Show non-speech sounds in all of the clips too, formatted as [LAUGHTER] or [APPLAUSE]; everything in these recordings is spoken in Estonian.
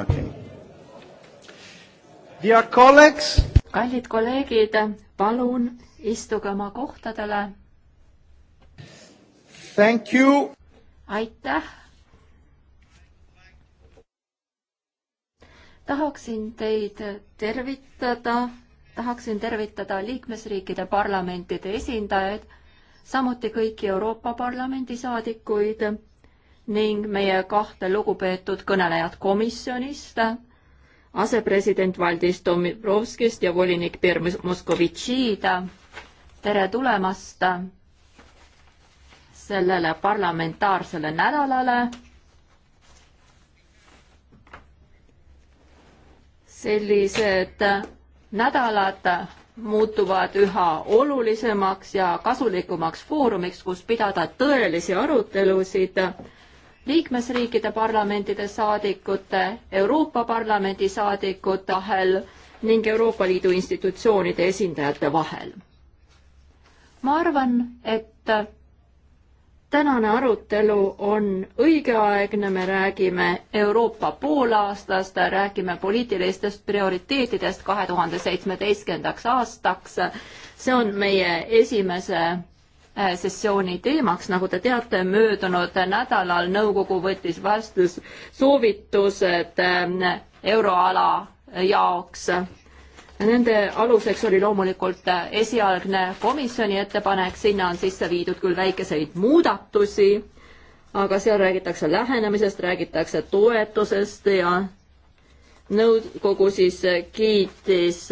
okay.. Dear colleagues. kallid kolleegid, palun istuge oma kohtadele. Thank you. aitäh. tahaksin teid tervitada, tahaksin tervitada liikmesriikide parlamentide esindajaid, samuti kõiki Euroopa Parlamendi saadikuid ning meie kahte lugupeetud kõnelejat komisjonist, asepresident Valdis Dombrovskist ja volinik Pierre Moskovitšid. tere tulemast sellele parlamentaarsele nädalale. sellised nädalad muutuvad üha olulisemaks ja kasulikumaks foorumiks, kus pidada tõelisi arutelusid liikmesriikide parlamentide saadikute, Euroopa Parlamendi saadikute vahel ning Euroopa Liidu institutsioonide esindajate vahel. ma arvan, et tänane arutelu on õigeaegne, me räägime Euroopa poolaastast, räägime poliitilistest prioriteetidest kahe tuhande seitsmeteistkümnendaks aastaks. see on meie esimese Äh, sessiooni teemaks, nagu te teate, möödunud nädalal nõukogu võttis vastu soovitused äh, euroala jaoks. Nende aluseks oli loomulikult äh, esialgne komisjoni ettepanek, sinna on sisse viidud küll väikeseid muudatusi, aga seal räägitakse lähenemisest, räägitakse toetusest ja nõukogu siis kiitis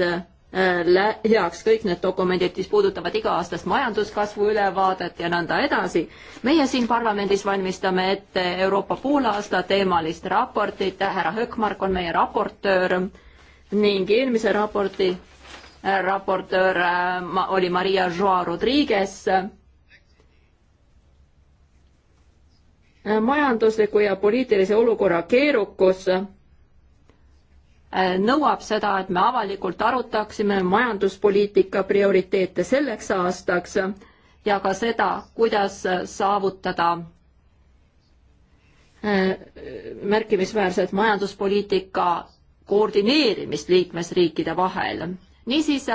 Äh, heaks kõik need dokumendid, mis puudutavad iga-aastast majanduskasvu ülevaadet ja nõnda edasi. meie siin parlamendis valmistame ette Euroopa poolaasta teemalist raportit, härra Hökmark on meie raportöör ning eelmise raporti äh, raportöör äh, oli Maria Joa Rodriguez majandusliku ja poliitilise olukorra keerukus Äh, nõuab seda, et me avalikult arutaksime majanduspoliitika prioriteete selleks aastaks ja ka seda, kuidas saavutada äh, märkimisväärset majanduspoliitika koordineerimist liikmesriikide vahel. niisiis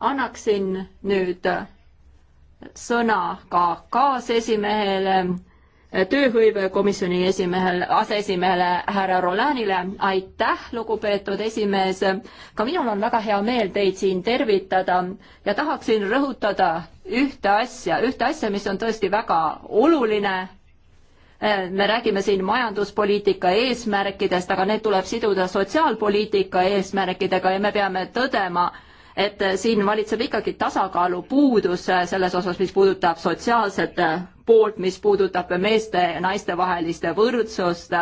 annaksin nüüd sõna ka kaasesimehele tööhõivekomisjoni esimehel, aseesimehele härra Rolanile. aitäh, lugupeetud esimees. ka minul on väga hea meel teid siin tervitada ja tahaksin rõhutada ühte asja, ühte asja, mis on tõesti väga oluline. me räägime siin majanduspoliitika eesmärkidest, aga need tuleb siduda sotsiaalpoliitika eesmärkidega ja me peame tõdema, et siin valitseb ikkagi tasakaalu puudus selles osas, mis puudutab sotsiaalset poolt, mis puudutab meeste ja naiste vaheliste võrdsust.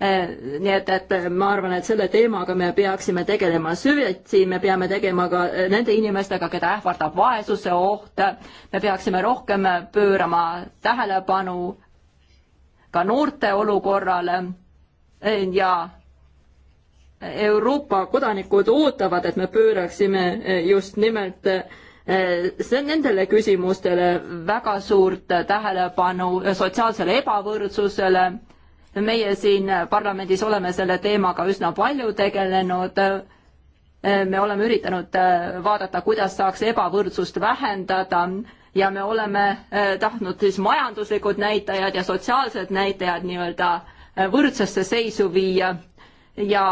Eh, nii et, et ma arvan, et selle teemaga me peaksime tegelema süvitsi, me peame tegema ka nende inimestega, keda ähvardab vaesuse oht. me peaksime rohkem pöörama tähelepanu ka noorte olukorrale eh, ja Euroopa kodanikud ootavad, et me pööraksime eh, just nimelt Eh, see on nendele küsimustele väga suurt tähelepanu, sotsiaalsele ebavõrdsusele. meie siin parlamendis oleme selle teemaga üsna palju tegelenud. Eh, me oleme üritanud eh, vaadata, kuidas saaks ebavõrdsust vähendada ja me oleme tahtnud siis majanduslikud näitajad ja sotsiaalsed näitajad nii-öelda võrdsesse seisu viia ja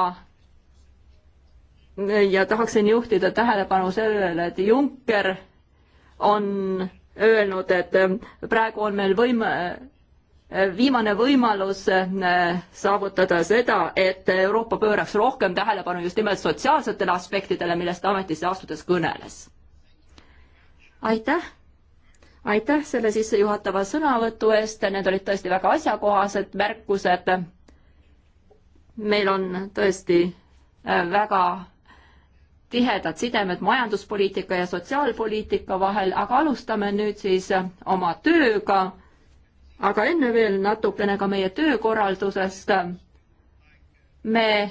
ja tahaksin juhtida tähelepanu sellele, et Juncker on öelnud, et praegu on meil võim-, viimane võimalus äh, saavutada seda, et Euroopa pööraks rohkem tähelepanu just nimelt sotsiaalsetele aspektidele, millest ta ametisse astudes kõneles. aitäh, aitäh selle sissejuhatava sõnavõtu eest, need olid tõesti väga asjakohased märkused. meil on tõesti äh, väga tihedad sidemed majanduspoliitika ja sotsiaalpoliitika vahel, aga alustame nüüd siis äh, oma tööga. aga enne veel natukene ka meie töökorraldusest. me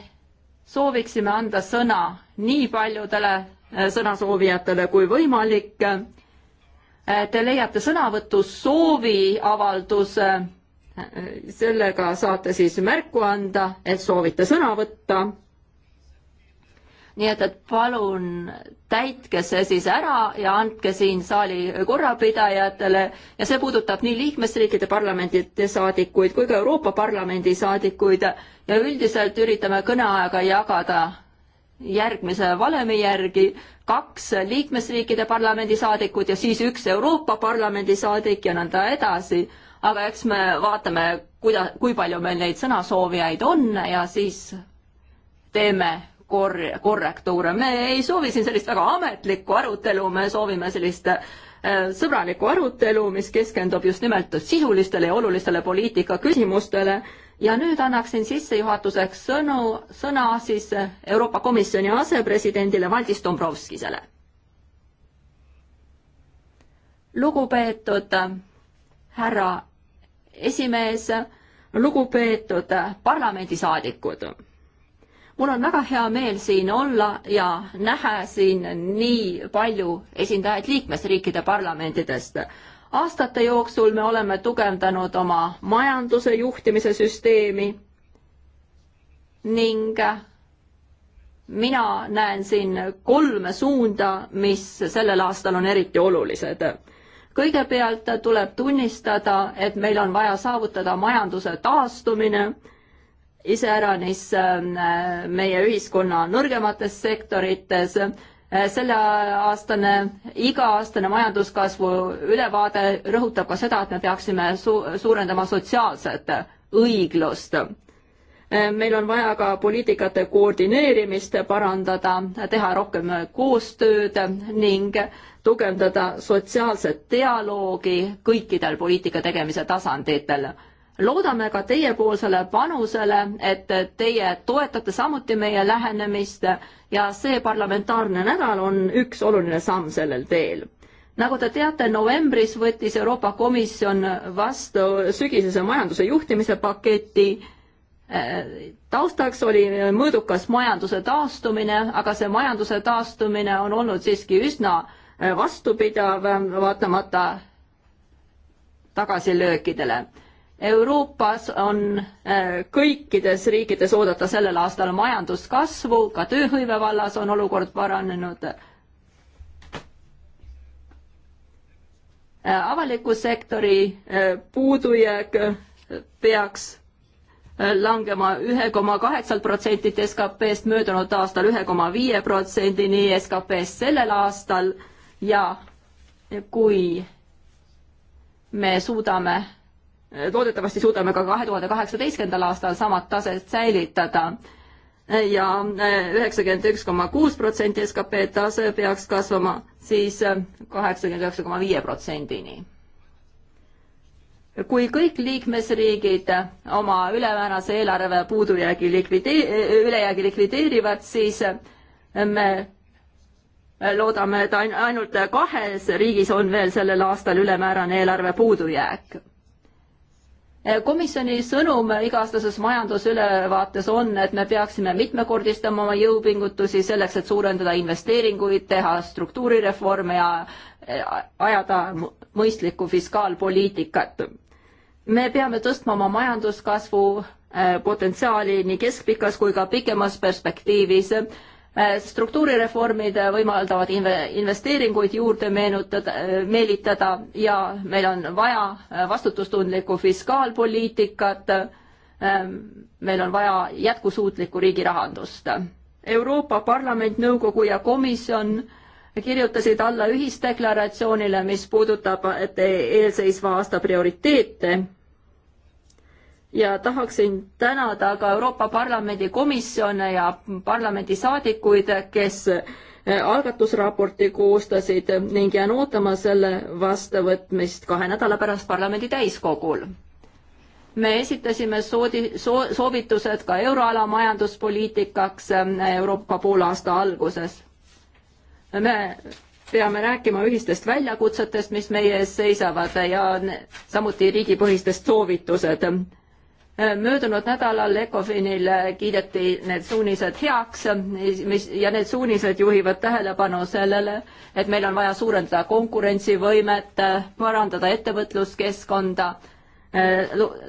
sooviksime anda sõna nii paljudele äh, sõnasoovijatele kui võimalik. Äh, te leiate sõnavõtu sooviavalduse, sellega saate siis märku anda, et soovite sõna võtta nii et, et palun täitke see siis ära ja andke siin saali korrapidajatele ja see puudutab nii liikmesriikide parlamentide saadikuid kui ka Euroopa Parlamendi saadikuid ja üldiselt üritame kõneaega jagada järgmise valemi järgi kaks liikmesriikide parlamendi saadikut ja siis üks Euroopa Parlamendi saadik ja nõnda edasi. aga eks me vaatame, kuida-, kui palju meil neid sõnasoovijaid on ja siis teeme kor-, korrektuure, me ei soovi siin sellist väga ametlikku arutelu, me soovime sellist äh, sõbralikku arutelu, mis keskendub just nimelt sisulistele ja olulistele poliitika küsimustele ja nüüd annaksin sissejuhatuseks sõnu, sõna siis Euroopa Komisjoni asepresidendile Valdis Dombrovskisele. lugupeetud äh, härra esimees, lugupeetud äh, parlamendisaadikud mul on väga hea meel siin olla ja näha siin nii palju esindajaid liikmesriikide parlamentidest. aastate jooksul me oleme tugevdanud oma majanduse juhtimise süsteemi ning mina näen siin kolme suunda, mis sellel aastal on eriti olulised. kõigepealt tuleb tunnistada, et meil on vaja saavutada majanduse taastumine iseäranis ähm, meie ühiskonna nõrgemates sektorites. Äh, selleaastane, iga-aastane majanduskasvu ülevaade rõhutab ka seda, et me peaksime su suurendama sotsiaalset õiglust. Äh, meil on vaja ka poliitikate koordineerimist parandada, teha rohkem koostööd ning tugevdada sotsiaalset dialoogi kõikidel poliitika tegemise tasanditel loodame ka teiepoolsele panusele, et teie toetate samuti meie lähenemist ja see parlamentaarne nädal on üks oluline samm sellel teel. nagu te teate, novembris võttis Euroopa Komisjon vastu sügisese majanduse juhtimise paketi. taustaks oli mõõdukas majanduse taastumine, aga see majanduse taastumine on olnud siiski üsna vastupidav, vaatamata tagasilöökidele Euroopas on äh, kõikides riikides oodata sellel aastal majanduskasvu, ka tööhõive vallas on olukord paranenud. Äh, avaliku sektori äh, puudujääk peaks langema ühe koma kaheksalt protsendilt SKP-st möödunud aastal ühe koma viie protsendini SKP-st sellel aastal ja kui me suudame loodetavasti suudame ka kahe tuhande kaheksateistkümnendal aastal samad taset säilitada ja e, üheksakümmend üks koma kuus protsenti skp tase peaks kasvama siis e, kaheksakümmend üheksa koma viie protsendini. kui kõik liikmesriigid oma ülemäärase eelarve puudujäägi likvidee-, e, ülejäägi likvideerivad, siis me loodame, et ainult kahes riigis on veel sellel aastal ülemäärane eelarve puudujääk Eh, komisjoni sõnum iga-aastases majandusülevaates on, et me peaksime mitmekordistama oma jõupingutusi selleks, et suurendada investeeringuid, teha struktuurireforme ja eh, ajada mõistlikku fiskaalpoliitikat. me peame tõstma oma majanduskasvu eh, potentsiaali nii keskpikas kui ka pikemas perspektiivis Äh, struktuurireformid äh, võimaldavad investeeringuid juurde meenutada, äh, meelitada ja meil on vaja vastutustundlikku fiskaalpoliitikat. meil on vaja jätkusuutlikku riigi rahandust. Euroopa Parlament, nõukogu ja komisjon kirjutasid alla ühisdeklaratsioonile, mis puudutab eelseisva aasta prioriteete ja tahaksin tänada ka Euroopa Parlamendi komisjone ja parlamendisaadikuid, kes eh, algatusraporti koostasid ning jään ootama selle vastuvõtmist kahe nädala pärast parlamendi täiskogul. me esitasime soodi, soo-, soovitused ka euroala majanduspoliitikaks eh, Euroopa poolaasta alguses. me peame rääkima ühistest väljakutsetest, mis meie ees seisavad ja samuti riigipõhistest soovitused möödunud nädalal ECOFINil kiideti need suunised heaks, mis ja need suunised juhivad tähelepanu sellele, et meil on vaja suurendada konkurentsivõimet, parandada ettevõtluskeskkonda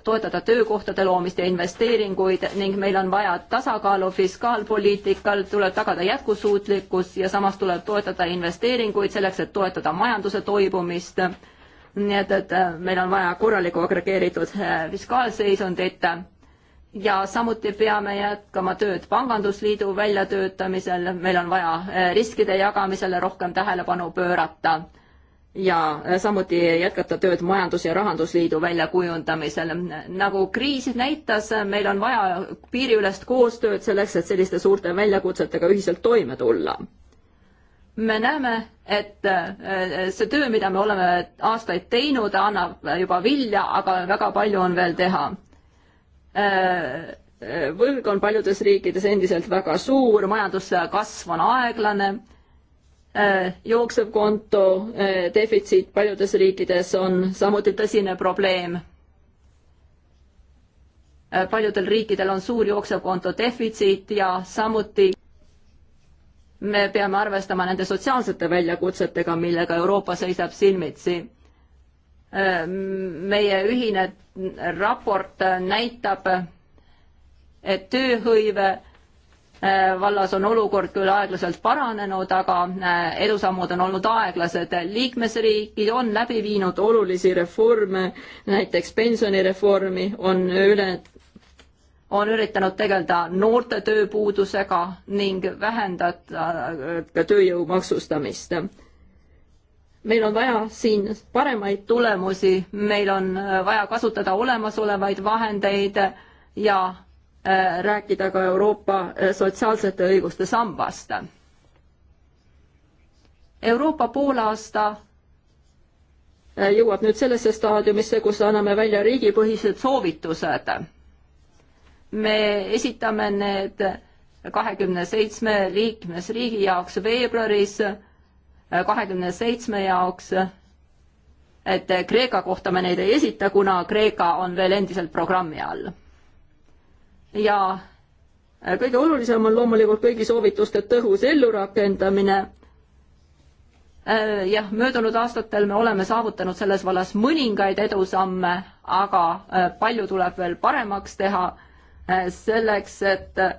toetada töökohtade loomist ja investeeringuid ning meil on vaja tasakaalu fiskaalpoliitikal, tuleb tagada jätkusuutlikkus ja samas tuleb toetada investeeringuid selleks, et toetada majanduse toibumist nii et, et äh, meil on vaja korralikku agregeeritud äh, fiskaalseisundit ja samuti peame jätkama tööd Pangandusliidu väljatöötamisel, meil on vaja äh, riskide jagamisele rohkem tähelepanu pöörata ja samuti jätkata tööd Majandus- ja Rahandusliidu väljakujundamisel. nagu kriis näitas, meil on vaja piiriülest koostööd selleks, et selliste suurte väljakutsetega ühiselt toime tulla me näeme, et äh, see töö, mida me oleme aastaid teinud, annab juba vilja, aga väga palju on veel teha. Äh, äh, võlg on paljudes riikides endiselt väga suur, majanduskasv on aeglane, jooksev konto defitsiit paljudes riikides on samuti tõsine probleem paljudel riikidel on suur jooksevkonto defitsiit ja samuti me peame arvestama nende sotsiaalsete väljakutsetega, millega Euroopa seisab silmitsi. meie ühine raport näitab, et tööhõive vallas on olukord küll aeglaselt paranenud, aga edusammud on olnud aeglased. liikmesriigid on läbi viinud olulisi reforme, näiteks pensionireformi, on üle on üritanud tegeleda noorte tööpuudusega ning vähendada äh, ka tööjõu maksustamist. meil on vaja siin paremaid tulemusi, meil on äh, vaja kasutada olemasolevaid vahendeid ja äh, rääkida ka Euroopa sotsiaalsete õiguste sambast. Euroopa poolaasta jõuab nüüd sellesse staadiumisse, kus anname välja riigipõhised soovitused me esitame need kahekümne seitsme liikmesriigi jaoks veebruaris, kahekümne seitsme jaoks, et Kreeka kohta me neid ei esita, kuna Kreeka on veel endiselt programmi all. ja kõige olulisem on loomulikult kõigi soovituste tõhus ellurakendamine äh, jah, möödunud aastatel me oleme saavutanud selles vallas mõningaid edusamme, aga äh, palju tuleb veel paremaks teha Äh, selleks, et äh,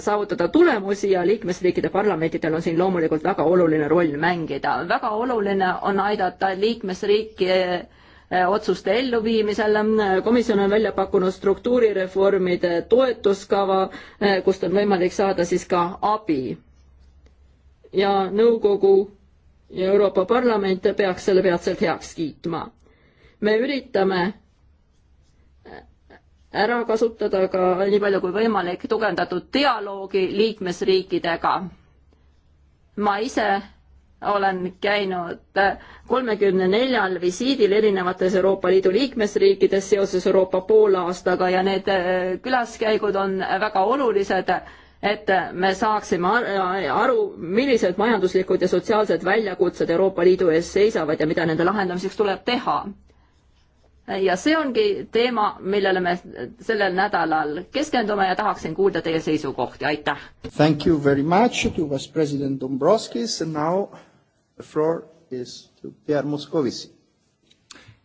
saavutada tulemusi ja liikmesriikide parlamentidel on siin loomulikult väga oluline roll mängida. väga oluline on aidata liikmesriiki äh, otsuste elluviimisel. komisjon on välja pakkunud struktuurireformide toetuskava, kust on võimalik saada siis ka abi. ja nõukogu ja Euroopa Parlament peaks selle peatselt heaks kiitma. me üritame ära kasutada ka nii palju kui võimalik tugevdatud dialoogi liikmesriikidega. ma ise olen käinud kolmekümne neljal visiidil erinevates Euroopa Liidu liikmesriikides seoses Euroopa poolaastaga ja need äh, külaskäigud on väga olulised, et me saaksime aru, millised majanduslikud ja sotsiaalsed väljakutsed Euroopa Liidu ees seisavad ja mida nende lahendamiseks tuleb teha ja see ongi teema, millele me sellel nädalal keskendume ja tahaksin kuulda teie seisukohti, aitäh! Thank you very much to vice president Dombrovskis and now the floor is to Pierre Moscovici.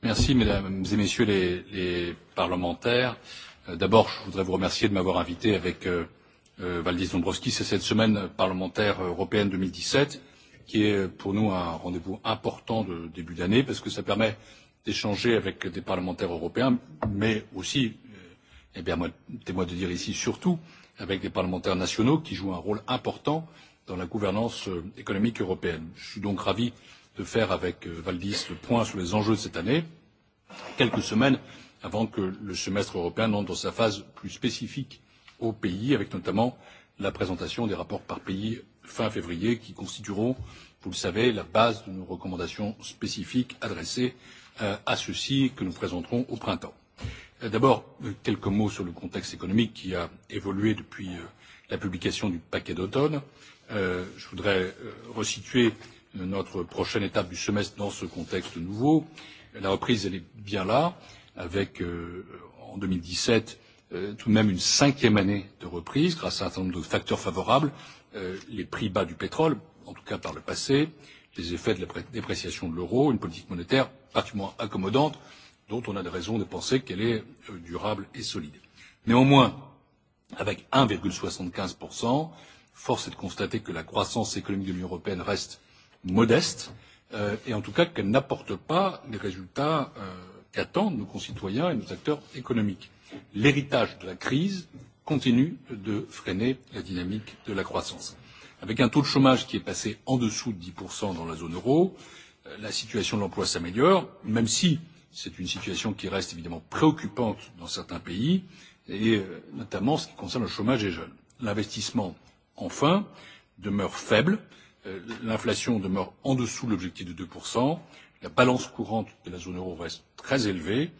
Merci mesdames et messieurs les, les parlementaires. Euh, d'abord, je voudrais vous remercier de m'avoir invité avec euh, euh Valdis Dombrovskis à cette semaine parlementaire européenne 2017, qui est euh, pour nous un rendez-vous important de début d'année, parce que ça permet euh, d'échanger avec des parlementaires européens, mais aussi, euh, eh bien, moi de dire ici surtout, avec des parlementaires nationaux qui jouent un rôle important dans la gouvernance euh, économique européenne. Je suis donc ravi de faire avec euh, Valdis le point sur les enjeux de cette année, quelques semaines avant que le semestre européen n'entre dans sa phase plus spécifique aux pays, avec notamment la présentation des rapports par pays fin février qui constitueront, vous le savez, la base de nos recommandations spécifiques adressées Euh, à ceux-ci que nous présenterons au printemps. Euh, d'abord, euh, quelques mots sur le contexte économique qui a évolué depuis la publication du paquet d'automne. Je voudrais resituer notre prochaine étape du semestre dans ce contexte nouveau. La reprise, elle est bien là, avec en 2017 tout de même une cinquième année de reprise grâce à un certain nombre de facteurs favorables, les prix bas du pétrole, en tout cas par le passé, les effets de la dépréciation de l'euro, une politique monétaire particulièrement accommodante dont on a des raisons de penser qu'elle est euh, durable et solide. néanmoins avec un soixante quinze force est de constater que la croissance économique de l'union européenne reste modeste euh, et en tout cas qu'elle n'apporte pas les résultats euh, qu'attendent nos concitoyens et nos acteurs économiques. l'héritage de la crise continue de freiner la dynamique de la croissance. avec un taux de chômage qui est passé en dessous de dix dans la zone euro et la situation de l'emploi s'améliore, même si c'est une situation qui reste évidemment préoccupante dans certains pays, et euh, notamment en ce qui concerne le chômage des jeunes. L'investissement, enfin, demeure faible, euh, l'inflation demeure en dessous de l'objectif de 2%, la balance courante de la zone euro reste très élevée,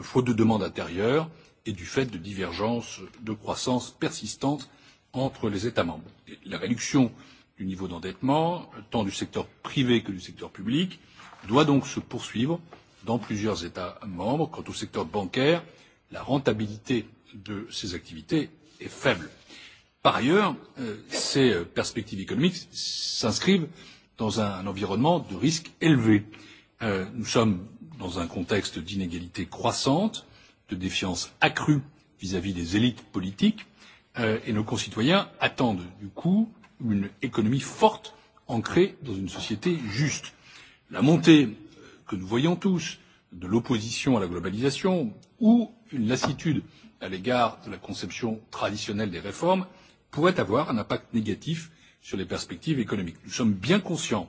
faute de demande intérieure et du fait de divergences de croissance persistantes entre les États membres. Et la réduction euh, du niveau d'endettement, tant du secteur privé que du secteur public, doit donc se poursuivre dans plusieurs États membres. Quant au secteur bancaire, la rentabilité de ces activités est faible. Par ailleurs, euh, ces perspectives économiques s'inscrivent dans un environnement de risque élevé. Euh, nous sommes dans un contexte d'inégalité croissante, de défiance accrue vis-à-vis -vis des élites politiques, euh, et nos concitoyens attendent du coup une économie forte ancrée dans une société juste. La montée euh, que nous voyons tous de l'opposition à la globalisation ou une lassitude à l'égard de la conception traditionnelle des réformes pourrait avoir un impact négatif sur les perspectives économiques. Nous sommes bien conscients,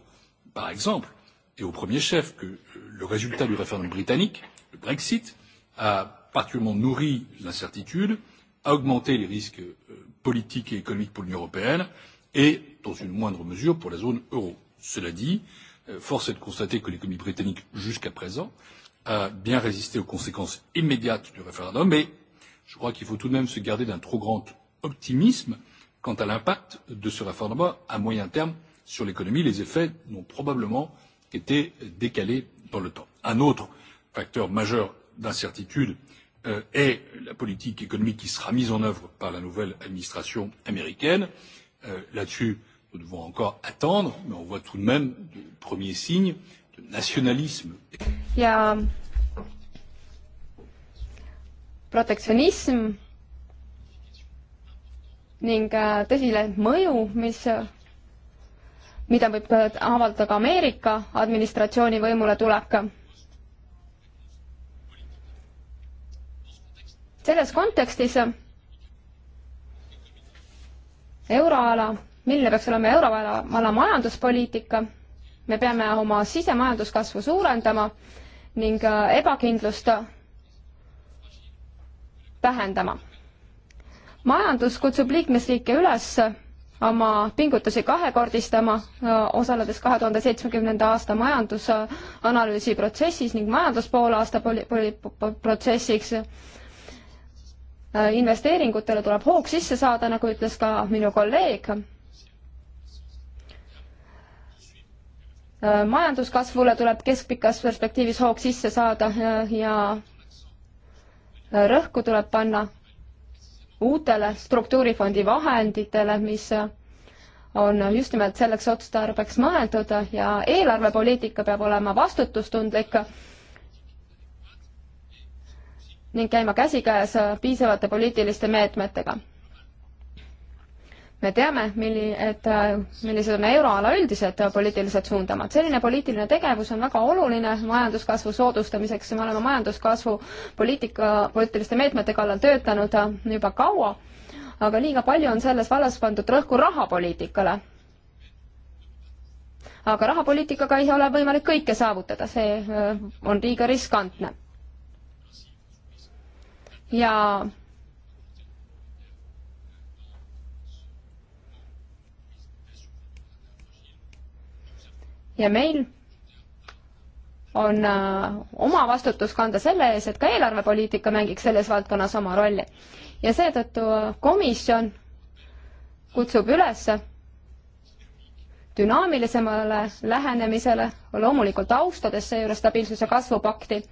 par exemple, et au premier chef, que le résultat du référendum britannique, le Brexit, a particulièrement nourri l'incertitude, a augmenté les risques euh, politiques et économiques pour l'Union européenne et, dans une moindre mesure, pour la zone euro. Cela dit, euh, force est de constater que l'économie britannique, jusqu'à présent, a bien résisté aux conséquences immédiates du référendum, mais je crois qu'il faut tout de même se garder d'un trop grand optimisme quant à l'impact de ce référendum à moyen terme sur l'économie. Les effets n'ont probablement été décalés dans le temps. Un autre facteur majeur d'incertitude euh, est la politique économique qui sera mise en œuvre par la nouvelle administration américaine. Euh, Euh, Là-dessus, nous devons encore attendre, mais on voit tout de même de premiers signes de nationalisme. ja protektsionism ning äh, tõsine mõju, mis, mida võib avaldada ka Ameerika administratsiooni võimule tulek. selles kontekstis euroala, milline peaks olema euroala majanduspoliitika, me peame oma sisemajanduskasvu suurendama ning äh, ebakindlust vähendama. majandus kutsub liikmesriike üles äh, oma pingutusi kahekordistama, äh, osaledes kahe tuhande seitsmekümnenda aasta majandusanalüüsi protsessis ning majanduspoolaasta poli-, poli-, protsessiks Äh, investeeringutele tuleb hoog sisse saada, nagu ütles ka minu kolleeg. Äh, majanduskasvule tuleb keskpikas perspektiivis hoog sisse saada äh, ja rõhku tuleb panna uutele struktuurifondi vahenditele, mis on just nimelt selleks otstarbeks mõeldud ja eelarvepoliitika peab olema vastutustundlik ning käima käsikäes äh, piisavate poliitiliste meetmetega. me teame, milli-, et äh, millised on euroala üldised äh, poliitilised suundamad. selline poliitiline tegevus on väga oluline majanduskasvu soodustamiseks ja me oleme majanduskasvu poliitika, poliitiliste meetmete kallal töötanud juba kaua, aga liiga palju on selles vallas pandud rõhku rahapoliitikale aga rahapoliitikaga ei ole võimalik kõike saavutada, see on liiga riskantne ja ja meil on äh, oma vastutus kanda selle ees, et ka eelarvepoliitika mängiks selles valdkonnas oma rolli. ja seetõttu komisjon kutsub üles dünaamilisemale lähenemisele, loomulikult austades seejuures stabiilsuse kasvupakti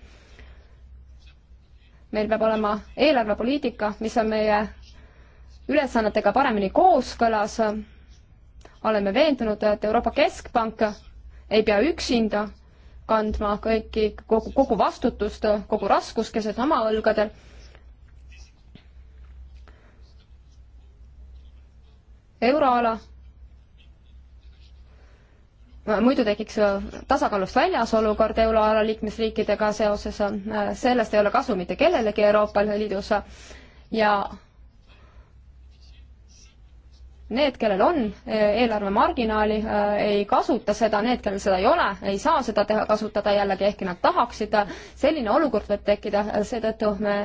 meil peab olema eelarvepoliitika, mis on meie ülesannetega paremini kooskõlas. oleme veendunud, et Euroopa Keskpank ei pea üksinda kandma kõiki, kogu, kogu vastutust, kogu raskuskeset oma õlgadel. euroala Äh, muidu tekiks äh, tasakaalust väljas olukord euroala liikmesriikidega seoses, äh, sellest ei ole kasu mitte kellelegi Euroopa Liidus ja need, kellel on eelarvemarginaali, ei kasuta seda, need, kellel seda ei ole, ei saa seda teha, kasutada jällegi, ehkki nad tahaksid. selline olukord võib tekkida, seetõttu me,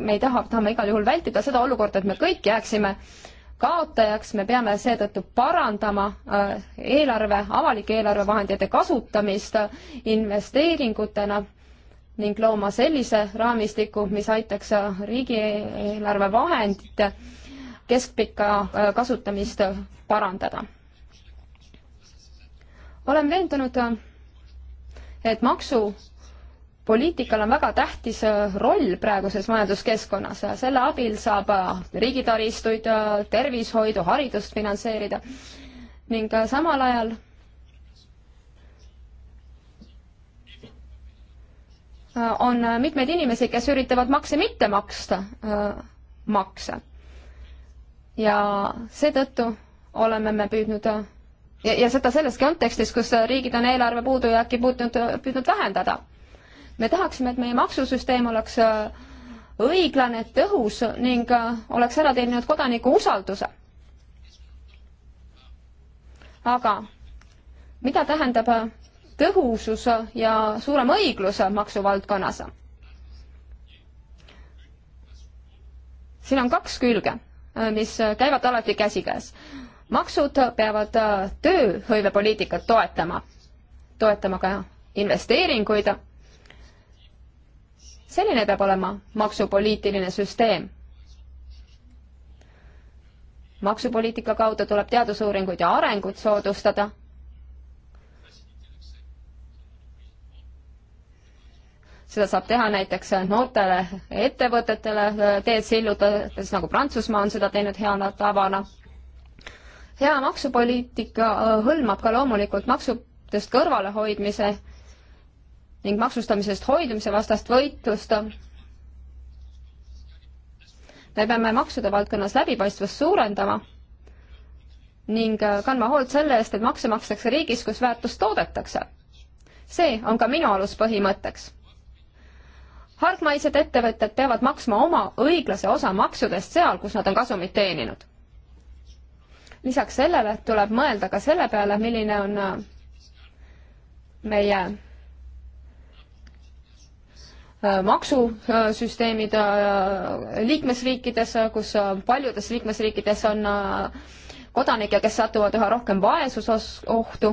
me ei taha, tahame igal juhul vältida seda olukorda, et me kõik jääksime äh, kaotajaks, me peame seetõttu parandama äh, eelarve, avalike eelarvevahendite kasutamist äh, investeeringutena ning looma sellise raamistiku, mis aitaks äh, riigieelarve vahendite keskpikka kasutamist parandada. olen veendunud, et maksu poliitikal on väga tähtis äh, roll praeguses majanduskeskkonnas, selle abil saab äh, riigitaristuid, äh, tervishoidu, haridust finantseerida ning samal ajal on mitmeid inimesi, kes üritavad makse mitte maksta, makse. ja seetõttu oleme me püüdnud ja, ja seda selles kontekstis, kus riigid on eelarve puudujääki puutunud, püüdnud vähendada me tahaksime, et meie maksusüsteem oleks äh, õiglane, tõhus ning äh, oleks ära teeninud kodaniku usalduse. aga mida tähendab äh, tõhusus ja suurem õiglus maksuvaldkonnas? siin on kaks külge, mis käivad alati käsikäes. maksud peavad tööhõivepoliitikat toetama, toetama ka investeeringuid selline peab olema maksupoliitiline süsteem. maksupoliitika kaudu tuleb teadusuuringuid ja arengut soodustada. seda saab teha näiteks noortele ettevõtetele teed sillutades, nagu Prantsusmaa on seda teinud hea tavana. hea maksupoliitika äh, hõlmab ka loomulikult maksudest kõrvalehoidmise ning maksustamisest hoidumise vastast võitlust. me peame maksude valdkonnas läbipaistvust suurendama ning kandma hoolt selle eest, et makse makstakse riigis, kus väärtust toodetakse. see on ka minu aluspõhimõtteks. hargmaised ettevõtted peavad maksma oma õiglase osa maksudest seal, kus nad on kasumit teeninud. lisaks sellele tuleb mõelda ka selle peale, milline on meie Äh, maksusüsteemid äh, liikmesriikides, kus äh, paljudes liikmesriikides on kodanikke, kes satuvad üha rohkem vaesusohtu,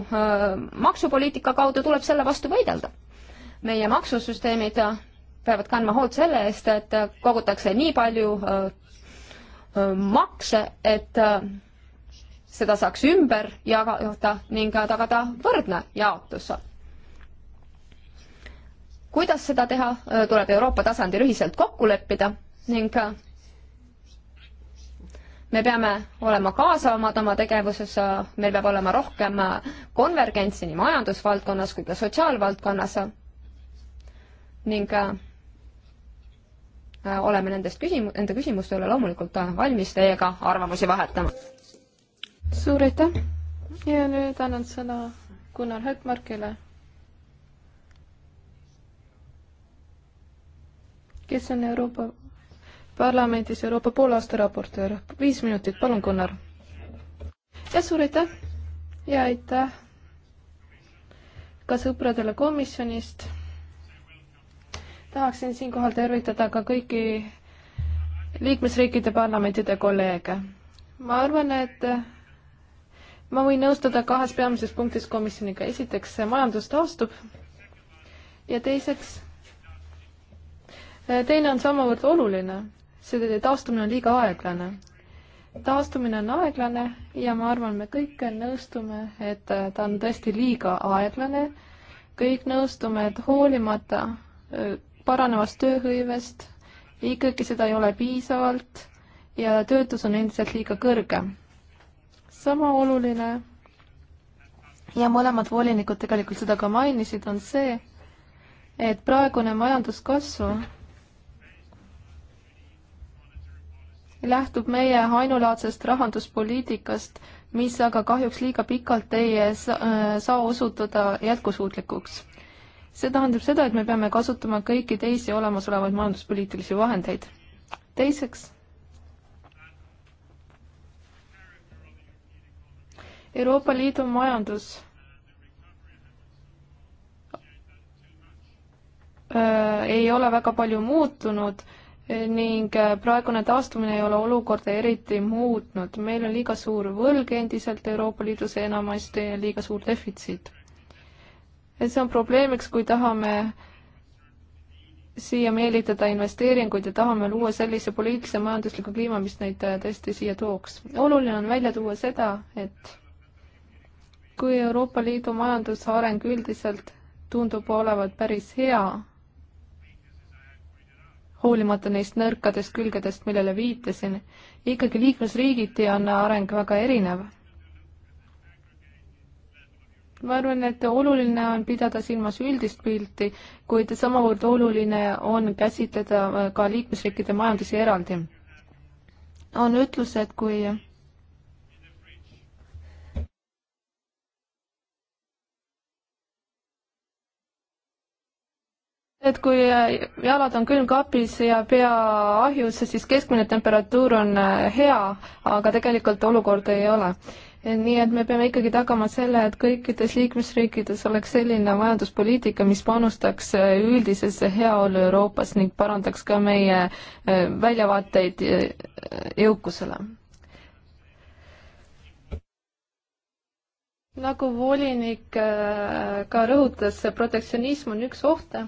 maksupoliitika kaudu tuleb selle vastu võidelda. meie maksusüsteemid peavad kandma hoolt selle eest, et kogutakse nii palju makse, et seda saaks ümber jagada ning tagada võrdne jaotus kuidas seda teha, äh, tuleb Euroopa tasandil ühiselt kokku leppida ning äh, me peame olema kaasavamad oma tegevuses, äh, meil peab olema rohkem konvergentsi nii majandusvaldkonnas kui ka sotsiaalvaldkonnas ning oleme nendest küsimu-, nende küsimuste üle loomulikult valmis teiega arvamusi vahetama. suur aitäh ja nüüd annan sõna Gunnar Hökmarkile kes on Euroopa Parlamendis Euroopa poolaasta raportöör. viis minutit, palun, Gunnar. jah, suur aitäh ja aitäh ka sõpradele komisjonist. tahaksin siinkohal tervitada ka kõiki liikmesriikide parlamentide kolleege. ma arvan, et ma võin nõustuda kahes peamises punktis komisjoniga. esiteks, majandus taastub ja teiseks teine on samavõrd oluline, see taastumine on liiga aeglane. taastumine on aeglane ja ma arvan, me kõik nõustume, et ta on tõesti liiga aeglane. kõik nõustume, et hoolimata paranevast tööhõivest ikkagi seda ei ole piisavalt ja töötus on endiselt liiga kõrge. sama oluline ja mõlemad volinikud tegelikult seda ka mainisid, on see, et praegune majanduskasvu lähtub meie ainulaadsest rahanduspoliitikast, mis aga kahjuks liiga pikalt ei äh, saa osutuda jätkusuutlikuks. see tähendab seda, et me peame kasutama kõiki teisi olemasolevaid majanduspoliitilisi vahendeid. teiseks, Euroopa Liidu majandus öö, äh, ei ole väga palju muutunud ning äh, praegune taastumine ei ole olukorda eriti muutnud. meil on liiga suur võlg endiselt Euroopa Liidus ja enamasti liiga suur defitsiit. et see on probleemiks, kui tahame siia meelitada investeeringuid ja tahame luua sellise poliitilise majandusliku kliima, mis neid äh, tõesti siia tooks. oluline on välja tuua seda, et kui Euroopa Liidu majanduse areng üldiselt tundub olevat päris hea, hoolimata neist nõrkadest külgedest, millele viitasin, ikkagi liikmesriigiti on areng väga erinev. ma arvan, et oluline on pidada silmas üldist pilti, kuid samavõrd oluline on käsitleda ka liikmesriikide majandusi eraldi. on ütlus, et kui et kui äh, jalad on külmkapis ja pea ahjus, siis keskmine temperatuur on äh, hea, aga tegelikult olukord ei ole. nii et me peame ikkagi tagama selle, et kõikides liikmesriikides oleks selline majanduspoliitika, mis panustaks äh, üldisesse heaolu Euroopas ning parandaks ka meie väljavaateid jõukusele. nagu volinik ka rõhutas, protektsionism on üks ohte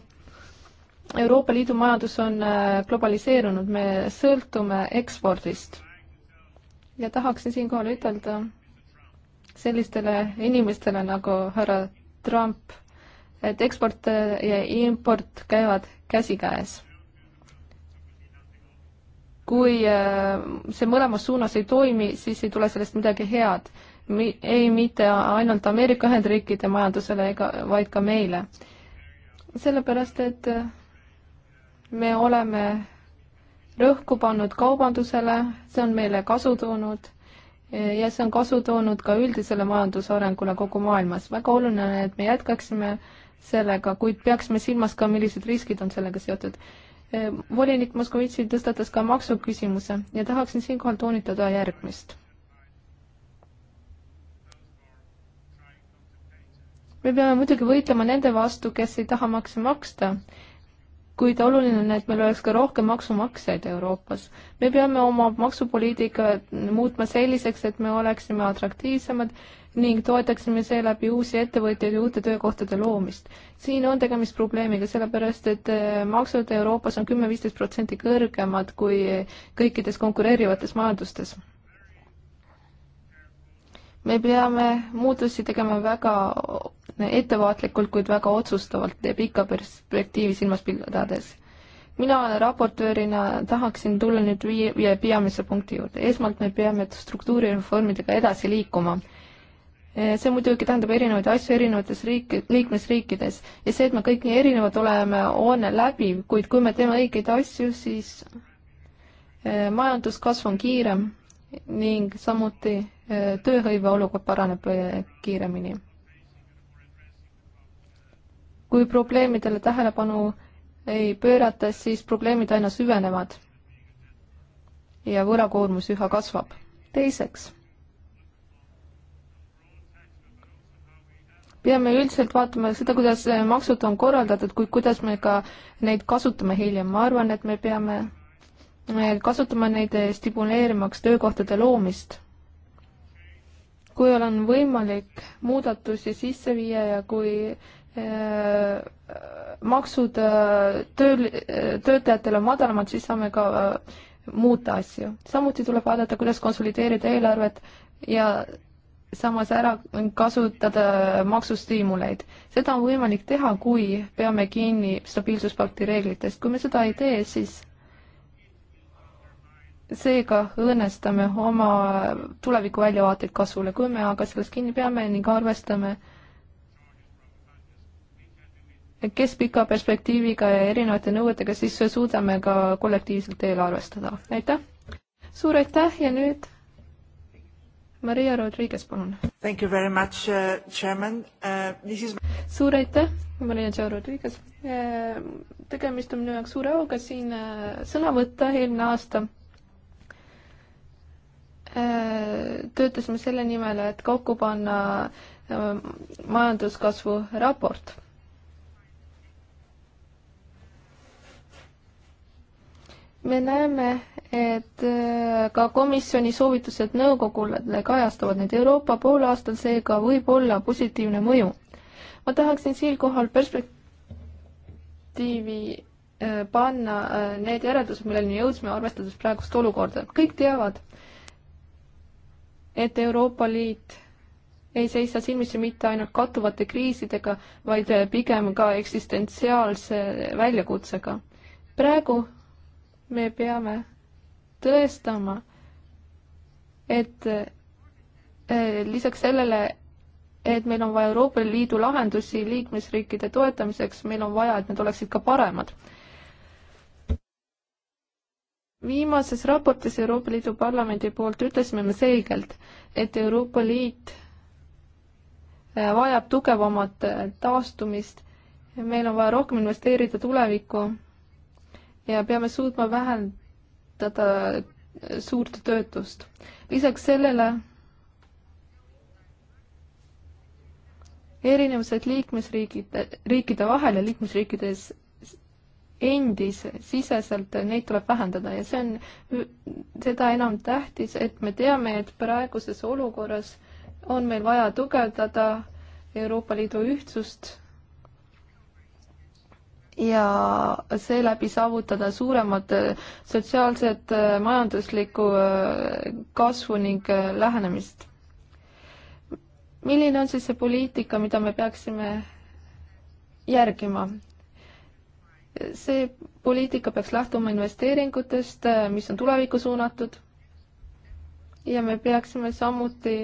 Euroopa Liidu majandus on äh, globaliseerunud, me sõltume ekspordist. ja tahaksin siinkohal ütelda sellistele inimestele nagu härra Trump, et eksport äh, ja import käivad käsikäes. kui äh, see mõlemas suunas ei toimi, siis ei tule sellest midagi head. Mi-, ei mitte ainult Ameerika Ühendriikide majandusele ega, vaid ka meile. sellepärast, et me oleme rõhku pannud kaubandusele, see on meile kasu toonud ja see on kasu toonud ka üldisele majandusarengule kogu maailmas. väga oluline on, et me jätkaksime sellega, kuid peaksime silmas ka, millised riskid on sellega seotud. volinik Moskovitši tõstatas ka maksuküsimuse ja tahaksin siinkohal toonitada järgmist. me peame muidugi võitlema nende vastu, kes ei taha makse maksta kuid oluline on, et meil oleks ka rohkem maksumaksjaid Euroopas. me peame oma maksupoliitika muutma selliseks, et me oleksime atraktiivsemad ning toetaksime seeläbi uusi ettevõtjaid ja uute töökohtade loomist. siin on tegemist probleemiga, sellepärast et äh, maksud Euroopas on kümme-viisteist protsenti kõrgemad kui kõikides konkureerivates majandustes. me peame muutusi tegema väga ettevaatlikult, kuid väga otsustavalt ja pikka perspektiivi silmas pidades. mina raportöörina tahaksin tulla nüüd viie, viie peamise punkti juurde. esmalt me peame struktuurireformidega edasi liikuma. E, see muidugi tähendab erinevaid asju erinevates riik, liikmesriikides ja see, et me kõik nii erinevad oleme, on läbiv, kuid kui me teeme õigeid asju, siis e, majanduskasv on kiirem ning samuti e, tööhõive olukord paraneb kiiremini kui probleemidele tähelepanu ei pöörata, siis probleemid aina süvenevad ja võlakoormus üha kasvab. teiseks, peame üldiselt vaatama seda, kuidas maksud on korraldatud, kuid kuidas me ka neid kasutame hiljem. ma arvan, et me peame kasutama neid stimuleerimaks töökohtade loomist. kui on võimalik muudatusi sisse viia ja kui Äh, maksud äh, tööl, äh, töötajatele madalamad, siis saame ka muuta asju. samuti tuleb vaadata, kuidas konsolideerida eelarvet ja samas ära kasutada maksustiimuleid. seda on võimalik teha, kui peame kinni stabiilsuspakti reeglitest. kui me seda ei tee, siis seega õõnestame oma tuleviku väljavaateid kasvule. kui me aga sellest kinni peame ning arvestame äh, keskpika perspektiiviga ja erinevate nõuetega, siis suudame ka kollektiivselt eelarvestada. aitäh! suur aitäh ja nüüd Maria Rodriguez, palun! Thank you very much uh,, chairman uh,, this is suur aitäh, Maria Joe Rodriguez! Uh, tegemist on minu jaoks suure auga siin uh, sõna võtta, eelmine aasta uh, töötasime selle nimel, et kokku panna majanduskasvu raport me näeme, et äh, ka komisjoni soovitused nõukogule kajastuvad nüüd Euroopa poolaastal, seega võib olla positiivne mõju. ma tahaksin siinkohal perspektiivi äh, panna äh, need järeldused, milleni jõudsime, arvestades praegust olukorda. kõik teavad, et Euroopa Liit ei seisa silmitsi mitte ainult kattuvate kriisidega, vaid pigem ka eksistentsiaalse väljakutsega. praegu me peame tõestama, et eh, lisaks sellele, et meil on vaja Euroopa Liidu lahendusi liikmesriikide toetamiseks, meil on vaja, et need oleksid ka paremad. viimases raportis Euroopa Liidu Parlamendi poolt ütlesime me selgelt, et Euroopa Liit eh, vajab tugevamat eh, taastumist, meil on vaja rohkem investeerida tulevikku ja peame suutma vähendada suurt töötust. lisaks sellele erinevused liikmesriigide, riikide vahel ja liikmesriikides endis siseselt, neid tuleb vähendada ja see on seda enam tähtis, et me teame, et praeguses olukorras on meil vaja tugevdada Euroopa Liidu ühtsust ja seeläbi saavutada suuremat äh, sotsiaalset, äh, majanduslikku äh, kasvu ning lähenemist. milline on siis see poliitika, mida me peaksime järgima? see poliitika peaks lähtuma investeeringutest, mis on tulevikku suunatud ja me peaksime samuti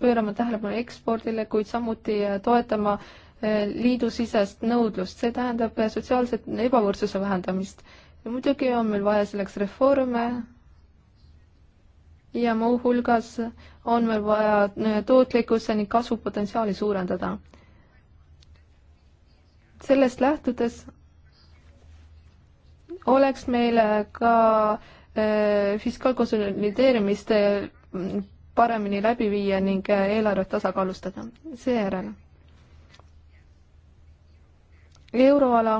pöörama tähelepanu ekspordile, kuid samuti toetama äh, liidusisest nõudlust, see tähendab sotsiaalse ebavõrdsuse vähendamist. ja muidugi on meil vaja selleks reforme ja muuhulgas on meil vaja tootlikkuse ning kasvupotentsiaali suurendada. sellest lähtudes oleks meile ka eh, fiskaalkonsolideerimist eh, paremini läbi viia ning eh, eelarvet tasakaalustada. seejärel euroala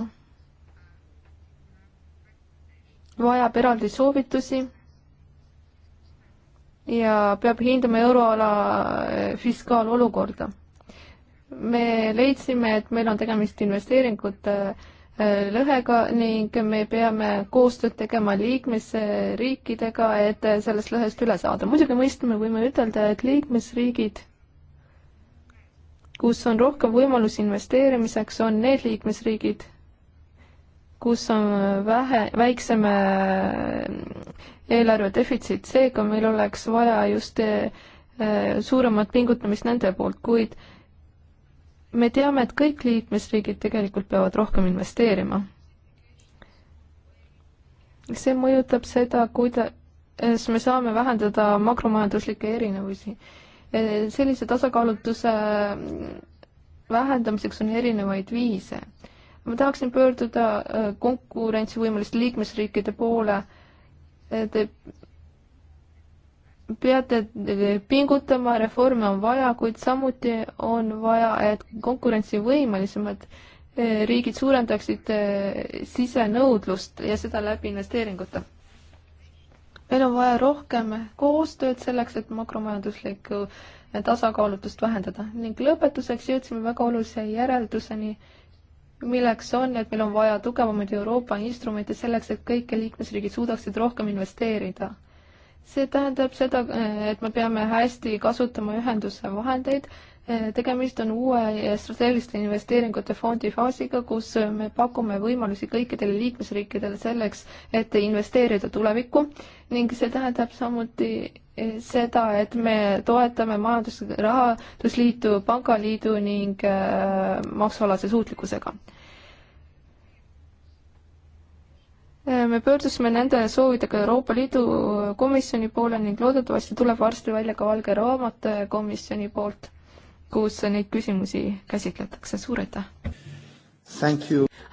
vajab eraldi soovitusi ja peab hindama euroala eh, fiskaalolukorda. me leidsime, et meil on tegemist investeeringute eh, lõhega ning me peame koostööd tegema liikmesriikidega, et eh, sellest lõhest üle saada. muidugi mõistame, võime ütelda, et liikmesriigid kus on rohkem võimalusi investeerimiseks, on need liikmesriigid, kus on vähe, väiksem äh, eelarve defitsiit, seega meil oleks vaja just äh, suuremat pingutamist nende poolt, kuid me teame, et kõik liikmesriigid tegelikult peavad rohkem investeerima. see mõjutab seda, kuidas äh, me saame vähendada makromajanduslikke erinevusi sellise tasakaalutuse äh, vähendamiseks on erinevaid viise. ma tahaksin pöörduda äh, konkurentsivõimeliste liikmesriikide poole. Äh, te peate pingutama, reforme on vaja, kuid samuti on vaja, et konkurentsivõimelisemad riigid suurendaksid sisenõudlust ja seda läbi investeeringute meil on vaja rohkem koostööd selleks, et makromajanduslikku äh, tasakaalutust vähendada ning lõpetuseks jõudsime väga olulise järelduseni, milleks on, et meil on vaja tugevamaid Euroopa instrumente selleks, et kõik liikmesriigid suudaksid rohkem investeerida. see tähendab seda, äh, et me peame hästi kasutama ühenduse vahendeid Eh, tegemist on uue strateegiliste investeeringute fondi faasiga, kus me pakume võimalusi kõikidele liikmesriikidele selleks, et investeerida tulevikku ning see tähendab samuti eh, seda, et me toetame majandus- ja rahandusliitu, pangaliidu ning eh, maksualase suutlikkusega. me pöördusime nende soovidega Euroopa Liidu komisjoni poole ning loodetavasti tuleb varsti välja ka valge raamat komisjoni poolt kus neid küsimusi käsitletakse. suur aitäh!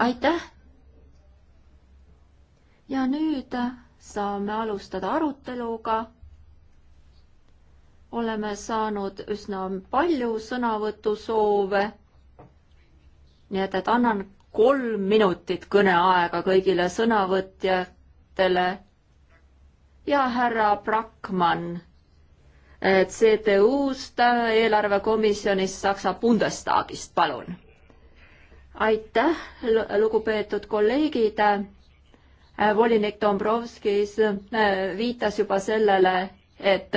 aitäh! ja nüüd saame alustada aruteluga. oleme saanud üsna palju sõnavõtusoove. nii et, et annan kolm minutit kõneaega kõigile sõnavõtjatele. ja härra Brakman Eh, CTU-st, eelarvekomisjonist Saksa Bundestagist, palun. aitäh, lugupeetud kolleegid. Eh, volinik Dombrovskis eh, viitas juba sellele, et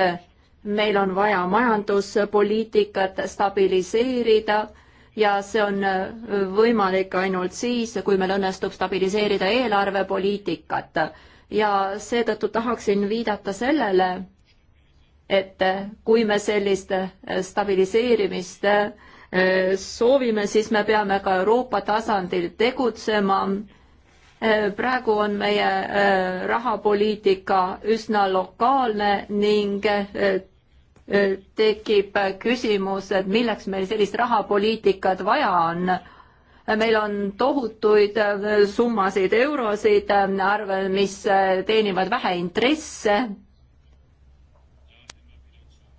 meil on vaja majanduspoliitikat stabiliseerida ja see on võimalik ainult siis, kui meil õnnestub stabiliseerida eelarvepoliitikat. ja seetõttu tahaksin viidata sellele, et eh, kui me sellist eh, stabiliseerimist eh, soovime, siis me peame ka Euroopa tasandil tegutsema. praegu on meie rahapoliitika üsna lokaalne ning tekib küsimus, et milleks meil sellist rahapoliitikat vaja on meil on tohutuid summasid eurosid arvel, mis teenivad vähe intresse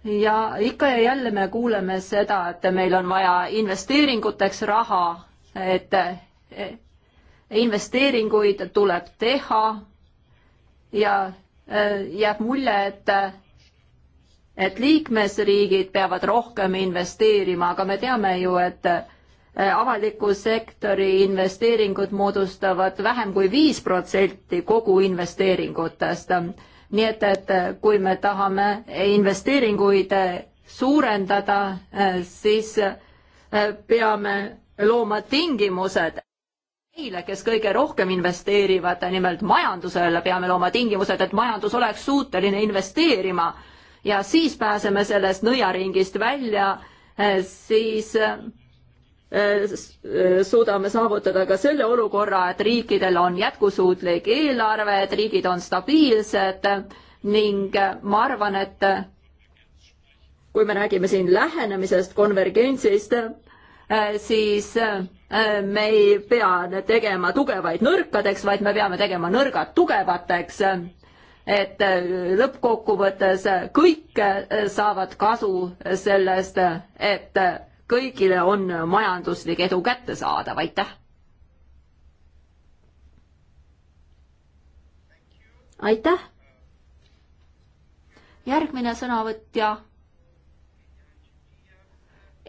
ja ikka ja jälle me kuuleme seda, et meil on vaja investeeringuteks raha, et e, investeeringuid tuleb teha ja e, jääb mulje, et et liikmesriigid peavad rohkem investeerima, aga me teame ju, et e, avaliku sektori investeeringud moodustavad vähem kui viis protsenti kogu investeeringutest nii et, et äh, kui me tahame investeeringuid äh, suurendada, äh, siis peame looma tingimused neile, kes kõige rohkem investeerivad, nimelt majandusele peame looma tingimused, et majandus oleks suuteline investeerima ja siis pääseme sellest nõiaringist välja, siis Äh, äh, suudame saavutada ka selle olukorra, et riikidel on jätkusuutlik eelarve, et riigid on stabiilsed ning ma arvan, et kui me räägime siin lähenemisest, konvergentsist, äh, siis me ei pea tegema tugevaid nõrkadeks, vaid me peame tegema nõrgad tugevateks. et lõppkokkuvõttes kõik saavad kasu sellest, et kõigile on majanduslik edu kättesaadav, aitäh! aitäh! järgmine sõnavõtja.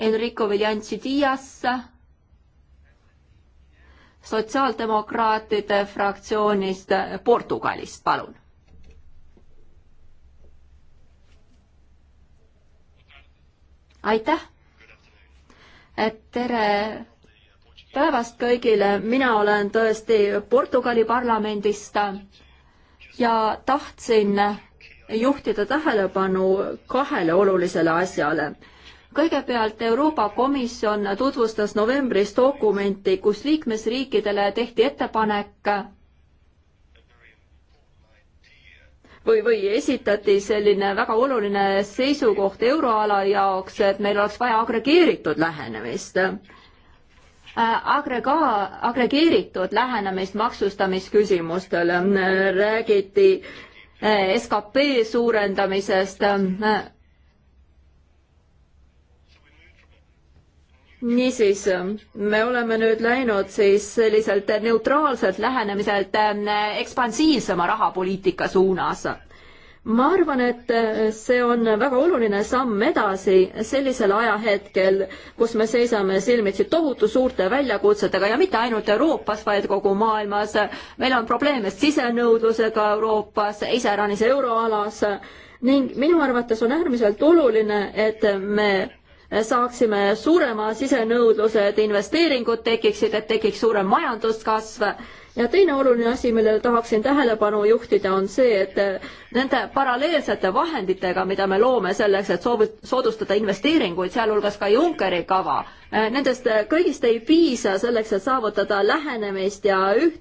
Enrico Viljantsi Dias, sotsiaaldemokraatide fraktsioonist Portugalist, palun. aitäh tere päevast kõigile, mina olen tõesti Portugali parlamendist ja tahtsin juhtida tähelepanu kahele olulisele asjale. kõigepealt Euroopa Komisjon tutvustas novembris dokumenti, kus liikmesriikidele tehti ettepanek või, või esitati selline väga oluline seisukoht euroala jaoks, et meil oleks vaja agregeeritud lähenemist. Äh, agrega-, agregeeritud lähenemist maksustamisküsimustele äh, räägiti äh, SKP suurendamisest niisiis, ähm, me oleme nüüd läinud siis selliselt neutraalselt lähenemiselt ähm, ekspansiivsema rahapoliitika suunas. ma arvan, et äh, see on väga oluline samm edasi sellisel ajahetkel, kus me seisame silmitsi tohutu suurte väljakutsetega ja mitte ainult Euroopas, vaid kogu maailmas. meil on probleeme sisenõudlusega Euroopas, iseäranis euroalas ning minu arvates on äärmiselt oluline, et me saaksime suurema sisenõudluse, et investeeringud tekiksid, et tekiks suurem majanduskasv ja teine oluline asi, millele tahaksin tähelepanu juhtida, on see, et äh, nende paralleelsete vahenditega, mida me loome selleks, et soov-, soodustada investeeringuid, sealhulgas ka Junckeri kava, äh, nendest äh, kõigist ei piisa selleks, et saavutada lähenemist ja üht,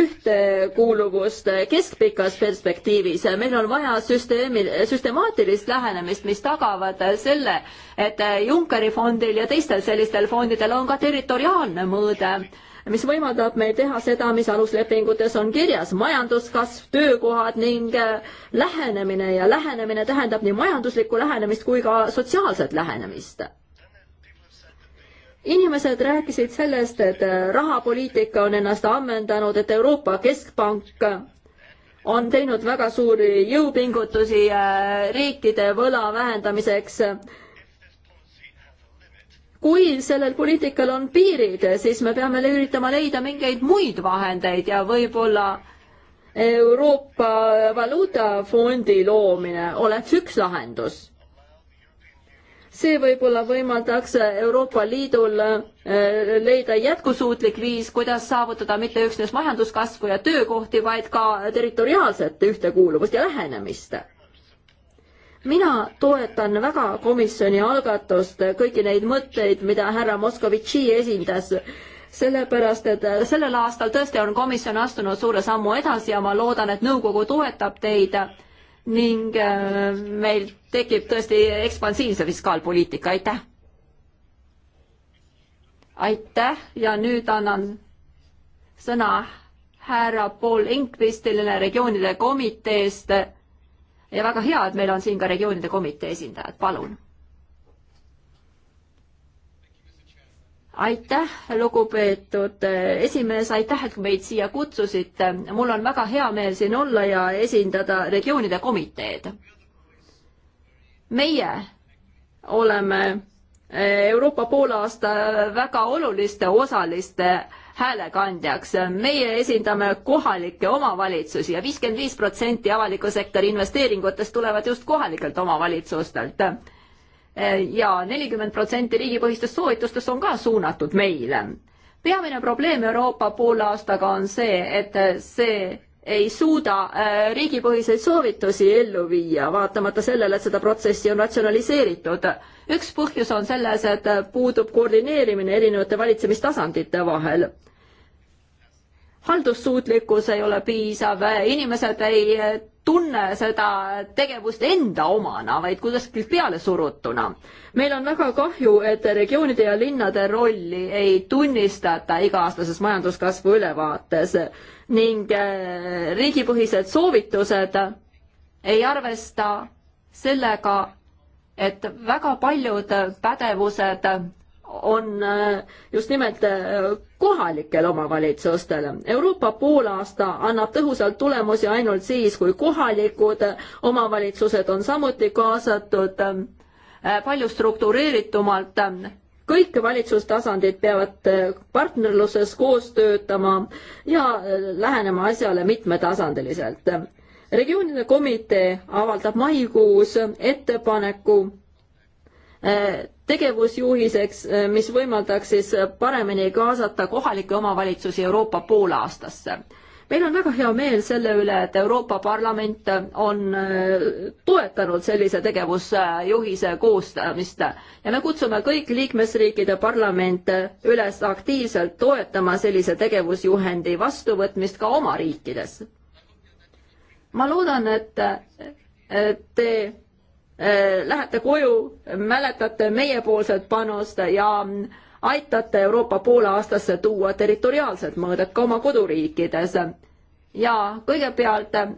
ühtekuuluvust keskpikas perspektiivis. meil on vaja süsteemi, süstemaatilist lähenemist, mis tagavad selle, et Junckeri fondil ja teistel sellistel fondidel on ka territoriaalne mõõde mis võimaldab meil teha seda, mis aluslepingutes on kirjas, majanduskasv, töökohad ning äh, lähenemine ja lähenemine tähendab nii majanduslikku lähenemist kui ka sotsiaalset lähenemist inimesed rääkisid sellest, et äh, rahapoliitika on ennast ammendanud, et Euroopa Keskpank on teinud väga suuri jõupingutusi äh, riikide võla vähendamiseks kui sellel poliitikal on piirid, siis me peame üritama leida mingeid muid vahendeid ja võib-olla Euroopa Valuutafondi loomine oleks üks lahendus. see võib-olla võimaldaks Euroopa Liidul äh, leida jätkusuutlik viis, kuidas saavutada mitte üksnes majanduskasvu ja töökohti, vaid ka territoriaalset ühtekuuluvust ja lähenemist mina toetan väga komisjoni algatust, kõiki neid mõtteid, mida härra Moskovitši esindas, sellepärast et sellel aastal tõesti on komisjon astunud suure sammu edasi ja ma loodan, et nõukogu toetab teid ning äh, meil tekib tõesti ekspansiivse fiskaalpoliitika, aitäh! aitäh ja nüüd annan sõna härra Paul Inkvistile regioonide komiteest ja väga hea, et meil on siin ka regioonide komitee esindajad, palun. aitäh, lugupeetud eh, esimees, aitäh, et meid siia kutsusite. mul on väga hea meel siin olla ja esindada regioonide komiteed. meie oleme eh, Euroopa poolaasta väga oluliste osaliste äh, häälekandjaks. meie esindame kohalikke omavalitsusi ja viiskümmend viis protsenti avaliku sektori investeeringutest tulevad just kohalikelt omavalitsustelt ja. ja nelikümmend protsenti riigipõhistest soovitustest on ka suunatud meile. peamine probleem Euroopa poolaastaga on see, et see ei suuda äh, riigipõhiseid soovitusi ellu viia, vaatamata sellele, et seda protsessi on ratsionaliseeritud. üks põhjus on selles, et puudub koordineerimine erinevate valitsemistasandite vahel haldussuutlikkus ei ole piisav, inimesed ei tunne seda tegevust enda omana, vaid kuidagi pealesurutuna. meil on väga kahju, et regioonide ja linnade rolli ei tunnistata iga-aastases majanduskasvu ülevaates ning äh, riigipõhised soovitused ei arvesta sellega, et väga paljud pädevused on äh, just nimelt äh, kohalikel omavalitsustel. Euroopa poolaasta annab tõhusalt tulemusi ainult siis, kui kohalikud äh, omavalitsused on samuti kaasatud palju struktureeritumalt. kõik valitsustasandid peavad partnerluses koos töötama ja lähenema asjale mitmetasandiliselt. regioonide komitee avaldab maikuus ettepaneku Äh, tegevusjuhiseks, äh, mis võimaldaks siis paremini kaasata kohalikke omavalitsusi Euroopa poolaastasse. meil on väga hea meel selle üle, et Euroopa Parlament on äh, toetanud sellise tegevusjuhise koostamist ja me kutsume kõik liikmesriikide parlamente üles aktiivselt toetama sellise tegevusjuhendi vastuvõtmist ka oma riikides. ma loodan, et te Äh, lähete koju, mäletate meiepoolset panust ja aitate Euroopa poolaastasse tuua territoriaalsed mõõdet ka oma koduriikides. ja kõigepealt äh,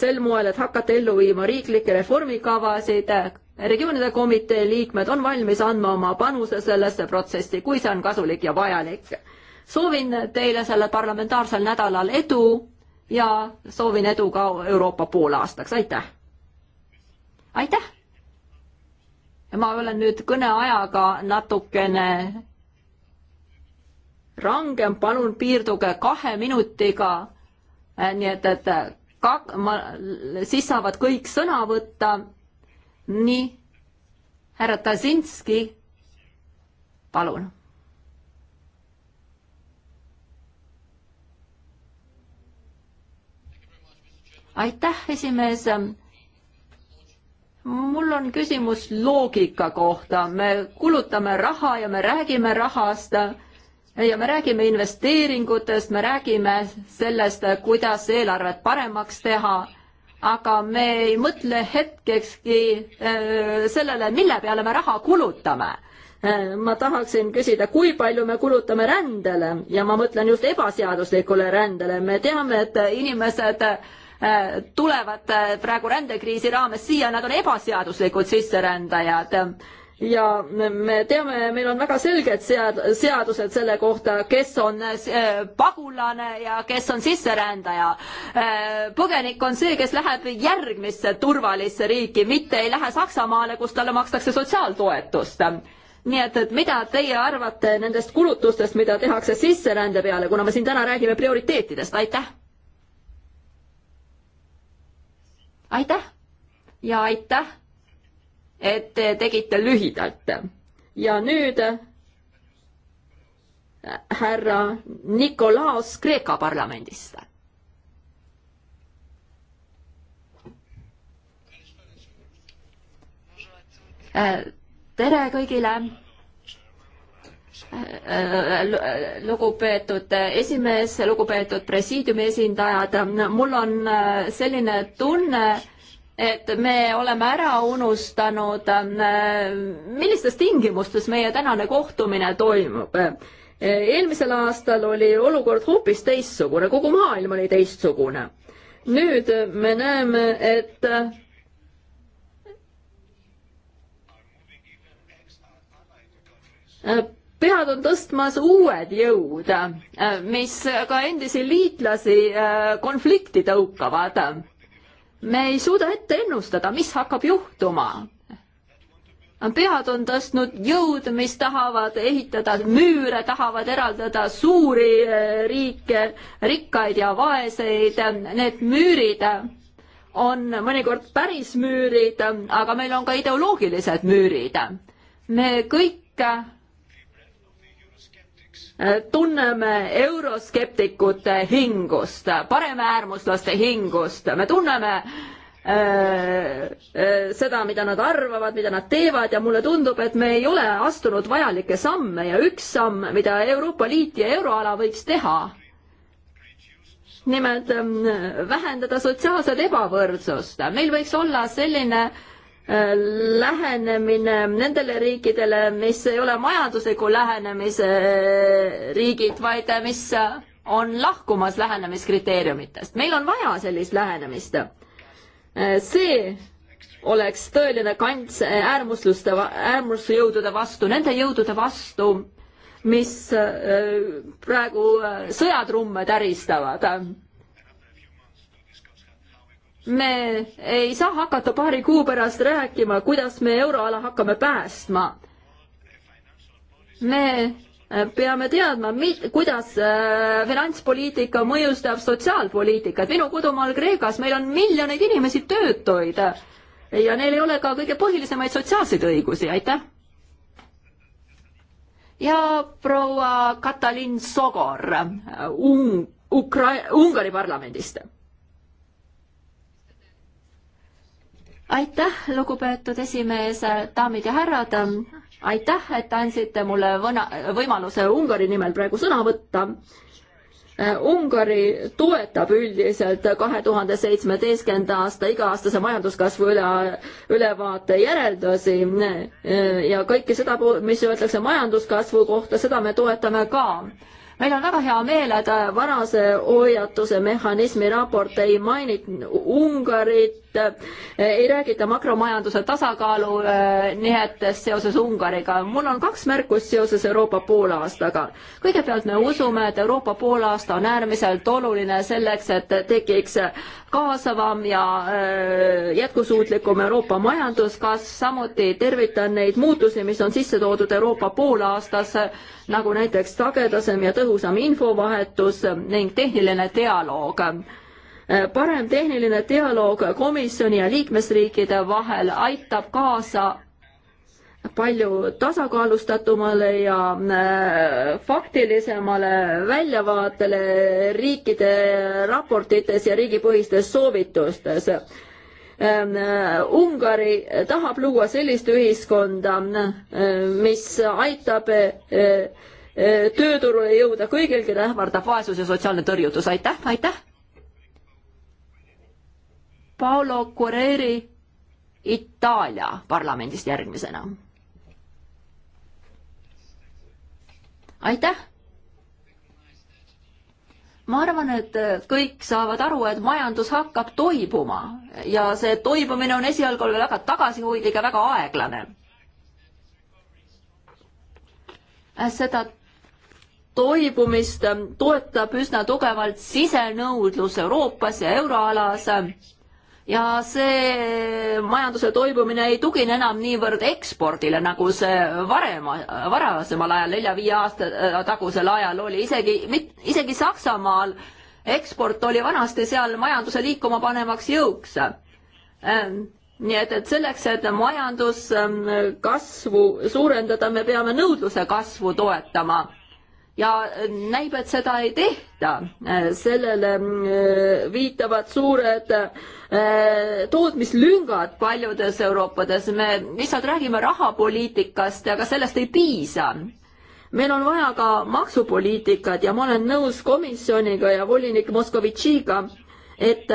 sel moel, et hakata ellu viima riiklikke reformikavasid, äh, regioonide komitee liikmed on valmis andma oma panuse sellesse protsessi, kui see on kasulik ja vajalik. soovin teile sellel parlamentaarsel nädalal edu ja soovin edu ka Euroopa poolaastaks, aitäh! aitäh! ma olen nüüd kõneajaga natukene rangem, palun piirduge kahe minutiga. Äh, nii et, et äh, kak-, ma, siis saavad kõik sõna võtta. nii, härra Tasinski, palun aitäh, esimees mul on küsimus loogika kohta, me kulutame raha ja me räägime rahast ja me räägime investeeringutest, me räägime sellest, kuidas eelarvet paremaks teha, aga me ei mõtle hetkekski äh, sellele, mille peale me raha kulutame. Äh, ma tahaksin küsida, kui palju me kulutame rändele ja ma mõtlen just ebaseaduslikule rändele, me teame, et inimesed tulevad äh, praegu rändekriisi raames siia, nad on ebaseaduslikud sisserändajad ja me teame, meil on väga selged sead-, seadused selle kohta, kes on äh, pagulane ja kes on sisserändaja. Äh, põgenik on see, kes läheb järgmisse turvalisse riiki, mitte ei lähe Saksamaale, kus talle makstakse sotsiaaltoetust nii et, et mida teie arvate nendest kulutustest, mida tehakse sisserände peale, kuna me siin täna räägime prioriteetidest, aitäh aitäh ja aitäh, et te tegite lühidalt. ja nüüd äh, härra Nikolaos Kreeka parlamendist. Äh, tere kõigile Äh, äh, äh, lugupeetud esimees, lugupeetud presiidiumi esindajad, mul on selline tunne, et me oleme ära unustanud, millistes tingimustes meie tänane kohtumine toimub. eelmisel aastal oli olukord hoopis teistsugune, kogu maailm oli teistsugune. nüüd me näeme, et äh, pead on tõstmas uued jõud, äh, mis ka endisi liitlasi äh, konflikti tõukavad. me ei suuda ette ennustada, mis hakkab juhtuma. pead on tõstnud jõud, mis tahavad ehitada müüre, tahavad eraldada suuri äh, riike, rikkaid ja vaeseid, need müürid on mõnikord päris müürid, aga meil on ka ideoloogilised müürid. me kõik tunneme euroskeptikute hingust, paremäärmuslaste hingust, me tunneme äh, äh, seda, mida nad arvavad, mida nad teevad ja mulle tundub, et me ei ole astunud vajalikke samme ja üks samm, mida Euroopa Liit ja euroala võiks teha, nimelt ähm, vähendada sotsiaalset ebavõrdsust. meil võiks olla selline äh, Äh, lähenemine nendele riikidele, mis ei ole majandusliku lähenemise äh, riigid, vaid äh, mis on lahkumas lähenemiskriteeriumitest. meil on vaja sellist lähenemist. see oleks tõeline kants äärmusluste, äärmusjõudude vastu, nende jõudude vastu, mis praegu sõjatrumme täristavad me ei saa hakata paari kuu pärast rääkima, kuidas me euroala hakkame päästma. me äh, peame teadma, kuidas äh, finantspoliitika mõjustab sotsiaalpoliitikat. minu kodumaal Kreekas meil on miljoneid inimesi töötuid ja neil ei ole ka kõige põhilisemaid sotsiaalseid õigusi, aitäh. ja proua Katalin Sogor Ung-, Ukra-, Ungari parlamendist aitäh, lugupeetud esimees, daamid ja härrad. aitäh, et andsite mulle võna, võimaluse Ungari nimel praegu sõna võtta. Ungari toetab üldiselt kahe tuhande seitsmeteistkümnenda aasta iga-aastase majanduskasvu üle, ülevaate järeldusi ja kõike seda, mis öeldakse majanduskasvu kohta, seda me toetame ka meil on väga hea meel, et varase hoiatuse mehhanismi raport ei maininud Ungarit et eh, ei räägita makromajanduse tasakaalu eh, nihetest seoses Ungariga. mul on kaks märkust seoses Euroopa poolaastaga. kõigepealt me usume, et Euroopa poolaasta on äärmiselt oluline selleks, et tekiks kaasavam ja eh, jätkusuutlikum Euroopa majanduskasv, samuti tervitan neid muutusi, mis on sisse toodud Euroopa poolaastas, nagu näiteks sagedasem ja tõhusam infovahetus ning tehniline dialoog Äh, parem tehniline dialoog komisjoni ja liikmesriikide vahel aitab kaasa palju tasakaalustatumale ja äh, faktilisemale väljavaatele riikide raportites ja riigipõhistes soovitustes. Ähm, äh, Ungari tahab luua sellist ühiskonda, mis aitab tööturule jõuda kõigil, keda ähvardab vaesus ja sotsiaalne tõrjutus. aitäh, aitäh! Paolo Correri Itaalia parlamendist järgmisena. aitäh! ma arvan, et kõik saavad aru, et majandus hakkab toibuma ja see toibumine on esialgu väga tagasihoidlik ja väga aeglane. seda toibumist toetab üsna tugevalt sisenõudlus Euroopas ja euroalas ja see eh, majanduse toibumine ei tugine enam niivõrd ekspordile, nagu see varem, varasemal ajal, nelja-viie aasta äh, tagusel ajal oli, isegi, isegi Saksamaal eksport oli vanasti seal majanduse liikuma panemaks jõuks. Ähm, nii et, et selleks, et majanduskasvu ähm, suurendada, me peame nõudluse kasvu toetama ja näib, et seda ei tehta. Äh, sellele mm, äh, viitavad suured äh, tootmislüngad paljudes Euroopades, me lihtsalt räägime rahapoliitikast, aga sellest ei piisa meil on vaja ka maksupoliitikat ja ma olen nõus komisjoniga ja volinik Moskovitšiga, et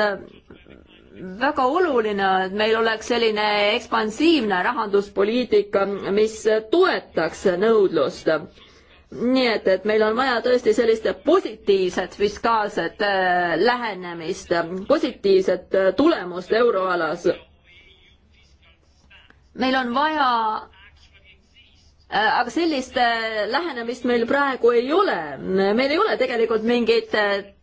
väga oluline, et meil oleks selline ekspansiivne rahanduspoliitika, mis toetaks nõudlust nii et, et meil on vaja tõesti sellist positiivset fiskaalset äh, lähenemist, positiivset äh, tulemust euroalas. meil on vaja äh, aga sellist lähenemist meil praegu ei ole, meil ei ole tegelikult mingit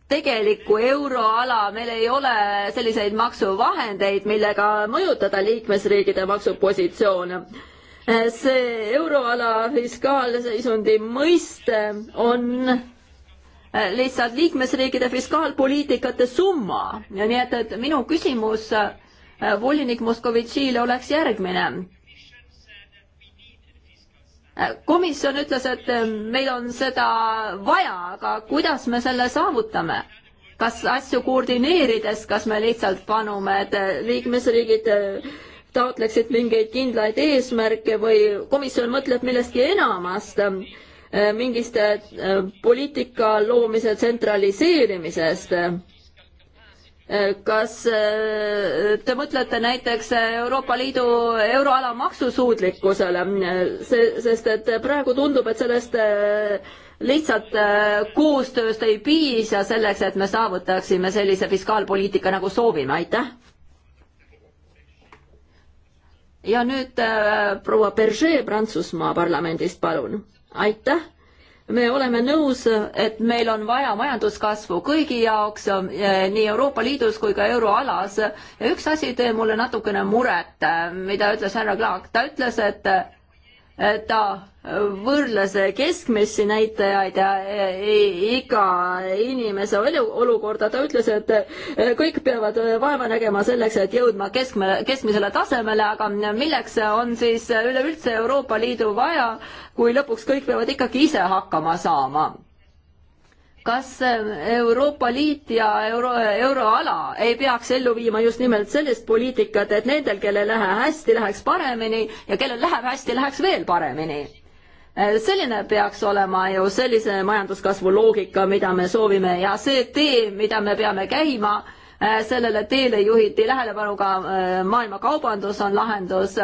tegelikku euroala, meil ei ole selliseid maksuvahendeid, millega mõjutada liikmesriikide maksupositsioone see euroala fiskaalseisundi mõiste on äh, lihtsalt liikmesriikide fiskaalpoliitikate summa ja nii et, et minu küsimus äh, volinik Moskovitšile oleks järgmine. Äh, komisjon ütles, et meil on seda vaja, aga kuidas me selle saavutame? kas asju koordineerides, kas me lihtsalt panume, et liikmesriigid taotleksid mingeid kindlaid eesmärke või komisjon mõtleb millestki enamast, äh, mingist äh, poliitika loomise tsentraliseerimisest äh, kas te mõtlete näiteks Euroopa Liidu euroala maksusuudlikkusele, sest et praegu tundub, et sellest lihtsalt koostööst ei piisa selleks, et me saavutaksime sellise fiskaalpoliitika, nagu soovime, aitäh ja nüüd äh, proua Berger Prantsusmaa parlamendist, palun. aitäh me oleme nõus, et meil on vaja majanduskasvu kõigi jaoks, äh, nii Euroopa Liidus kui ka euroalas. ja üks asi teeb mulle natukene muret, äh, mida ütles härra Klaak, ta ütles, et ta võrdles keskmisi näitajaid ja e, e, iga inimese olukorda, ta ütles, et e, kõik peavad vaeva nägema selleks, et jõudma keskme, keskmisele tasemele, aga milleks on siis üleüldse Euroopa Liidu vaja, kui lõpuks kõik peavad ikkagi ise hakkama saama? kas Euroopa Liit ja euro, euroala ei peaks ellu viima just nimelt sellist poliitikat, et nendel, kellel läheb hästi, läheks paremini ja kellel läheb hästi, läheks veel paremini? Äh, selline peaks olema ju sellise majanduskasvu loogika, mida me soovime ja see tee, mida me peame käima, äh, sellele teele juhiti tähelepanu ka äh, Maailma Kaubandus on lahendus.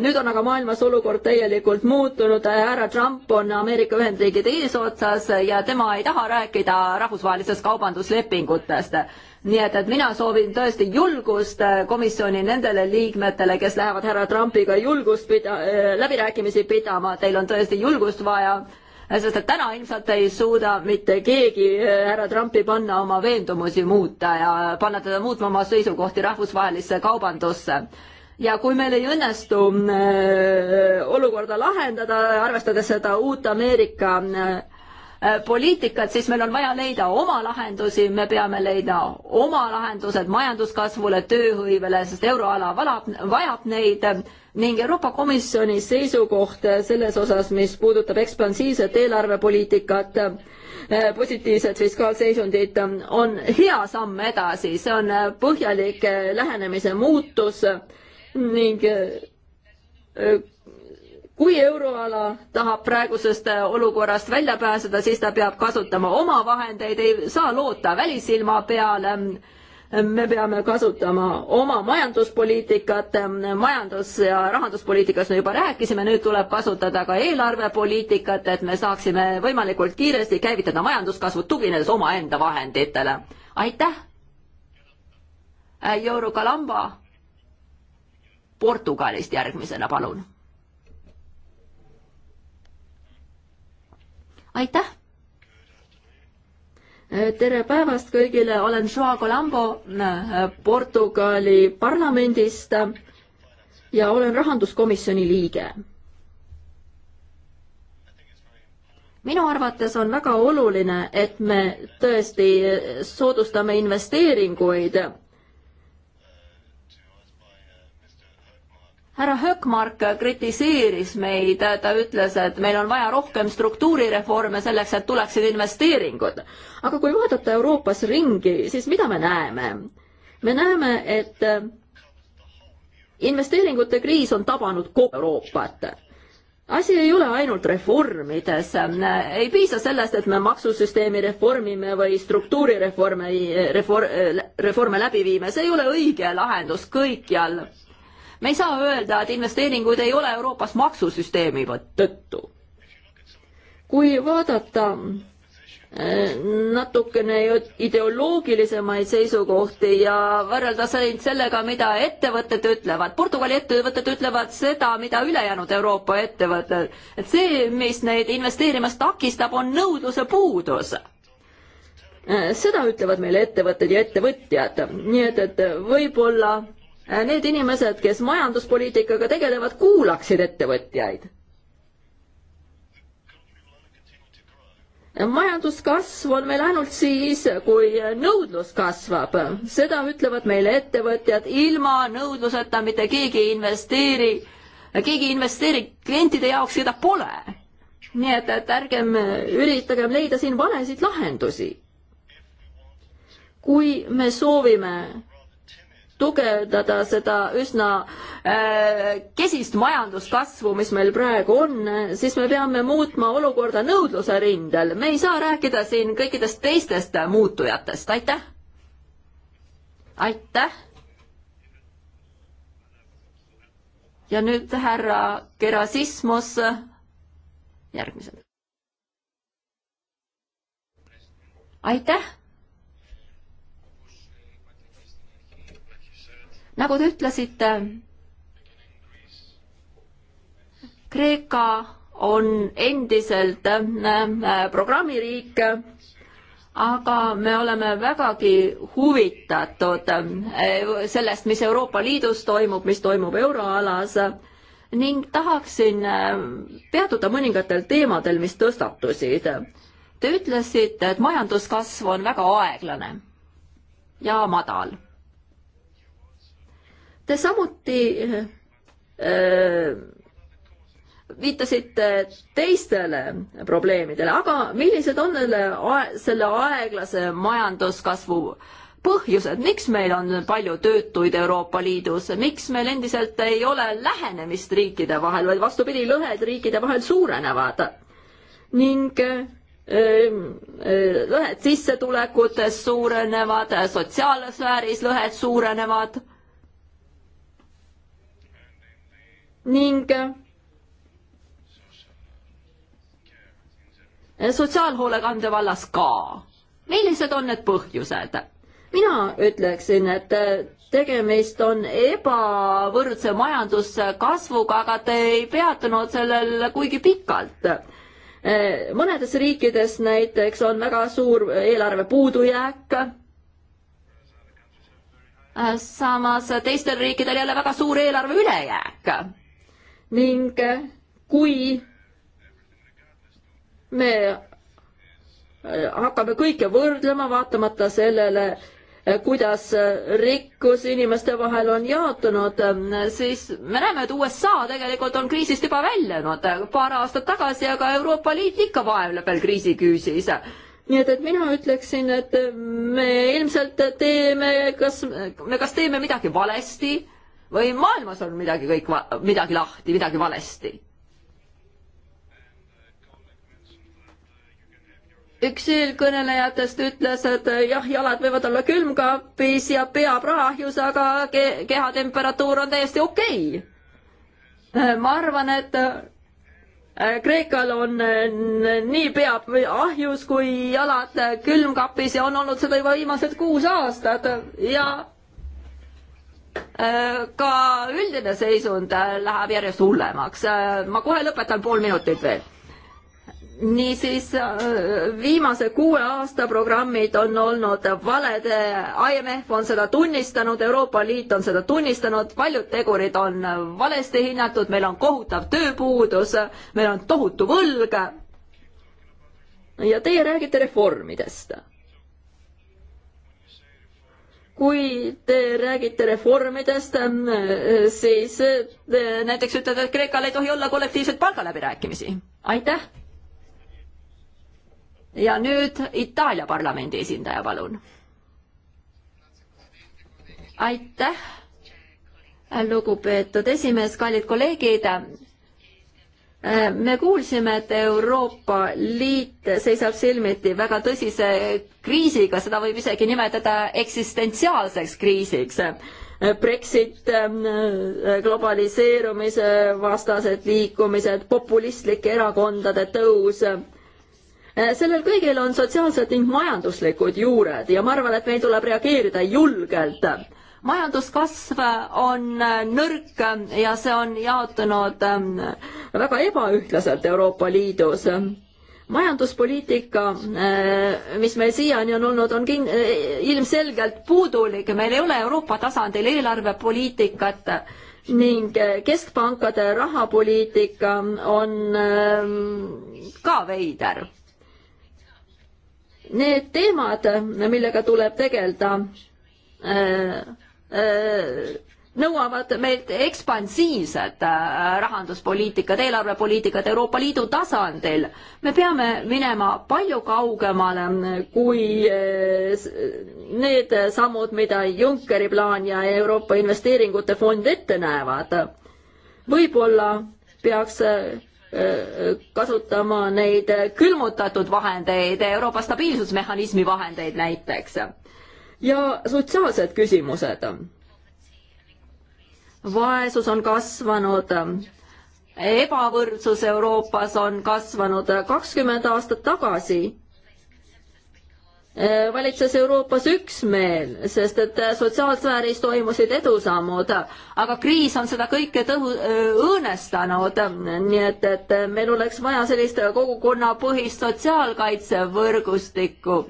nüüd on aga maailmas olukord täielikult muutunud, härra Trump on Ameerika Ühendriigid eesotsas ja tema ei taha rääkida rahvusvahelisest kaubanduslepingutest nii et, et mina soovin tõesti julgust äh, komisjoni nendele liikmetele, kes lähevad härra Trumpiga julgust pida-, äh, läbirääkimisi pidama, teil on tõesti julgust vaja, äh, sest et täna ilmselt ei suuda mitte keegi härra Trumpi panna oma veendumusi muuta ja panna teda muutma oma seisukohti rahvusvahelisse kaubandusse ja kui meil ei õnnestu öö, olukorda lahendada, arvestades seda uut Ameerika öö, Äh, poliitikat, siis meil on vaja leida oma lahendusi, me peame leida oma lahendused majanduskasvule, tööhõivele, sest euroala valab, vajab neid ning Euroopa Komisjoni seisukoht selles osas, mis puudutab ekspansiivset eelarvepoliitikat, äh, positiivset fiskaalseisundit, on hea samm edasi, see on äh, põhjalik lähenemise muutus ning kui euroala tahab praegusest olukorrast välja pääseda, siis ta peab kasutama oma vahendeid, ei saa loota välisilma peale. me peame kasutama oma majanduspoliitikat, majandus- ja rahanduspoliitikast me juba rääkisime, nüüd tuleb kasutada ka eelarvepoliitikat, et me saaksime võimalikult kiiresti käivitada majanduskasvu, tuginedes omaenda vahenditele. aitäh! Äh, Joru Kalamba Portugalist järgmisena, palun aitäh! tere päevast kõigile, olen Joao Colombo äh, Portugali parlamendist ja olen rahanduskomisjoni liige. minu arvates on väga oluline, et me tõesti soodustame investeeringuid härra Höökmark kritiseeris meid, ta ütles, et meil on vaja rohkem struktuurireforme selleks, et tuleksid investeeringud. aga kui vaadata Euroopas ringi, siis mida me näeme? me näeme, et investeeringute kriis on tabanud kogu Euroopat asi ei ole ainult reformides, ei piisa sellest, et me maksusüsteemi reformime või struktuurireforme, reform, reforme läbi viime, see ei ole õige lahendus kõikjal me ei saa öelda, et investeeringuid ei ole Euroopas maksusüsteemi tõttu. kui vaadata eh, natukene ideoloogilisemaid seisukohti ja võrrelda sellega, mida ettevõtted ütlevad. Portugali ettevõtted ütlevad seda, mida ülejäänud Euroopa ettevõtted. et see, mis neid investeerimast takistab, on nõudluse puudus eh, seda ütlevad meile ettevõtted ja ettevõtjad, nii et, et võib-olla need inimesed, kes majanduspoliitikaga tegelevad, kuulaksid ettevõtjaid. majanduskasv on meil ainult siis, kui nõudlus kasvab, seda ütlevad meile ettevõtjad, ilma nõudluseta mitte keegi ei investeeri, keegi ei investeeri klientide jaoks, keda pole. nii et, et ärgem üritagem leida siin valesid lahendusi. kui me soovime tugevdada seda üsna äh, kesist majanduskasvu, mis meil praegu on, siis me peame muutma olukorda nõudluse rindel. me ei saa rääkida siin kõikidest teistest muutujatest, aitäh. aitäh. ja nüüd härra Gerasismos järgmisena. aitäh nagu te ütlesite, Kreeka on endiselt äh, programmiriik, aga me oleme vägagi huvitatud äh, sellest, mis Euroopa Liidus toimub, mis toimub euroalas ning tahaksin äh, peatuda mõningatel teemadel, mis tõstatusid. Te ütlesite, et majanduskasv on väga aeglane ja madal Te samuti äh, äh, viitasite teistele probleemidele, aga millised on selle, selle aeglase majanduskasvu põhjused, miks meil on palju töötuid Euroopa Liidus, miks meil endiselt ei ole lähenemist riikide vahel, vaid vastupidi, lõhed riikide vahel suurenevad ning äh, lõhed sissetulekutes suurenevad, sotsiaalsfääris lõhed suurenevad ning sotsiaalhoolekande vallas ka. millised on need põhjused? mina ütleksin, et tegemist on ebavõrdse majanduskasvuga, aga te ei peatunud sellel kuigi pikalt. mõnedes riikides näiteks on väga suur eelarve puudujääk. samas teistel riikidel jälle väga suur eelarve ülejääk ning kui me hakkame kõike võrdlema, vaatamata sellele, kuidas rikkus inimeste vahel on jaotunud, siis me näeme, et USA tegelikult on kriisist juba väljunud paar aastat tagasi, aga Euroopa Liit ikka vaevleb veel kriisiküüsis. nii et, et mina ütleksin, et me ilmselt teeme, kas me kas teeme midagi valesti või maailmas on midagi kõik, midagi lahti, midagi valesti? üks eelkõnelejatest ütles, et äh, jah, jalad võivad olla külmkapis ja pea praahjus, aga ke kehatemperatuur on täiesti okei okay.. Äh, ma arvan, et äh, Kreekal on nii pea ahjus kui jalad külmkapis ja on olnud seda juba viimased kuus aastat ja ka üldine seisund äh, läheb järjest hullemaks. Äh, ma kohe lõpetan pool minutit veel niisiis äh, viimase kuue aasta programmid on olnud valed, IMF on seda tunnistanud, Euroopa Liit on seda tunnistanud, paljud tegurid on valesti hinnatud, meil on kohutav tööpuudus, meil on tohutu võlg. ja teie räägite reformidest kui te räägite reformidest, ähm, siis äh, näiteks ütlete, et Kreekal ei tohi olla kollektiivseid palgaläbirääkimisi. aitäh. ja nüüd Itaalia parlamendi esindaja, palun. aitäh, lugupeetud esimees, kallid kolleegid me kuulsime, et Euroopa Liit seisab silmiti väga tõsise kriisiga, seda võib isegi nimetada eksistentsiaalseks kriisiks. Brexit, ähm, globaliseerumise vastased liikumised, populistlike erakondade tõus. sellel kõigil on sotsiaalsed ning majanduslikud juured ja ma arvan, et meil tuleb reageerida julgelt majanduskasv on nõrk ja see on jaotunud ähm, väga ebaühtlaselt Euroopa Liidus majanduspoliitika, äh, mis meil siiani on olnud, on kin-, äh, ilmselgelt puudulik, meil ei ole Euroopa tasandil eelarvepoliitikat ning äh, keskpankade rahapoliitika on ähm, ka veider. Need teemad, millega tuleb tegeleda, Äh, nõuavad meilt ekspansiivset äh, rahanduspoliitikat, eelarvepoliitikat Euroopa Liidu tasandil. me peame minema palju kaugemale kui äh, need sammud, mida Junckeri plaan ja Euroopa Investeeringute Fond ette näevad. võib-olla peaks kasutama neid külmutatud vahendeid, Euroopa stabiilsusmehhanismi vahendeid näiteks ja sotsiaalsed küsimused. vaesus on kasvanud, ebavõrdsus Euroopas on kasvanud kakskümmend aastat tagasi e, valitses Euroopas üksmeel, sest et sotsiaalsfääris toimusid edusammud, aga kriis on seda kõike tõhu-, e, õõnestanud, nii et, et meil oleks vaja sellist kogukonnapõhist sotsiaalkaitsevõrgustikku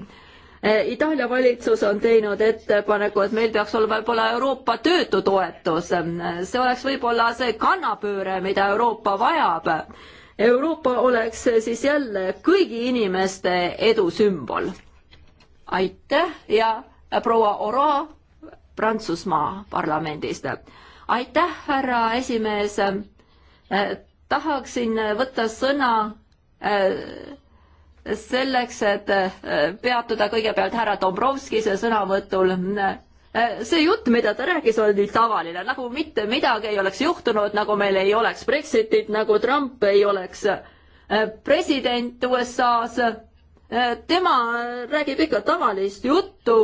Eh, Itaalia valitsus on teinud ettepaneku, et meil peaks olema võib-olla Euroopa töötutoetus. Eh, see oleks võib-olla see kannapööre, mida Euroopa vajab. Euroopa oleks siis jälle kõigi inimeste edu sümbol. aitäh ja proua Ora Prantsusmaa parlamendist. aitäh, härra esimees. Eh, tahaksin võtta sõna selleks, et äh, peatuda kõigepealt härra Dombrovskise sõnavõtul. Äh, see jutt, mida ta rääkis, oli tavaline, nagu mitte midagi ei oleks juhtunud, nagu meil ei oleks Brexitit, nagu Trump ei oleks äh, president USA-s. tema räägib ikka tavalist juttu,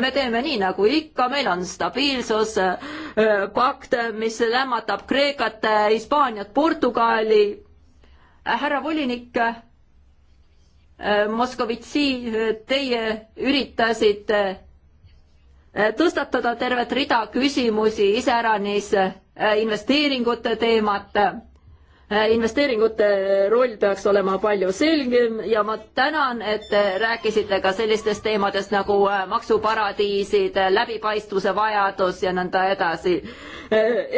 me teeme nii nagu ikka, meil on stabiilsuspakt, mis lämmatab Kreekat, Hispaaniat, Portugali. härra volinik Äh, Moskovitši, äh, teie üritasite äh, tõstatada tervet rida küsimusi, iseäranis investeeringute teemat. investeeringute roll peaks olema palju selgem ja ma tänan, et rääkisite ka sellistest teemadest nagu maksuparadiisid, läbipaistvuse vajadus ja nõnda edasi.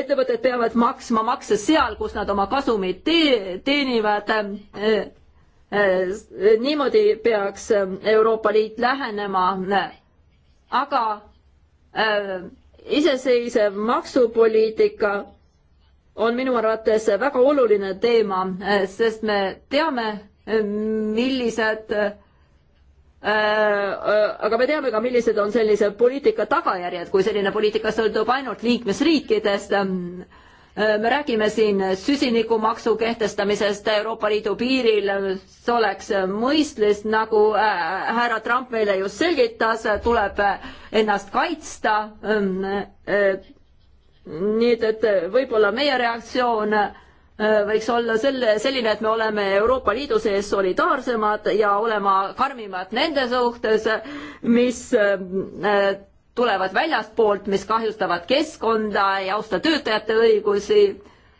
ettevõtted peavad maksma makse seal, kus nad oma kasumit te teenivad Äh, niimoodi peaks äh, Euroopa Liit lähenema, aga äh, iseseisev maksupoliitika on minu arvates väga oluline teema, sest me teame, millised aga me teame ka, millised on sellise poliitika tagajärjed, kui selline poliitika sõltub ainult liikmesriikidest Äh, me räägime siin süsinikumaksu kehtestamisest Euroopa Liidu piiril, see oleks mõistlis, nagu äh, härra Trump meile just selgitas, tuleb ennast kaitsta. Ähm, äh, nii et, et võib-olla meie reaktsioon võiks olla selle, selline, et me oleme Euroopa Liidu sees solidaarsemad ja olema karmimad nende suhtes, mis tulevad väljastpoolt, mis kahjustavad keskkonda, ei austa töötajate õigusi,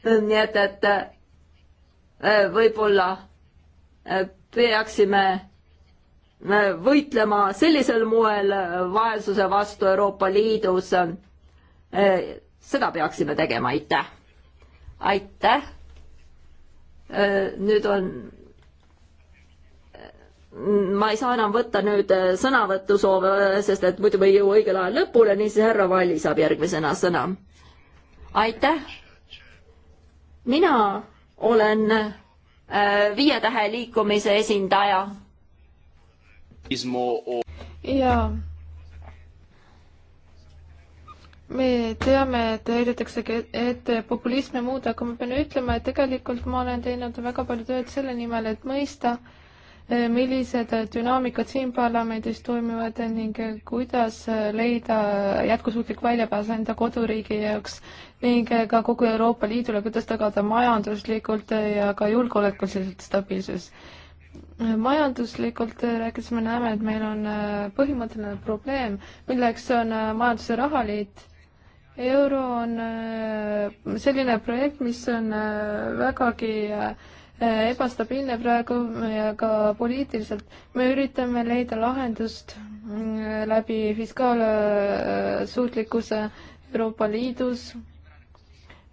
nii et, et äh, võib-olla äh, peaksime äh, võitlema sellisel moel vaesuse vastu Euroopa Liidus. seda peaksime tegema, aitäh. aitäh. nüüd on ma ei saa enam võtta nüüd äh, sõnavõtusoove, sest et muidu me ei jõua õigel ajal lõpule, niisiis härra Valli saab järgmisena sõna. aitäh. mina olen äh, Viie Tähe liikumise esindaja. jaa me teame, et heidetakse ette populisme ja muud, aga ma pean ütlema, et tegelikult ma olen teinud väga palju tööd selle nimel, et mõista äh, Eh, millised dünaamikad siin parlamendis toimivad ning eh, kuidas eh, leida jätkusuutlik väljapääs enda koduriigi jaoks ning ka kogu Euroopa Liidule, kuidas tagada majanduslikult ja ka julgeolekuliselt stabiilsus. majanduslikult rääkides me näeme, et meil on põhimõtteline probleem, milleks on majandus- ja rahaliit euro on selline projekt, mis on vägagi Äh, ebastabiilne praegu ja ka poliitiliselt. me üritame leida lahendust äh, läbi fiskaalsuutlikkuse Euroopa Liidus,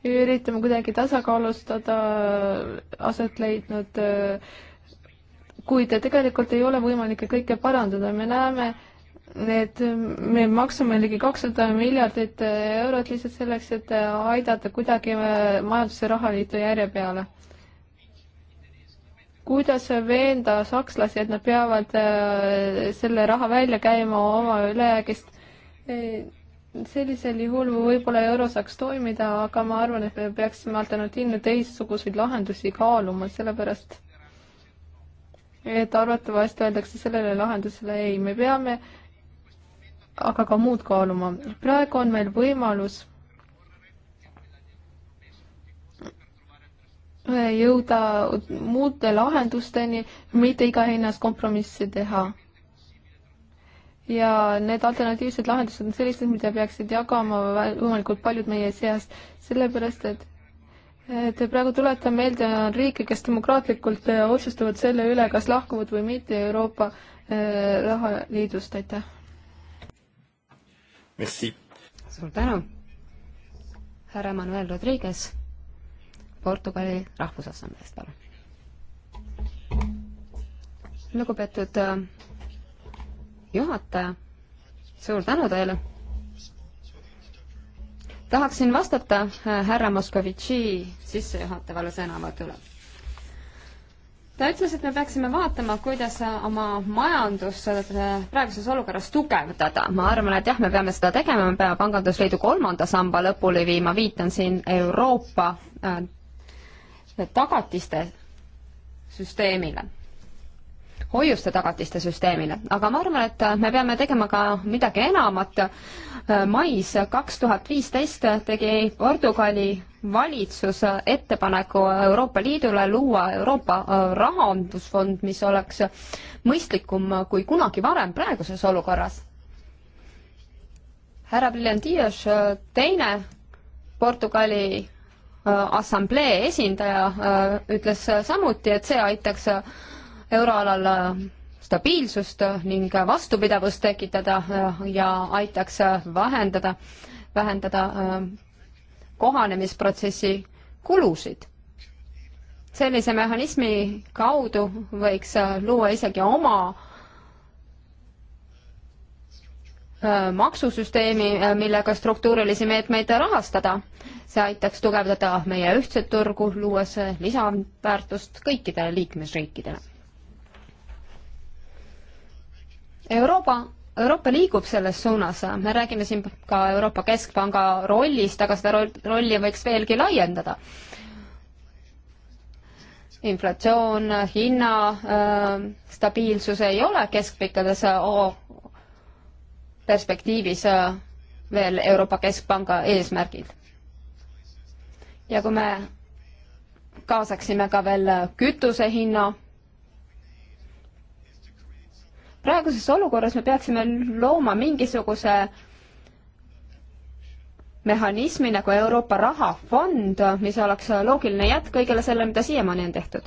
üritame kuidagi tasakaalustada aset leidnud, äh, kuid tegelikult ei ole võimalik kõike parandada, me näeme, et me maksame ligi kakssada miljardit eurot lihtsalt selleks, et aidata kuidagi majanduse rahaliitu järje peale kuidas veenda sakslasi, et nad peavad äh, selle raha välja käima oma ülejäägist. sellisel juhul võib-olla euro saaks toimida, aga ma arvan, et me peaksime alternatiivne teistsuguseid lahendusi kaaluma, sellepärast et arvatavasti öeldakse sellele lahendusele ei, me peame aga ka muud kaaluma. praegu on meil võimalus jõuda muude lahendusteni, mitte iga hinnas kompromisse teha. ja need alternatiivsed lahendused on sellised, mida peaksid jagama võimalikult paljud meie seast, sellepärast et et praegu tuletan meelde, on riike, kes demokraatlikult äh, otsustavad selle üle, kas lahkuvad või mitte Euroopa äh, rahaliidust, aitäh. suur tänu, härra Manuel Rodriguez Portugali Rahvusassambleest, palun. lugupeetud äh, juhataja, suur tänu teile. tahaksin vastata äh, härra Moskovitši sissejuhatavale sõnavõtule. ta ütles, et me peaksime vaatama, kuidas äh, oma majandust praeguses olukorras tugevdada. ma arvan, et jah, me peame seda tegema, me peame Pangandusliidu kolmanda samba lõpule viima, viitan siin Euroopa tagatiste süsteemile, hoiuste tagatiste süsteemile, aga ma arvan, et me peame tegema ka midagi enamat. mais kaks tuhat viisteist tegi Portugali valitsus ettepaneku Euroopa Liidule luua Euroopa äh, rahandusfond, mis oleks mõistlikum kui kunagi varem praeguses olukorras. härra Briljantios, äh, teine Portugali Äh, assamblee esindaja äh, ütles samuti, et see aitaks euroalal äh, stabiilsust ning vastupidavust tekitada ja aitaks vähendada, vähendada kohanemisprotsessi kulusid. sellise mehhanismi kaudu võiks luua isegi oma maksusüsteemi, millega struktuurilisi meetmeid rahastada see aitaks tugevdada meie ühtset turgu, luues lisaväärtust kõikidele liikmesriikidele. Euroopa, Euroopa liigub selles suunas, me räägime siin ka Euroopa Keskpanga rollist, aga seda rolli võiks veelgi laiendada inflatsioon, hinna äh, stabiilsus ei ole keskpikkades oh, perspektiivis äh, veel Euroopa Keskpanga eesmärgid ja kui me kaasaksime ka veel kütusehinna. praeguses olukorras me peaksime looma mingisuguse mehhanismi nagu Euroopa rahafond, mis oleks loogiline jätk kõigele sellele, mida siiamaani on tehtud.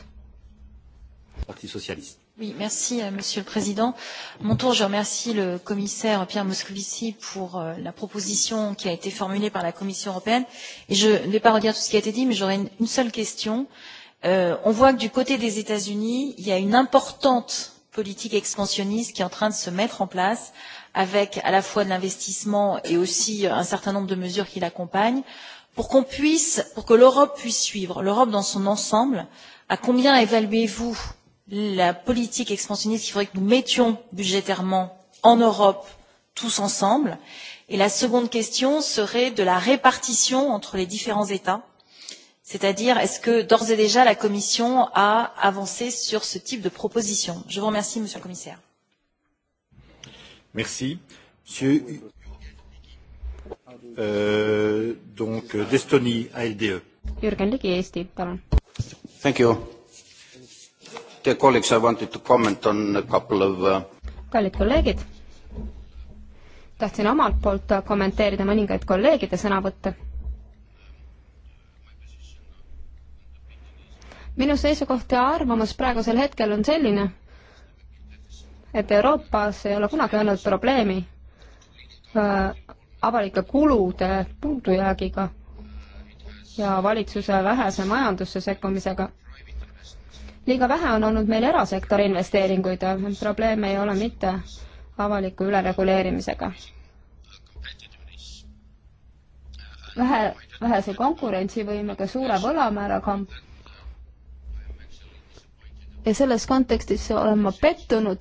parti sotsialist. Oui, merci euh, Monsieur le Président. Mon tour, je remercie le commissaire Pierre Moscovici pour euh, la proposition qui a été formulée par la Commission européenne. Et je ne vais pas redire tout ce qui a été dit, mais j'aurais une, une seule question. Euh, on voit que du côté des États-Unis, il y a une importante politique expansionniste qui est en train de se mettre en place avec à la fois de l'investissement et aussi euh, un certain nombre de mesures qui l'accompagnent pour qu'on puisse, pour que l'Europe puisse suivre, l'Europe dans son ensemble, à combien évaluez-vous la politique expansionniste qu'il faudrait que nous mettions budgétairement en Europe tous ensemble. Et la seconde question serait de la répartition entre les différents États. C'est-à-dire, est-ce que d'ores et déjà la Commission a avancé sur ce type de proposition Je vous remercie, Monsieur le Commissaire. Merci. Monsieur euh, donc d'Estonie, ALDE. Jürgen Ligi, Eesti, palun. Thank you Dear colleagues, I wanted to comment on a couple of uh... kallid kolleegid, tahtsin omalt poolt kommenteerida mõningaid kolleegide sõnavõtte. minu seisukoht ja arvamus praegusel hetkel on selline, et Euroopas ei ole kunagi olnud probleemi äh, avalike kulude puudujäägiga ja valitsuse vähese majandusse sekkumisega liiga vähe on olnud meil erasektori investeeringuid, probleem ei ole mitte avaliku ülereguleerimisega. vähe, vähese konkurentsivõimega, suure võlamääraga. ja selles kontekstis olen ma pettunud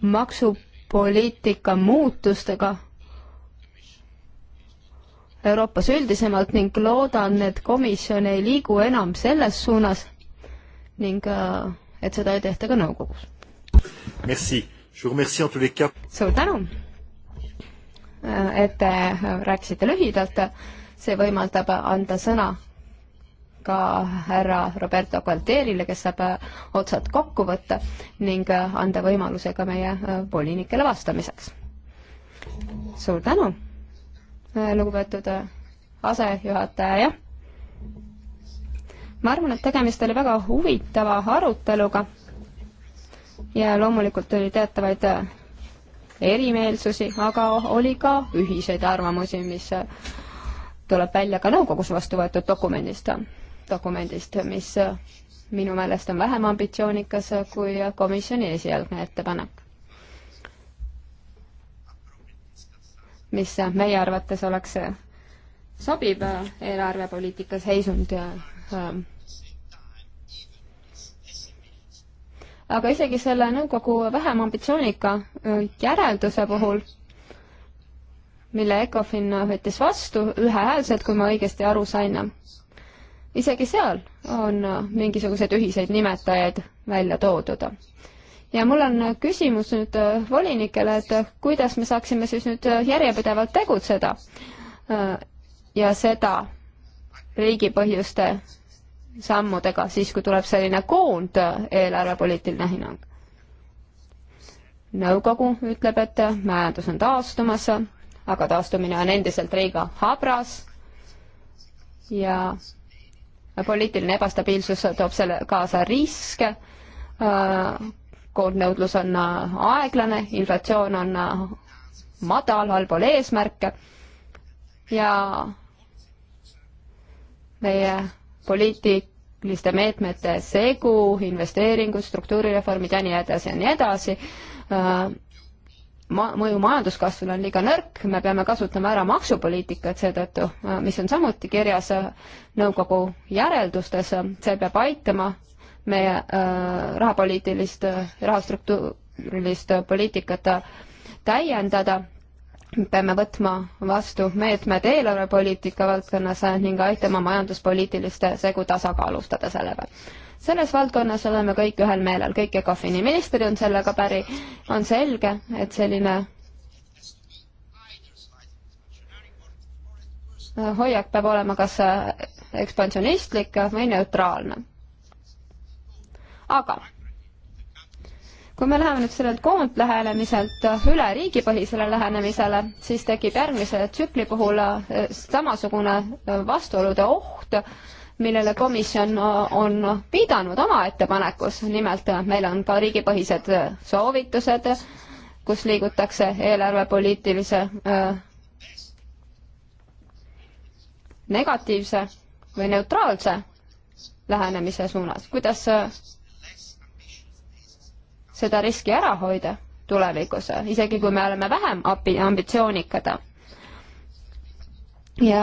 maksupoliitika muutustega Euroopas üldisemalt ning loodan, et komisjon ei liigu enam selles suunas ning äh, et seda ei tehta ka nõukogus. suur tänu, äh, et te äh, rääkisite lühidalt, see võimaldab anda sõna ka härra Roberto Gualtierile, kes saab otsad kokku võtta ning anda võimaluse ka meie volinikele vastamiseks. suur tänu! Äh, lugupeetud äh, asejuhataja, jah. ma arvan, et tegemist oli väga huvitava aruteluga ja loomulikult oli teatavaid äh, erimeelsusi, aga oli ka ühiseid arvamusi, mis tuleb välja ka nõukogus vastu võetud dokumendist, dokumendist, mis minu meelest on vähem ambitsioonikas kui komisjoni esialgne ettepanek mis meie arvates oleks sobiv äh, eelarvepoliitika seisund ja ähm, aga isegi selle nõukogu vähem ambitsioonika äh, järelduse puhul, mille Ecofin võttis vastu ühehäälselt, kui ma õigesti aru sain, isegi seal on äh, mingisuguseid ühiseid nimetajaid välja toodud ja mul on küsimus nüüd äh, volinikele, et äh, kuidas me saaksime siis nüüd äh, järjepidevalt tegutseda ja seda riigi põhjuste sammudega, siis kui tuleb selline koond eelarvepoliitiline hinnang. nõukogu ütleb, et majandus on taastumas, aga taastumine on endiselt liiga habras ja poliitiline ebastabiilsus toob selle kaasa riske, nõudlus on äh, aeglane, inflatsioon on äh, madal, allpool eesmärke ja meie poliitiliste meetmete segu, investeeringud, struktuurireformid ja nii edasi ja nii edasi, äh, ma-, mõju majanduskasvule on liiga nõrk, me peame kasutama ära maksupoliitikat seetõttu, mis on samuti kirjas nõukogu järeldustes, see peab aitama meie äh, rahapoliitilist, rahastruktuurilist poliitikat täiendada peame võtma vastu meetmed eelarvepoliitika valdkonnas ning aitama majanduspoliitiliste segu tasakaalustada sellega. selles valdkonnas oleme kõik ühel meelel, kõik ECOFIN-i ministrid on sellega päri, on selge, et selline hoiak peab olema kas ekspansionistlik või neutraalne aga kui me läheme nüüd sellelt koondlähenemiselt üle riigipõhisele lähenemisele, siis tekib järgmise tsükli puhul eh, samasugune eh, vastuolude oht, millele komisjon eh, on pidanud oma ettepanekus, nimelt meil on ka riigipõhised soovitused, kus liigutakse eelarvepoliitilise negatiivse või neutraalse lähenemise suunas, kuidas seda riski ära hoida tulevikus, isegi kui me oleme vähem abi-, ambitsioonikad. ja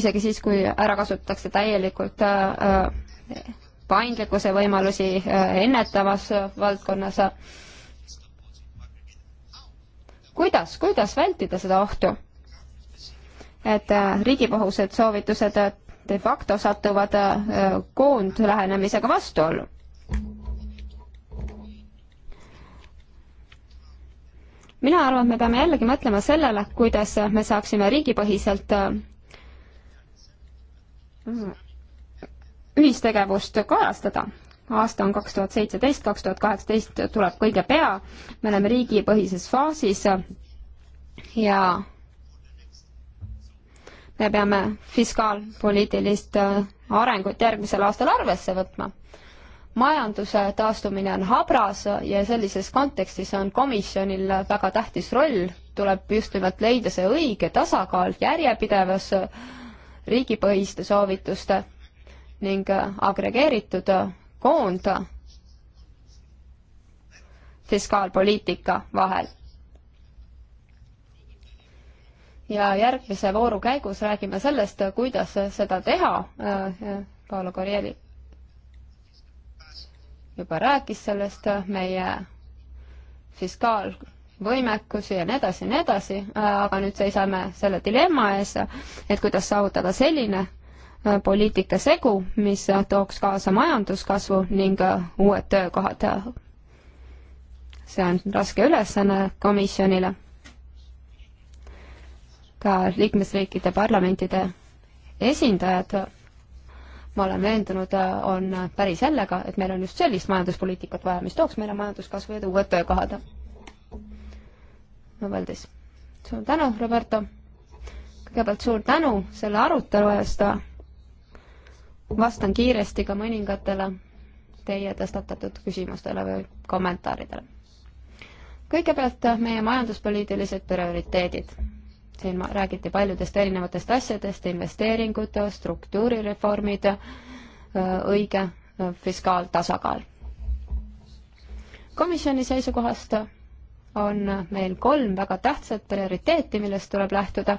isegi siis, kui ära kasutatakse täielikult äh, paindlikkuse võimalusi äh, ennetavas äh, valdkonnas. kuidas, kuidas vältida seda ohtu? et äh, riigipohused soovitused äh, de facto satuvad äh, koondlähenemisega vastuollu mina arvan, et me peame jällegi mõtlema sellele, kuidas me saaksime riigipõhiselt äh, ühistegevust kajastada. aasta on kaks tuhat seitseteist, kaks tuhat kaheksateist tuleb kõige pea, me oleme riigipõhises faasis ja me peame fiskaalpoliitilist äh, arengut järgmisel aastal arvesse võtma majanduse taastumine on habras ja sellises kontekstis on komisjonil väga tähtis roll, tuleb just nimelt leida see õige tasakaal järjepidevas riigipõhiste soovituste ning agregeeritud koond fiskaalpoliitika vahel. ja järgmise vooru käigus räägime sellest, kuidas seda teha, Paolo Corrieri juba rääkis sellest, meie fiskaalvõimekusi ja nii edasi ja nii edasi, aga nüüd seisame selle dilemma ees, et kuidas saavutada selline äh, poliitika segu, mis tooks kaasa majanduskasvu ning äh, uued töökohad. see on raske ülesanne komisjonile. ka liikmesriikide parlamentide esindajad ma olen veendunud, äh, on päri sellega, et meil on just sellist majanduspoliitikat vaja, mis tooks meile majanduskasvu ja uued töökohad. Noveldis. suur tänu, Roberto! kõigepealt suur tänu selle arutelu eest, vastan kiiresti ka mõningatele teie tõstatatud küsimustele või kommentaaridele. kõigepealt meie majanduspoliitilised prioriteedid siin räägiti paljudest erinevatest asjadest, investeeringud, struktuurireformid, äh, õige äh, fiskaaltasakaal. komisjoni seisukohast on meil kolm väga tähtsat prioriteeti, millest tuleb lähtuda.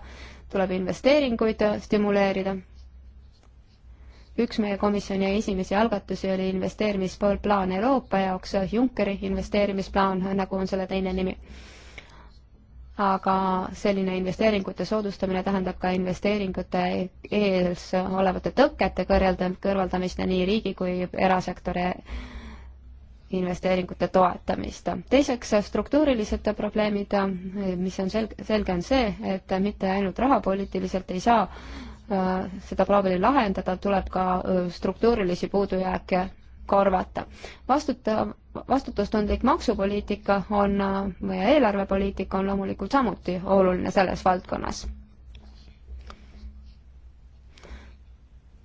tuleb investeeringuid stimuleerida. üks meie komisjoni esimesi algatusi oli investeerimisplaan Euroopa jaoks, Junckeri investeerimisplaan, nagu on selle teine nimi aga selline investeeringute soodustamine tähendab ka investeeringute ees olevate tõkete kõrvaldamist ja nii riigi kui erasektori investeeringute toetamist. teiseks, struktuurilised probleemid, mis on selge, selge on see, et mitte ainult rahapoliitiliselt ei saa äh, seda probleemi lahendada, tuleb ka äh, struktuurilisi puudujääke korvata. vastutav vastutustundlik maksupoliitika on või eelarvepoliitika on loomulikult samuti oluline selles valdkonnas.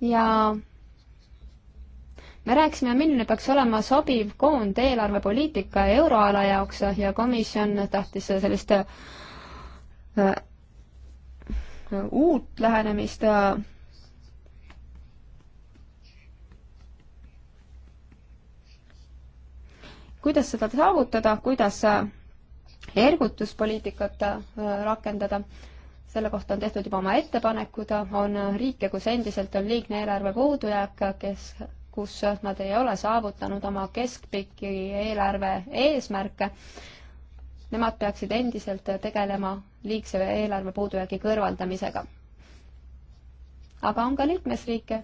ja me rääkisime, milline peaks olema sobiv koond eelarvepoliitika euroala jaoks ja komisjon tahtis sellist äh, uut lähenemist äh, kuidas seda saavutada, kuidas äh, ergutuspoliitikat äh, rakendada, selle kohta on tehtud juba oma ettepanekud, on äh, riike, kus endiselt on liigne eelarve puudujääk, kes, kus nad ei ole saavutanud oma keskpikki eelarve eesmärke, nemad peaksid endiselt tegelema liigse eelarve puudujäägi kõrvaldamisega. aga on ka liikmesriike,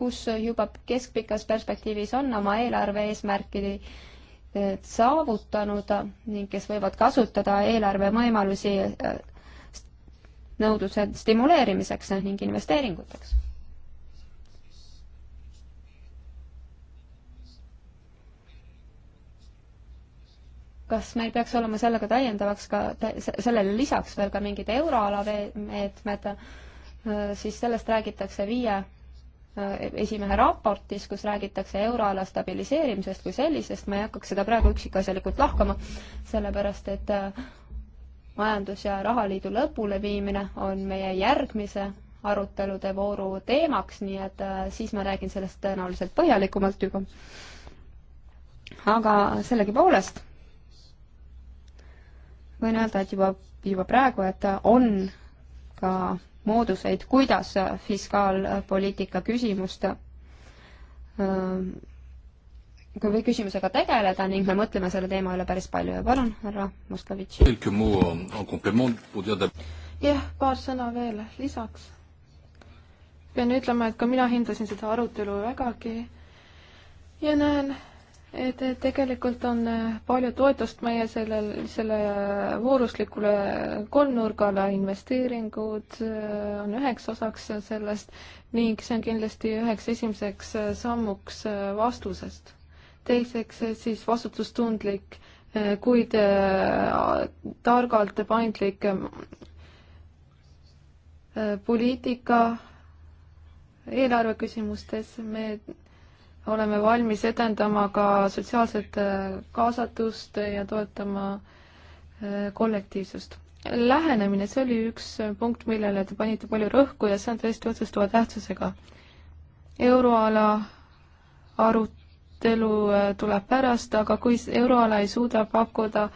kus juba keskpikas perspektiivis on oma eelarve eesmärkide saavutanud ning kes võivad kasutada eelarve võimalusi äh, nõudluse stimuleerimiseks ning investeeringuteks. kas meil peaks olema sellega täiendavaks ka, sellele lisaks veel ka mingid euroala meetmed, äh, siis sellest räägitakse viie Äh, esimehe raportis, kus räägitakse euroala stabiliseerimisest kui sellisest, ma ei hakkaks seda praegu üksikasjalikult lahkama, sellepärast et äh, majandus- ja rahaliidu lõpuleviimine on meie järgmise arutelude vooru teemaks, nii et äh, siis ma räägin sellest tõenäoliselt põhjalikumalt juba. aga sellegipoolest võin öelda, et juba, juba praegu, et on ka mooduseid, kuidas fiskaalpoliitika küsimust äh, või küsimusega tegeleda ning me mõtleme selle teema üle päris palju ja palun, härra Moskovitš. jah, paar sõna veel lisaks. pean ütlema, et ka mina hindasin seda arutelu vägagi ja näen, et tegelikult on äh, palju toetust meie sellel, selle äh, vooruslikule kolmnurgale, investeeringud äh, on üheks osaks sellest ning see on kindlasti üheks esimeseks sammuks vastusest. teiseks siis vastutustundlik, kuid targalt paindlik poliitika eelarve küsimustes me oleme valmis edendama ka sotsiaalset äh, kaasatust ja toetama äh, kollektiivsust. Lähenemine, see oli üks punkt, millele te panite palju rõhku ja see on tõesti otsustava tähtsusega. euroala arutelu äh, tuleb pärast, aga kui euroala ei suuda pakkuda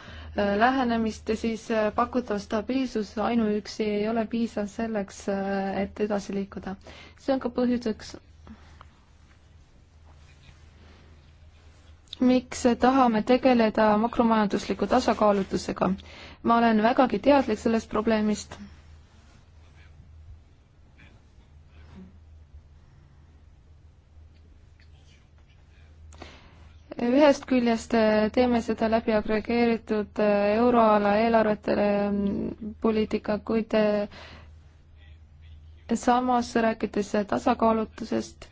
lähenemist, siis pakutav stabiilsus ainuüksi ei ole piisav selleks, et edasi liikuda. see on ka põhjuseks, miks tahame tegeleda makromajandusliku tasakaalutusega. ma olen vägagi teadlik sellest probleemist. ühest küljest teeme seda läbi agregeeritud euroala eelarvetele poliitika, kuid samas rääkides tasakaalutusest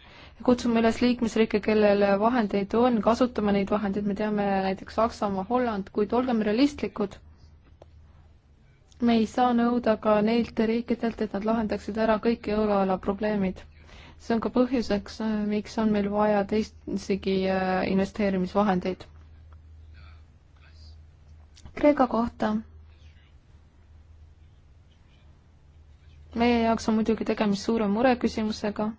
kutsume üles liikmesriike, kellel vahendeid on, kasutama neid vahendeid, me teame näiteks Saksamaa, Holland, kuid olgem realistlikud, me ei saa nõuda ka neilt riikidelt, et nad lahendaksid ära kõik euroala probleemid. see on ka põhjuseks, miks on meil vaja teisigi äh, investeerimisvahendeid. Kreeka kohta. meie jaoks on muidugi tegemist suure mureküsimusega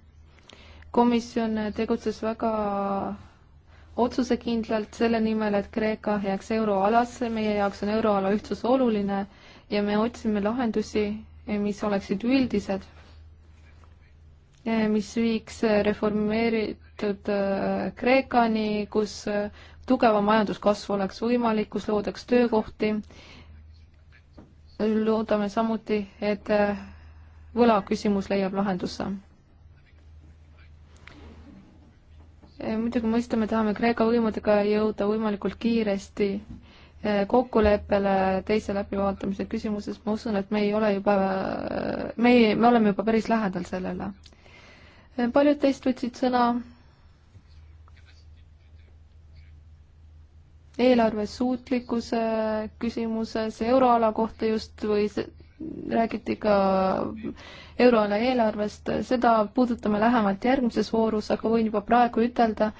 komisjon tegutses väga otsusekindlalt selle nimel, et Kreeka jääks euroalasse, meie jaoks on euroala ühtsus oluline ja me otsime lahendusi, mis oleksid üldised, mis viiks reformeeritud äh, Kreekani, kus äh, tugeva majanduskasv oleks võimalik, kus loodaks töökohti. loodame samuti, et äh, võlaküsimus leiab lahenduse Äh, muidugi mõistame, tahame Kreeka võimudega jõuda võimalikult kiiresti äh, kokkuleppele teise läbivaatamise küsimuses, ma usun, et me ei ole juba, äh, me ei, me oleme juba päris lähedal sellele. paljud teist võtsid sõna eelarve suutlikkuse küsimuses euroala kohta just või räägiti ka euroala eelarvest, seda puudutame lähemalt järgmises voorus, aga võin juba praegu ütelda,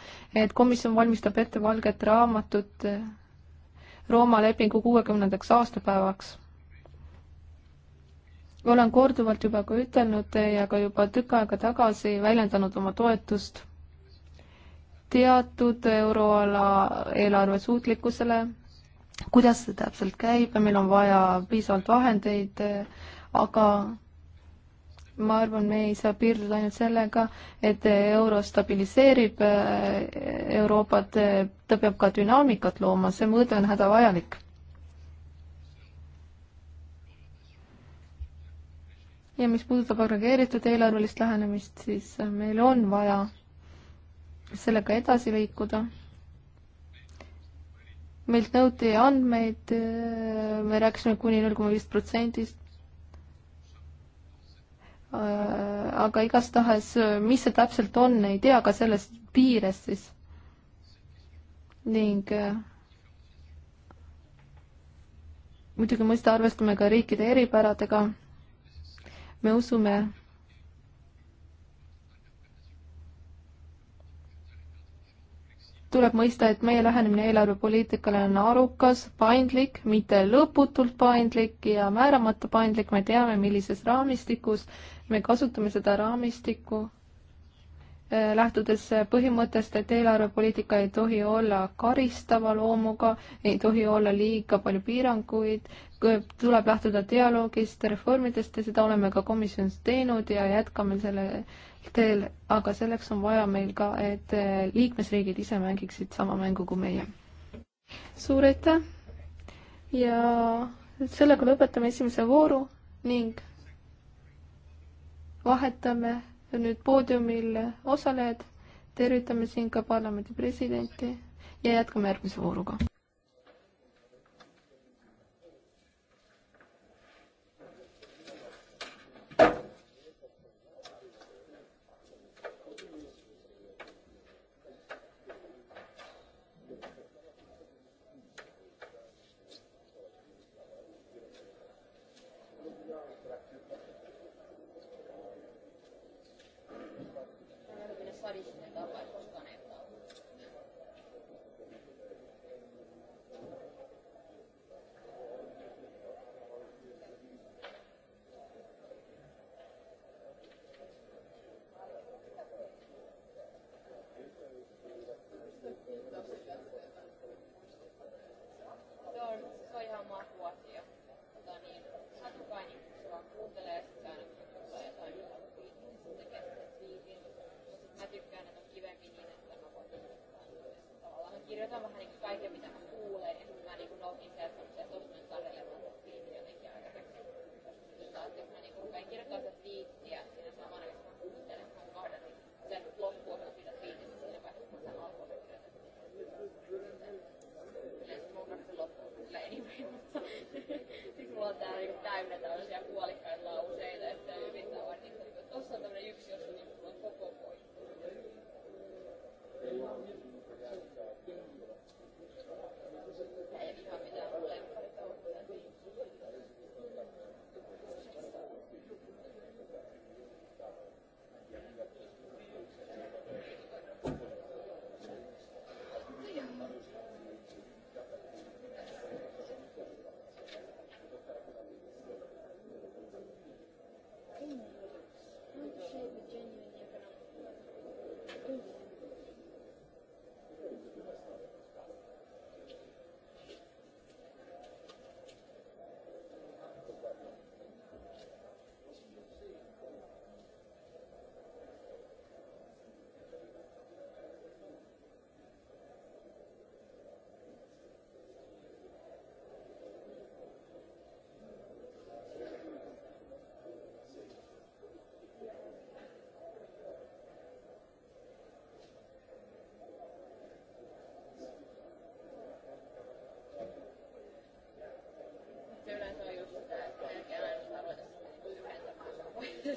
et komisjon valmistab ette valget raamatut Rooma lepingu kuuekümnendaks aastapäevaks. olen korduvalt juba ka ütelnud ja ka juba tükk aega tagasi väljendanud oma toetust teatud euroala eelarve suutlikkusele kuidas see täpselt käib ja meil on vaja piisavalt vahendeid, aga ma arvan, me ei saa piirduda ainult sellega, et euro stabiliseerib Euroopat, ta peab ka dünaamikat looma, see mõõde on hädavajalik. ja mis puudutab agregeeritud eelarvelist lähenemist, siis meil on vaja sellega edasi liikuda meilt nõuti andmeid, äh, me rääkisime kuni null koma viis protsendist. Äh, aga igastahes, mis see täpselt on, ei tea, ka selles piires siis. ning äh, muidugi mõista arvestame ka riikide eripäradega. me usume, tuleb mõista, et meie lähenemine eelarvepoliitikale on arukas, paindlik, mitte lõputult paindlik ja määramata paindlik, me teame, millises raamistikus me kasutame seda raamistikku, eh, lähtudes põhimõttest, et eelarvepoliitika ei tohi olla karistava loomuga, ei tohi olla liiga palju piiranguid, tuleb lähtuda dialoogist, reformidest ja seda oleme ka komisjonis teinud ja jätkame selle äh, teel, aga selleks on vaja meil ka, et eh, liikmesriigid ise mängiksid sama mängu kui meie. suur aitäh ja sellega lõpetame esimese vooru ning vahetame nüüd poodiumil osalejad, tervitame siin ka parlamendi presidenti ja jätkame järgmise vooruga.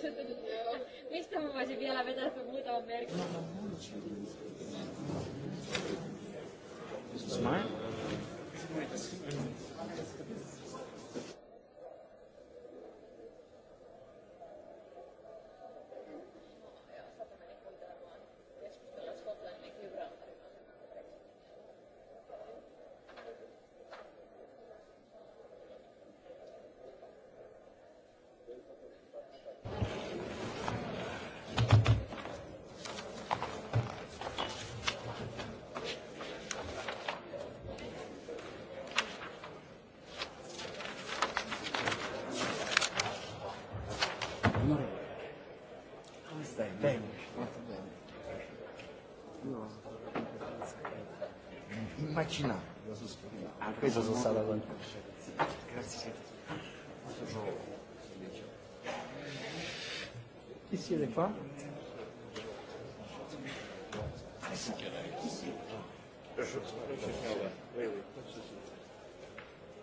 [LAUGHS] Mistä mä voisin vielä vetää sun muutaman merkin? Smile? Danish. Immaginate, ah, questo sono stato con Grazie. Chi siete qua?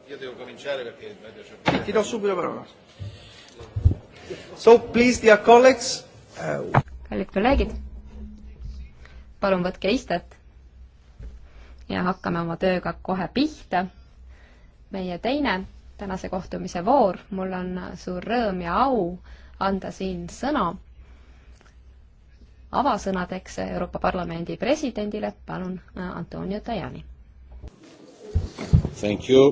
Io devo cominciare perché Ti do subito la parola. So please, dear colleagues, uh, kallid kolleegid, palun võtke istet ja hakkame oma tööga kohe pihta. meie teine tänase kohtumise voor, mul on suur rõõm ja au anda siin sõna avasõnadeks Euroopa Parlamendi presidendile, palun, Antonio Tajani. Thank you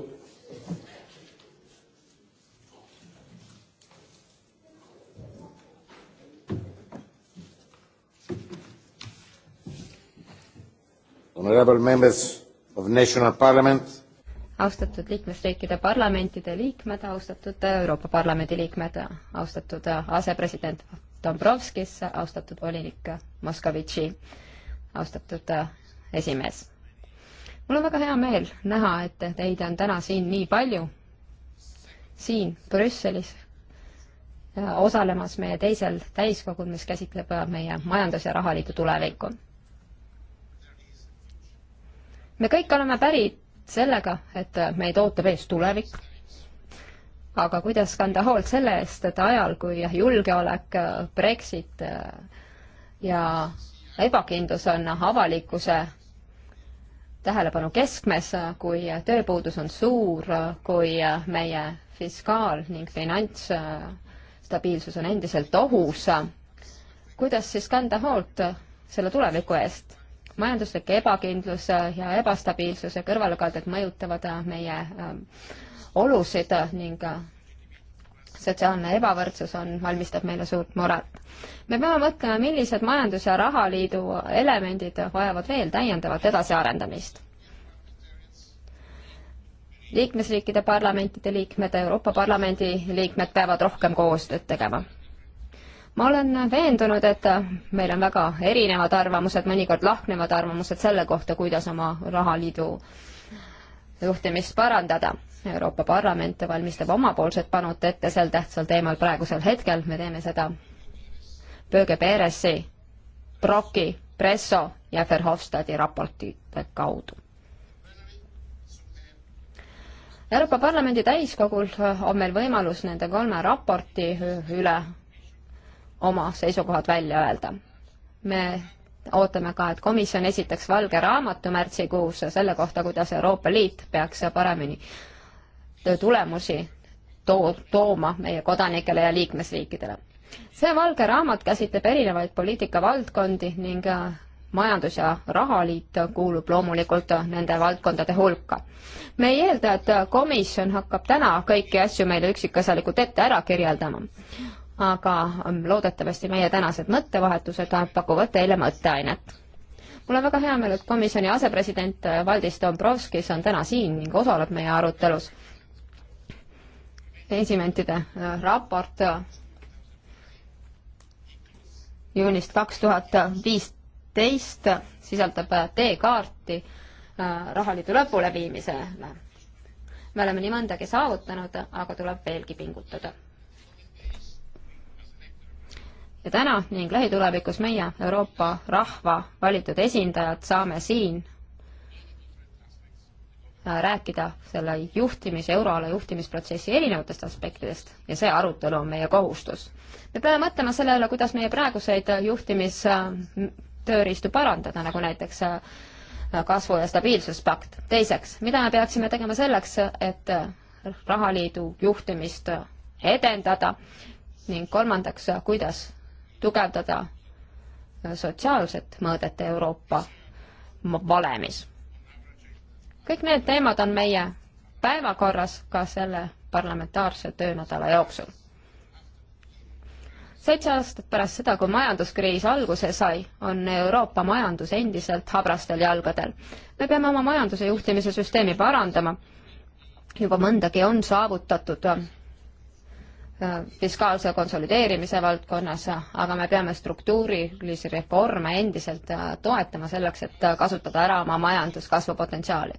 austatud liikmesriikide parlamentide liikmed, austatud Euroopa Parlamendi liikmed, austatud asepresident Dombrovskis, austatud volinik Moskovitši, austatud esimees. mul on väga hea meel näha, et teid on täna siin nii palju, siin Brüsselis osalemas meie teisel täiskogul, mis käsitleb meie majandus- ja rahaliidu tulevikku me kõik oleme päri sellega, et meid ootab ees tulevik, aga kuidas kanda hoolt selle eest, et ajal, kui julgeolek, Brexit ja ebakindlus on avalikkuse tähelepanu keskmes, kui tööpuudus on suur, kui meie fiskaal- ning finantsstabiilsus on endiselt ohus, kuidas siis kanda hoolt selle tuleviku eest? majanduslik ebakindlus ja ebastabiilsuse kõrvalekalded mõjutavad äh, meie äh, olusid ning äh, sotsiaalne ebavõrdsus on, valmistab meile suurt muret. me peame mõtlema, millised majandus- ja rahaliidu elemendid vajavad veel täiendavat edasiarendamist. liikmesriikide parlamentide liikmed, Euroopa Parlamendi liikmed peavad rohkem koostööd tegema ma olen veendunud, et meil on väga erinevad arvamused, mõnikord lahknevad arvamused selle kohta, kuidas oma rahaliidu juhtimist parandada. Euroopa Parlament valmistab omapoolset panut ette sel tähtsal teemal praegusel hetkel, me teeme seda Böge Peresi, Broki, Presso ja Verhofstadi raportite kaudu. Euroopa Parlamendi täiskogul on meil võimalus nende kolme raporti üle oma seisukohad välja öelda. me ootame ka, et komisjon esitaks valge raamatu märtsikuus selle kohta, kuidas Euroopa Liit peaks paremini tulemusi too-, tooma meie kodanikele ja liikmesriikidele. see valge raamat käsitleb erinevaid poliitikavaldkondi ning äh, majandus- ja rahaliit kuulub loomulikult nende valdkondade hulka. me ei eelda, et komisjon hakkab täna kõiki asju meile üksikasjalikult ette ära kirjeldama, aga mm, loodetavasti meie tänased mõttevahetused pakuvad teile mõtteainet. mul on väga hea meel, et komisjoni asepresident äh, Valdis Dombrovskis on täna siin ning osaleb meie arutelus. esimentide äh, raport äh, juunist kaks tuhat viisteist sisaldab teekaarti rahaliidu lõpuleviimisele. me oleme nii mõndagi saavutanud, aga tuleb veelgi pingutada ja täna ning lähitulevikus meie, Euroopa rahva valitud esindajad, saame siin äh, rääkida selle juhtimise, euroala juhtimisprotsessi erinevatest aspektidest ja see arutelu on meie kohustus. me peame mõtlema selle üle, kuidas meie praeguseid juhtimistööriistu äh, parandada, nagu näiteks äh, kasvu- ja stabiilsuspakt. teiseks, mida me peaksime tegema selleks, et rahaliidu juhtimist edendada ning kolmandaks, kuidas tugevdada sotsiaalset mõõdet Euroopa valemis. kõik need teemad on meie päevakorras ka selle parlamentaarse töönädala jooksul. seitse aastat pärast seda, kui majanduskriis alguse sai, on Euroopa majandus endiselt habrastel jalgadel. me peame oma majanduse juhtimise süsteemi parandama, juba mõndagi on saavutatud fiskaalse konsolideerimise valdkonnas, aga me peame struktuurilisi reforme endiselt äh, toetama selleks, et äh, kasutada ära oma majanduskasvu potentsiaali.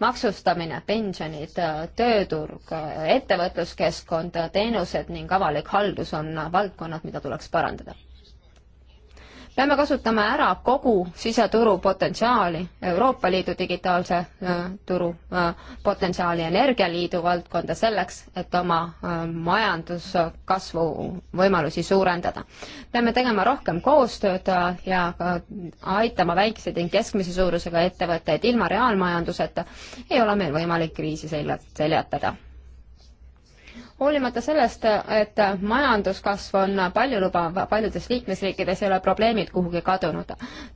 maksustamine, pensionid, äh, tööturg, ettevõtluskeskkond, teenused ning avalik haldus on valdkonnad, mida tuleks parandada peame kasutama ära kogu siseturu potentsiaali, Euroopa Liidu digitaalse äh, turu äh, potentsiaali, energialiidu valdkonda selleks, et oma äh, majanduskasvu võimalusi suurendada. peame tegema rohkem koostööd äh, ja äh, aitama väikseid ning keskmise suurusega ettevõtteid, ilma reaalmajanduseta ei ole meil võimalik kriisi seljat-, seljatada hoolimata sellest, et majanduskasv on paljulubav, paljudes liikmesriikides ei ole probleemid kuhugi kadunud.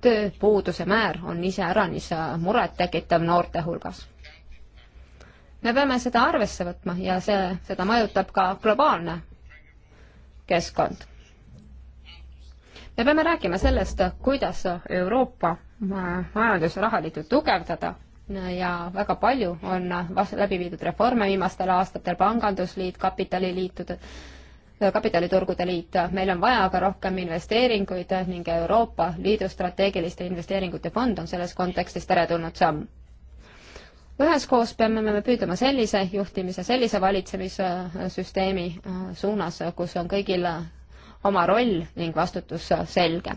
tööpuuduse määr on iseäranis äh, murettekitav noorte hulgas. me peame seda arvesse võtma ja see, seda mõjutab ka globaalne keskkond. me peame rääkima sellest, kuidas Euroopa äh, majandus- ja rahaliitu tugevdada ja väga palju on läbi viidud reforme viimastel aastatel, pangandusliit, kapitaliliitud, kapitaliturgude liit, meil on vaja aga rohkem investeeringuid ning Euroopa Liidu strateegiliste investeeringute fond on selles kontekstis teretulnud samm. üheskoos peame me püüdlema sellise juhtimise, sellise valitsemissüsteemi äh, suunas, kus on kõigil äh, oma roll ning vastutus selge.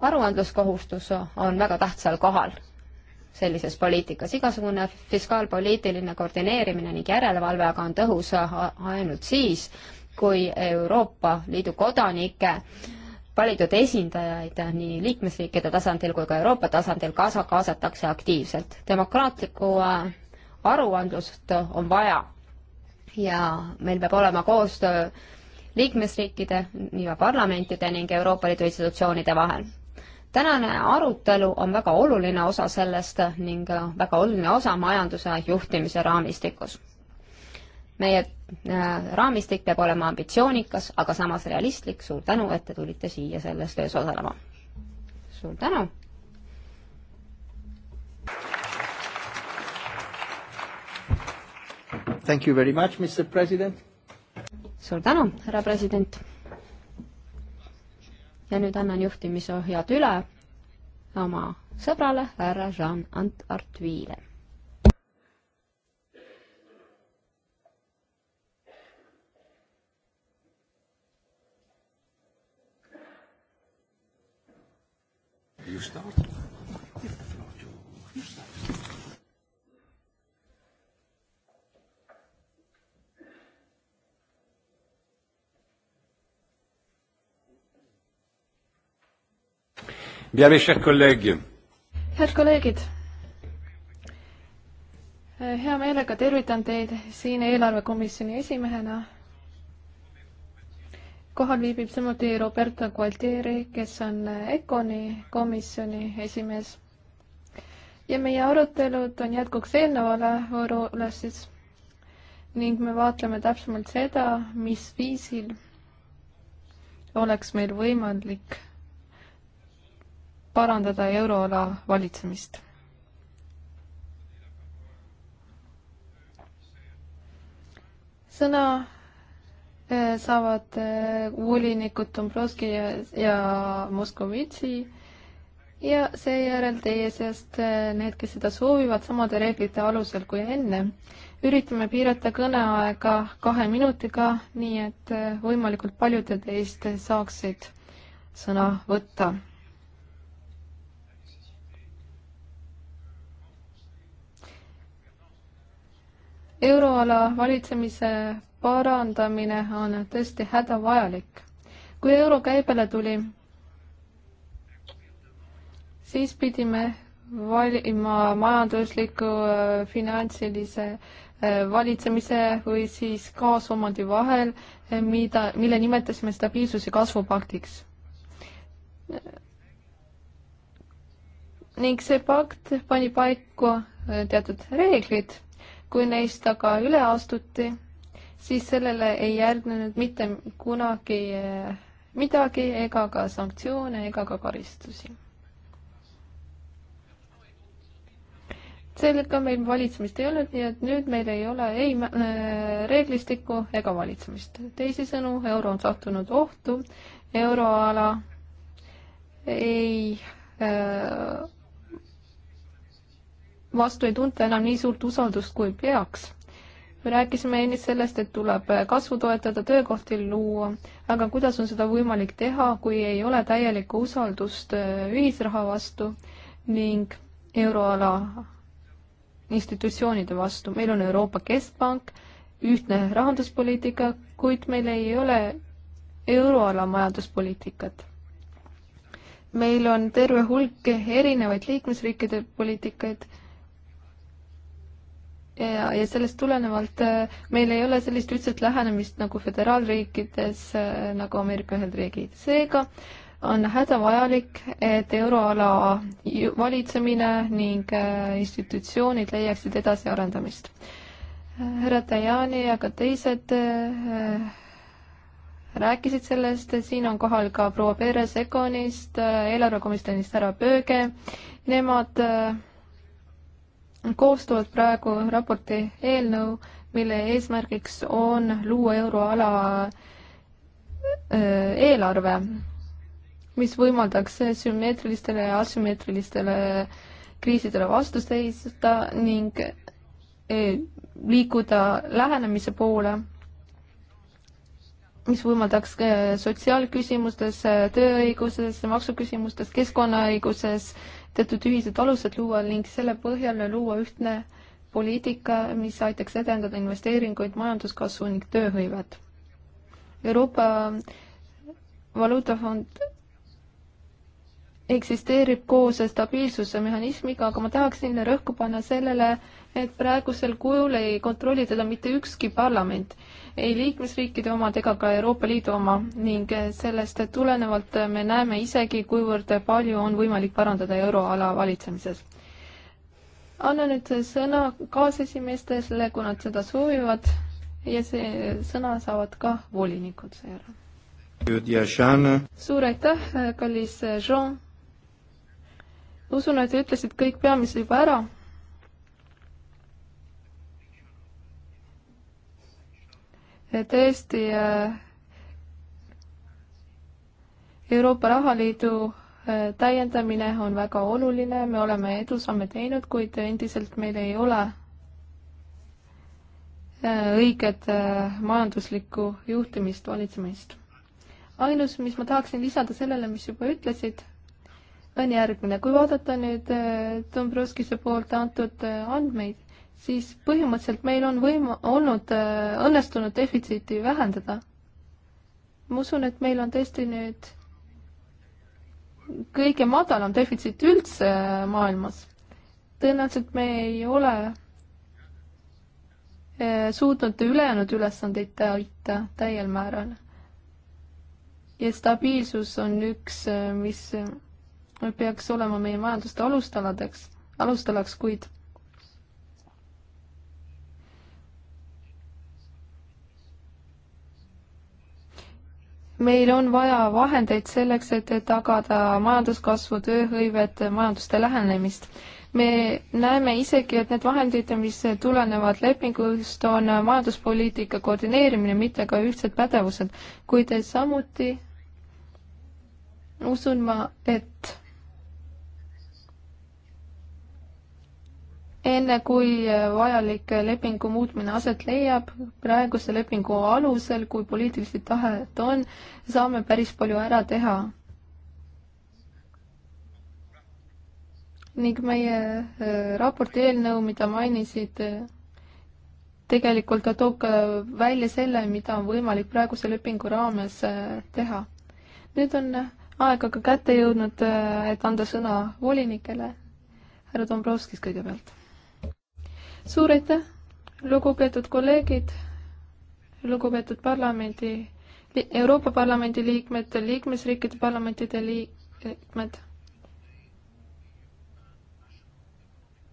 aruandluskohustus on väga tähtsal kohal sellises poliitikas. igasugune fiskaalpoliitiline koordineerimine ning järelevalve aga on tõhus ainult siis, kui Euroopa Liidu kodanike valitud esindajaid nii liikmesriikide tasandil kui ka Euroopa tasandil kaasa kaasatakse aktiivselt. demokraatlikku äh, aruandlust on vaja ja meil peab olema koostöö liikmesriikide ja parlamentide ning Euroopa Liidu institutsioonide vahel tänane arutelu on väga oluline osa sellest ning väga oluline osa majanduse juhtimise raamistikus. meie äh, raamistik peab olema ambitsioonikas, aga samas realistlik, suur tänu, et te tulite siia selles töös osalema. suur tänu! Thank you very much, Mr President! suur tänu, härra president! ja nüüd annan juhtimisohjad üle oma sõbrale, härra Jean Ant Artviile you start? Bien, mes chers collègues. head kolleegid. hea meelega tervitan teid siin eelarvekomisjoni esimehena. kohal viibib samuti Roberto Gualtieri, kes on ECONi komisjoni esimees. ja meie arutelud on jätkuks eelnevale voorule siis ning me vaatleme täpsemalt seda, mis viisil oleks meil võimalik parandada euroala valitsemist. sõna äh, saavad äh, volinikud Dombrovski ja, ja Moskovitši ja seejärel teie seast äh, need, kes seda soovivad, samade reeglite alusel kui enne. üritame piirata kõneaega kahe minutiga, nii et võimalikult paljud teist saaksid sõna võtta euroala valitsemise parandamine on tõesti hädavajalik. kui euro käibele tuli, siis pidime valima majandusliku äh, finantsilise äh, valitsemise või siis kaasomandi vahel, äh, mida, mille nimetasime stabiilsus- ja kasvupaktiks. ning see pakt pani paika teatud reeglid kui neist aga üle astuti, siis sellele ei järgnenud mitte kunagi eh, midagi ega ka sanktsioone ega ka karistusi. sellega meil valitsemist ei olnud, nii et nüüd meil ei ole ei eh, reeglistikku ega valitsemist. teisisõnu, euro on sattunud ohtu, euroala ei äh, vastu ei tunta enam nii suurt usaldust, kui peaks. me rääkisime ennist sellest, et tuleb kasvu toetada, töökohti luua, aga kuidas on seda võimalik teha, kui ei ole täielikku usaldust äh, ühisraha vastu ning euroala institutsioonide vastu. meil on Euroopa Keskpank, ühtne rahanduspoliitika, kuid meil ei ole euroala majanduspoliitikat meil on terve hulk erinevaid liikmesriikide poliitikaid ja, ja sellest tulenevalt äh, meil ei ole sellist ühtset lähenemist nagu föderaalriikides, äh, nagu Ameerika Ühendriigid. seega on hädavajalik, et euroala valitsemine ning äh, institutsioonid leiaksid edasiarendamist. härra Tajani ja ka teised rääkisid sellest, siin on kohal ka proua Pere Sekonist, eelarvekomisjonist härra Pööge, nemad äh, koostavad praegu raporti eelnõu, mille eesmärgiks on luua euroala eelarve, mis võimaldaks sümmeetrilistele ja asümmeetrilistele kriisidele vastu seista ning liikuda lähenemise poole, mis võimaldaks sotsiaalküsimustes, tööõiguses, maksuküsimustes, keskkonnaõiguses äh, teatud ühised alused luua ning selle põhjal luua ühtne poliitika, mis aitaks edendada investeeringuid, majanduskasvu ning tööhõivet. Euroopa Valuutafond eksisteerib koos stabiilsuse mehhanismiga, aga ma tahaksin rõhku panna sellele, et praegusel kujul ei kontrolli teda mitte ükski parlament ei liikmesriikide omad ega ka Euroopa Liidu oma ning sellest tulenevalt me näeme isegi, kuivõrd palju on võimalik parandada euroala valitsemises. annan nüüd sõna kaasesimeestele, kui nad seda soovivad ja see sõna saavad ka volinikud seejärel. suur aitäh, kallis Jean. usun, et ütlesite kõik peamise juba ära tõesti äh, Euroopa Rahaliidu äh, täiendamine on väga oluline, me oleme edusamme teinud, kuid endiselt meil ei ole äh, õiget majanduslikku juhtimist, valitsemist. ainus, mis ma tahaksin lisada sellele, mis juba ütlesid, on järgmine. kui vaadata nüüd Dombrovskise poolt antud andmeid, siis põhimõtteliselt meil on võima-, olnud äh, õnnestunud defitsiiti vähendada. ma usun, et meil on tõesti nüüd kõige madalam defitsiit üldse äh, maailmas. tõenäoliselt me ei ole äh, suutnud ülejäänud ülesandeid täita täiel määral. ja stabiilsus on üks, mis peaks olema meie majanduste alustaladeks, alustalaks, kuid meil on vaja vahendeid selleks, et tagada majanduskasvu, tööhõivet, majanduste lähenemist. me näeme isegi, et need vahendid, mis tulenevad lepingust, on majanduspoliitika koordineerimine, mitte ka ühtsed pädevused, kuid samuti usun ma, et enne kui äh, vajalik lepingu muutmine aset leiab, praeguse lepingu alusel, kui poliitilist tahet on, saame päris palju ära teha. ning meie äh, raporti eelnõu, mida mainisid, äh, tegelikult ta toob ka välja selle, mida on võimalik praeguse lepingu raames teha. nüüd on aeg aga kätte jõudnud, et anda sõna volinikele. härra Dombrovskis kõigepealt suur aitäh, lugupeetud kolleegid, lugupeetud parlamendi, Euroopa Parlamendi liikmed, liikmesriikide parlamentide liikmed.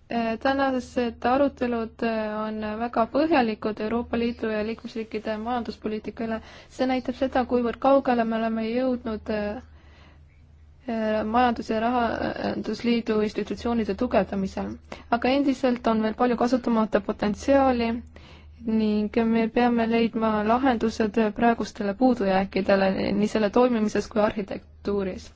Eh, tänased arutelud eh, on väga põhjalikud Euroopa Liidu ja liikmesriikide majanduspoliitika üle. see näitab seda, kuivõrd kaugele me oleme jõudnud eh, majandus- ja rahandusliidu institutsioonide tugevdamisel. aga endiselt on veel palju kasutamata potentsiaali ning me peame leidma lahendused praegustele puudujääkidele nii selle toimimises kui arhitektuuris.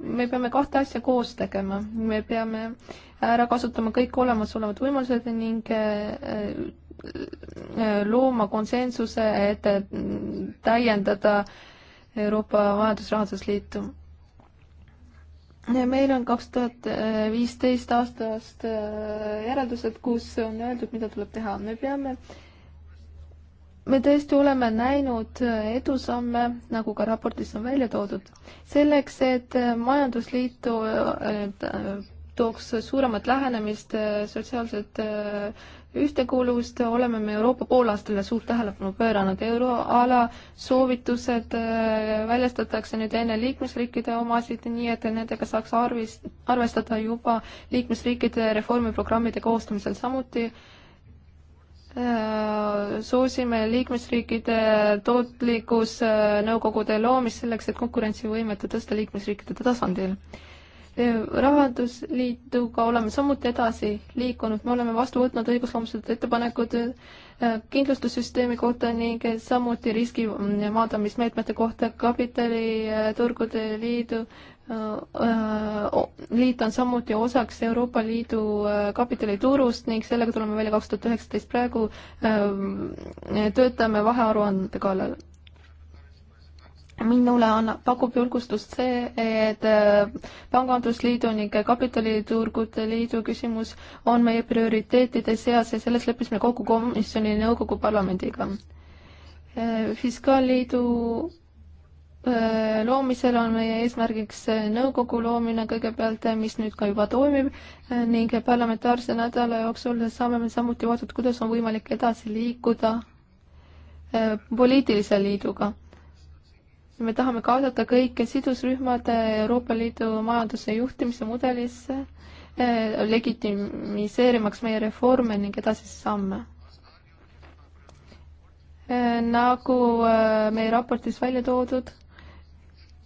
me peame kahte asja koos tegema, me peame ära kasutama kõik olemasolevad võimalused ning äh, äh, looma konsensuse, et täiendada Euroopa Majandus- ja Rahandusliitu meil on kaks tuhat viisteist aastast äh, järeldused, kus on öeldud, mida tuleb teha. me peame, me tõesti oleme näinud äh, edusamme, nagu ka raportis on välja toodud, selleks, et äh, majandusliitu tooks suuremat lähenemist sotsiaalsed ühtekuuluvust oleme me Euroopa poolaastale suurt tähelepanu pööranud, euroala soovitused äh, väljastatakse nüüd enne liikmesriikide omasid, nii et nendega saaks arvis, arvestada juba liikmesriikide reformiprogrammide koostamisel, samuti äh, soosime liikmesriikide tootlikkusnõukogude äh, loomist selleks, et konkurentsivõimet tõsta liikmesriikide tasandil rahandusliiduga oleme samuti edasi liikunud, me oleme vastu võtnud õigusloomulised ettepanekud äh, kindlustussüsteemi kohta ning samuti riski maandamismeetmete kohta kapitaliturgude äh, liidu äh, liit on samuti osaks Euroopa Liidu kapitaliturust ning sellega tuleme välja kaks tuhat üheksateist. praegu töötame vahearuandade kallal minule on, pakub julgustust see, et äh, Pangandusliidu ning Kapitaliturgude Liidu küsimus on meie prioriteetide seas ja selles leppisime kokku komisjoni nõukogu parlamendiga. Äh, fiskaalliidu äh, loomisel on meie eesmärgiks nõukogu loomine kõigepealt, mis nüüd ka juba toimib ning parlamentaarse nädala jooksul saame me samuti vaadata, kuidas on võimalik edasi liikuda poliitilise liiduga me tahame kaasata kõik sidusrühmad Euroopa Liidu majanduse juhtimise mudelisse, eh, legitimiseerimaks meie reforme ning edasisi samme. Eh, nagu eh, meie raportis välja toodud,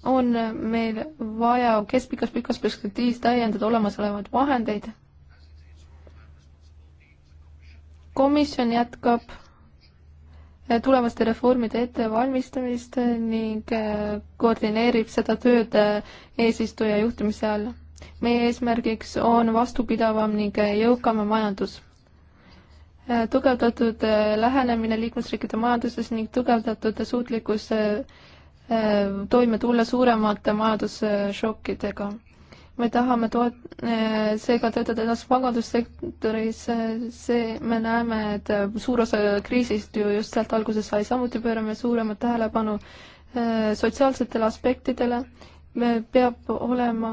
on meil vaja keskpikas, pikas perspektiivis täiendada olemasolevaid vahendeid. komisjon jätkab tulevaste reformide ettevalmistamist ning äh, koordineerib seda tööd äh, eesistuja juhtimise all. meie eesmärgiks on vastupidavam ning äh, jõukam majandus. tugevdatud lähenemine liikmesriikide majanduses ning tugevdatud suutlikkus toime tulla suuremate majandusšokkidega me tahame toet-, eh, seega töötada edasi pangandussektoris, eh, see, me näeme, et eh, suur osa kriisist ju just sealt alguse sai, samuti pöörame suuremat tähelepanu sotsiaalsetele aspektidele, me peab olema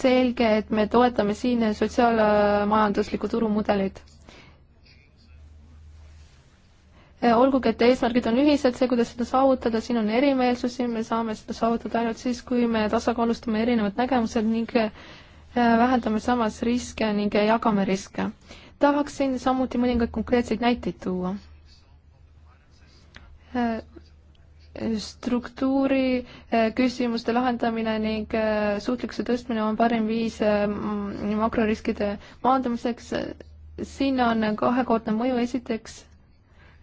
selge, et me toetame siin sotsiaalmajanduslikku turumudelit Eh, olgugi, et eesmärgid on ühised, see, kuidas seda saavutada, siin on erimeelsusi, me saame seda saavutada ainult siis, kui me tasakaalustame erinevad nägemused ning eh, vähendame samas riske ning jagame riske. tahaksin samuti mõningaid konkreetseid näiteid tuua. Eh, struktuuri küsimuste lahendamine ning suutlikkuse tõstmine on parim viis makroriskide maandamiseks. siin on kahekordne mõju, esiteks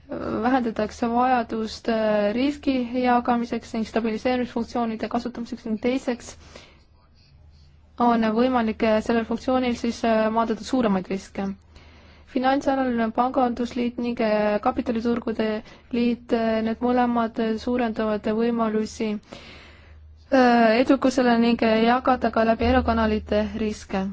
vähendatakse vajadust äh, riski jagamiseks ning stabiliseerimisfunktsioonide kasutamiseks ning teiseks on võimalik äh, sellel funktsioonil siis äh, maandada suuremaid riske. finantsalaline pangandusliit ning kapitaliturgude liit, need mõlemad suurendavad võimalusi edukusele ning jagada ka läbi erakanalite riske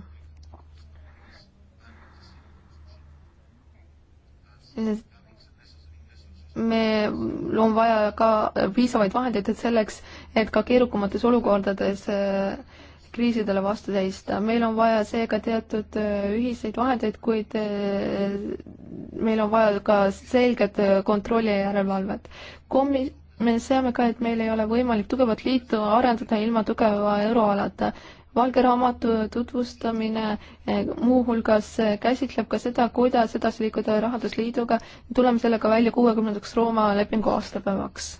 me on vaja ka piisavaid vahendeid, et selleks, et ka keerukamates olukordades äh, kriisidele vastu seista. meil on vaja seega teatud äh, ühiseid vahendeid, kuid äh, meil on vaja ka selget kontrolli ja järelevalvet. Komi-, me teame ka, et meil ei ole võimalik tugevat liitu arendada ilma tugeva euroalata valge raamatu tutvustamine eh, muuhulgas eh, käsitleb ka seda, kuidas edasi liikuda Rahandusliiduga. tuleme sellega välja kuuekümnendaks Rooma lepingu aastapäevaks.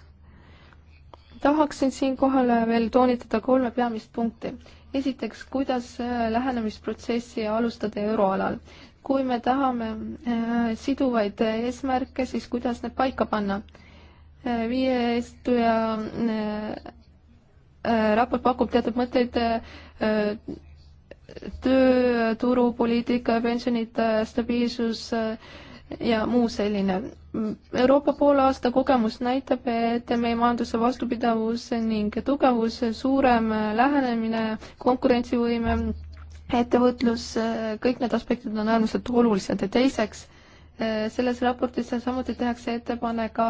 tahaksin siinkohal veel toonitada kolme peamist punkti. esiteks, kuidas eh, lähenemisprotsessi alustada euroalal kui me tahame äh, siduvaid eesmärke, siis kuidas need paika panna äh,? viie eestuja äh, Äh, raport pakub teatud mõtteid äh, tööturupoliitika, pensionite stabiilsus äh, ja muu selline. Euroopa poole aasta kogemus näitab, et meie majanduse vastupidavus ning tugevus, suurem lähenemine, konkurentsivõime, ettevõtlus, kõik need aspektid on äärmiselt olulised ja teiseks, selles raportis samuti tehakse ettepanek ka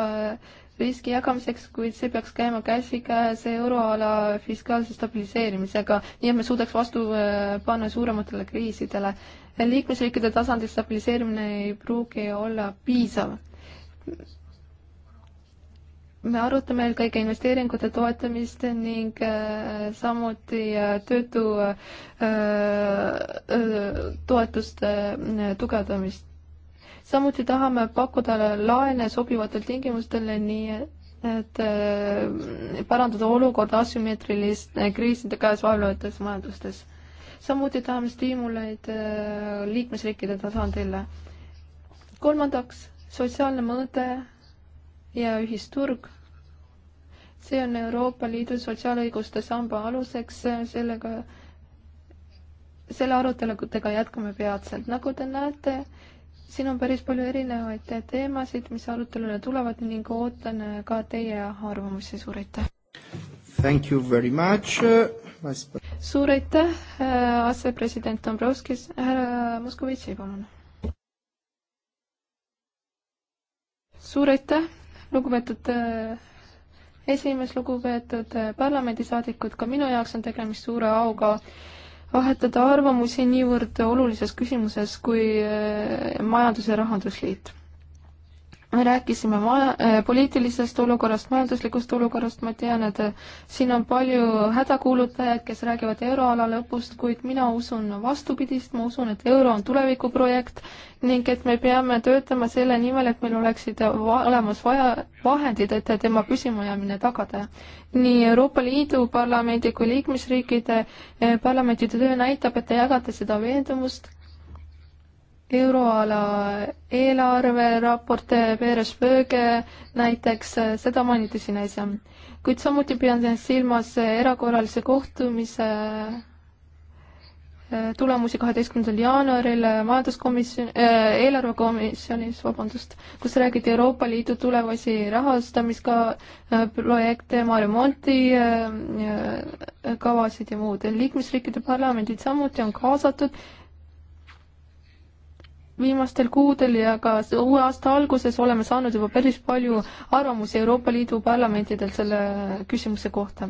riski jagamiseks, kuid see peaks käima käsikäes euroala fiskaalse stabiliseerimisega, nii et me suudaks vastu äh, panna suurematele kriisidele. liikmesriikide tasandil stabiliseerimine ei pruugi olla piisav. me arutame eelkõige investeeringute toetamist ning äh, samuti äh, töötu toetuste tugevdamist samuti tahame pakkuda laene sobivatel tingimustel, nii et äh, parandada olukorda asümmeetriliste äh, kriiside käes vaevlevates majandustes. samuti tahame stiimuleid äh, liikmesriikide tasandile. kolmandaks, sotsiaalne mõõde ja ühisturg. see on Euroopa Liidu sotsiaalõiguste samba aluseks, sellega, selle aruteludega jätkame peatselt. nagu te näete, siin on päris palju erinevaid teemasid, mis arutelule tulevad ning ootan äh, ka teie arvamusi, suur aitäh! Thank you very much Mas... Äh, suur aitäh, äh, asepresident Dombrovskis, härra Moskovitši, palun! suur aitäh, lugupeetud esimees, lugupeetud parlamendisaadikud, ka minu jaoks on tegemist suure auga vahetada arvamusi niivõrd olulises küsimuses kui eh, majandus- ja rahandusliit me rääkisime maja, äh, poliitilisest olukorrast, majanduslikust olukorrast, ma tean, et äh, siin on palju hädakuulutajaid, kes räägivad euroala lõpust, kuid mina usun vastupidist, ma usun, et euro on tulevikuprojekt ning et me peame töötama selle nimel, et meil oleksid olemas vaja vahendid, et tema püsimajäämine tagada. nii Euroopa Liidu parlamendi kui liikmesriikide äh, parlamentide töö näitab, et te jagate seda veendumust euroala eelarveraporte, Peres Vööge näiteks, seda mainiti siin äsja. kuid samuti pean silmas erakorralise kohtumise äh, tulemusi kaheteistkümnendal jaanuaril majanduskomisjon äh,, eelarvekomisjonis, vabandust, kus räägiti Euroopa Liidu tulevasi rahastamiska äh, projekte, Mario Monti äh, äh kavasid ja muud. liikmesriikide parlamendid samuti on kaasatud viimastel kuudel ja ka uue aasta alguses oleme saanud juba päris palju arvamusi Euroopa Liidu parlamentidelt selle küsimuse kohta.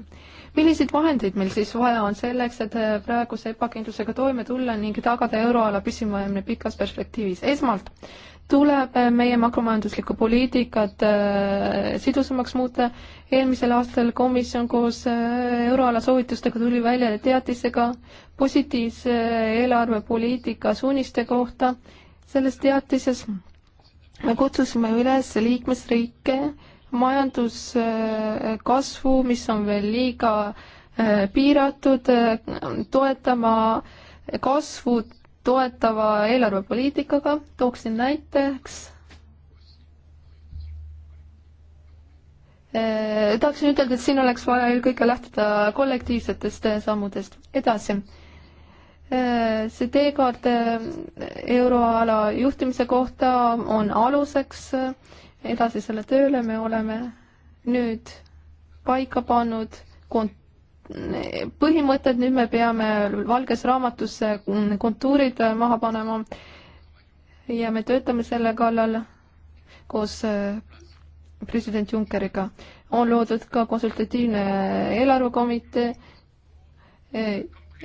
milliseid vahendeid meil siis vaja on selleks, et praeguse ebakindlusega toime tulla ning tagada euroala püsimajäämine pikas perspektiivis? esmalt tuleb meie makromajanduslikku poliitikat äh, sidusamaks muuta. eelmisel aastal komisjon koos äh, euroala soovitustega tuli välja teatisega positiivse äh, eelarvepoliitika suuniste kohta selles teatises me kutsusime üles liikmesriike majanduskasvu, mis on veel liiga äh, piiratud, äh, toetama kasvu toetava eelarvepoliitikaga, tooksin näiteks äh, tahaksin ütelda, et siin oleks vaja eelkõige lähtuda kollektiivsetest sammudest. edasi Äh, see teekaart äh, euroala juhtimise kohta on aluseks äh, edasisele tööle, me oleme nüüd paika pannud kont-, põhimõtted, nüüd me peame valges raamatus kontuurid maha panema ja me töötame selle kallal koos president Junckeriga. on loodud ka konsultatiivne eelarvekomitee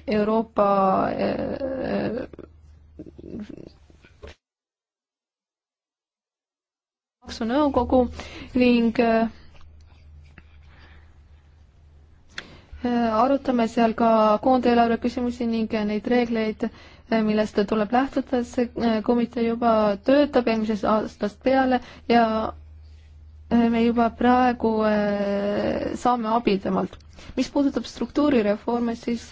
Euroopa eh, maksunõukogu ning eh, arutame seal ka koondeelarve küsimusi ning neid reegleid, eh, millest tuleb lähtuda, see komitee juba töötab eelmisest aastast peale ja me juba praegu saame abi temalt. mis puudutab struktuurireforme, siis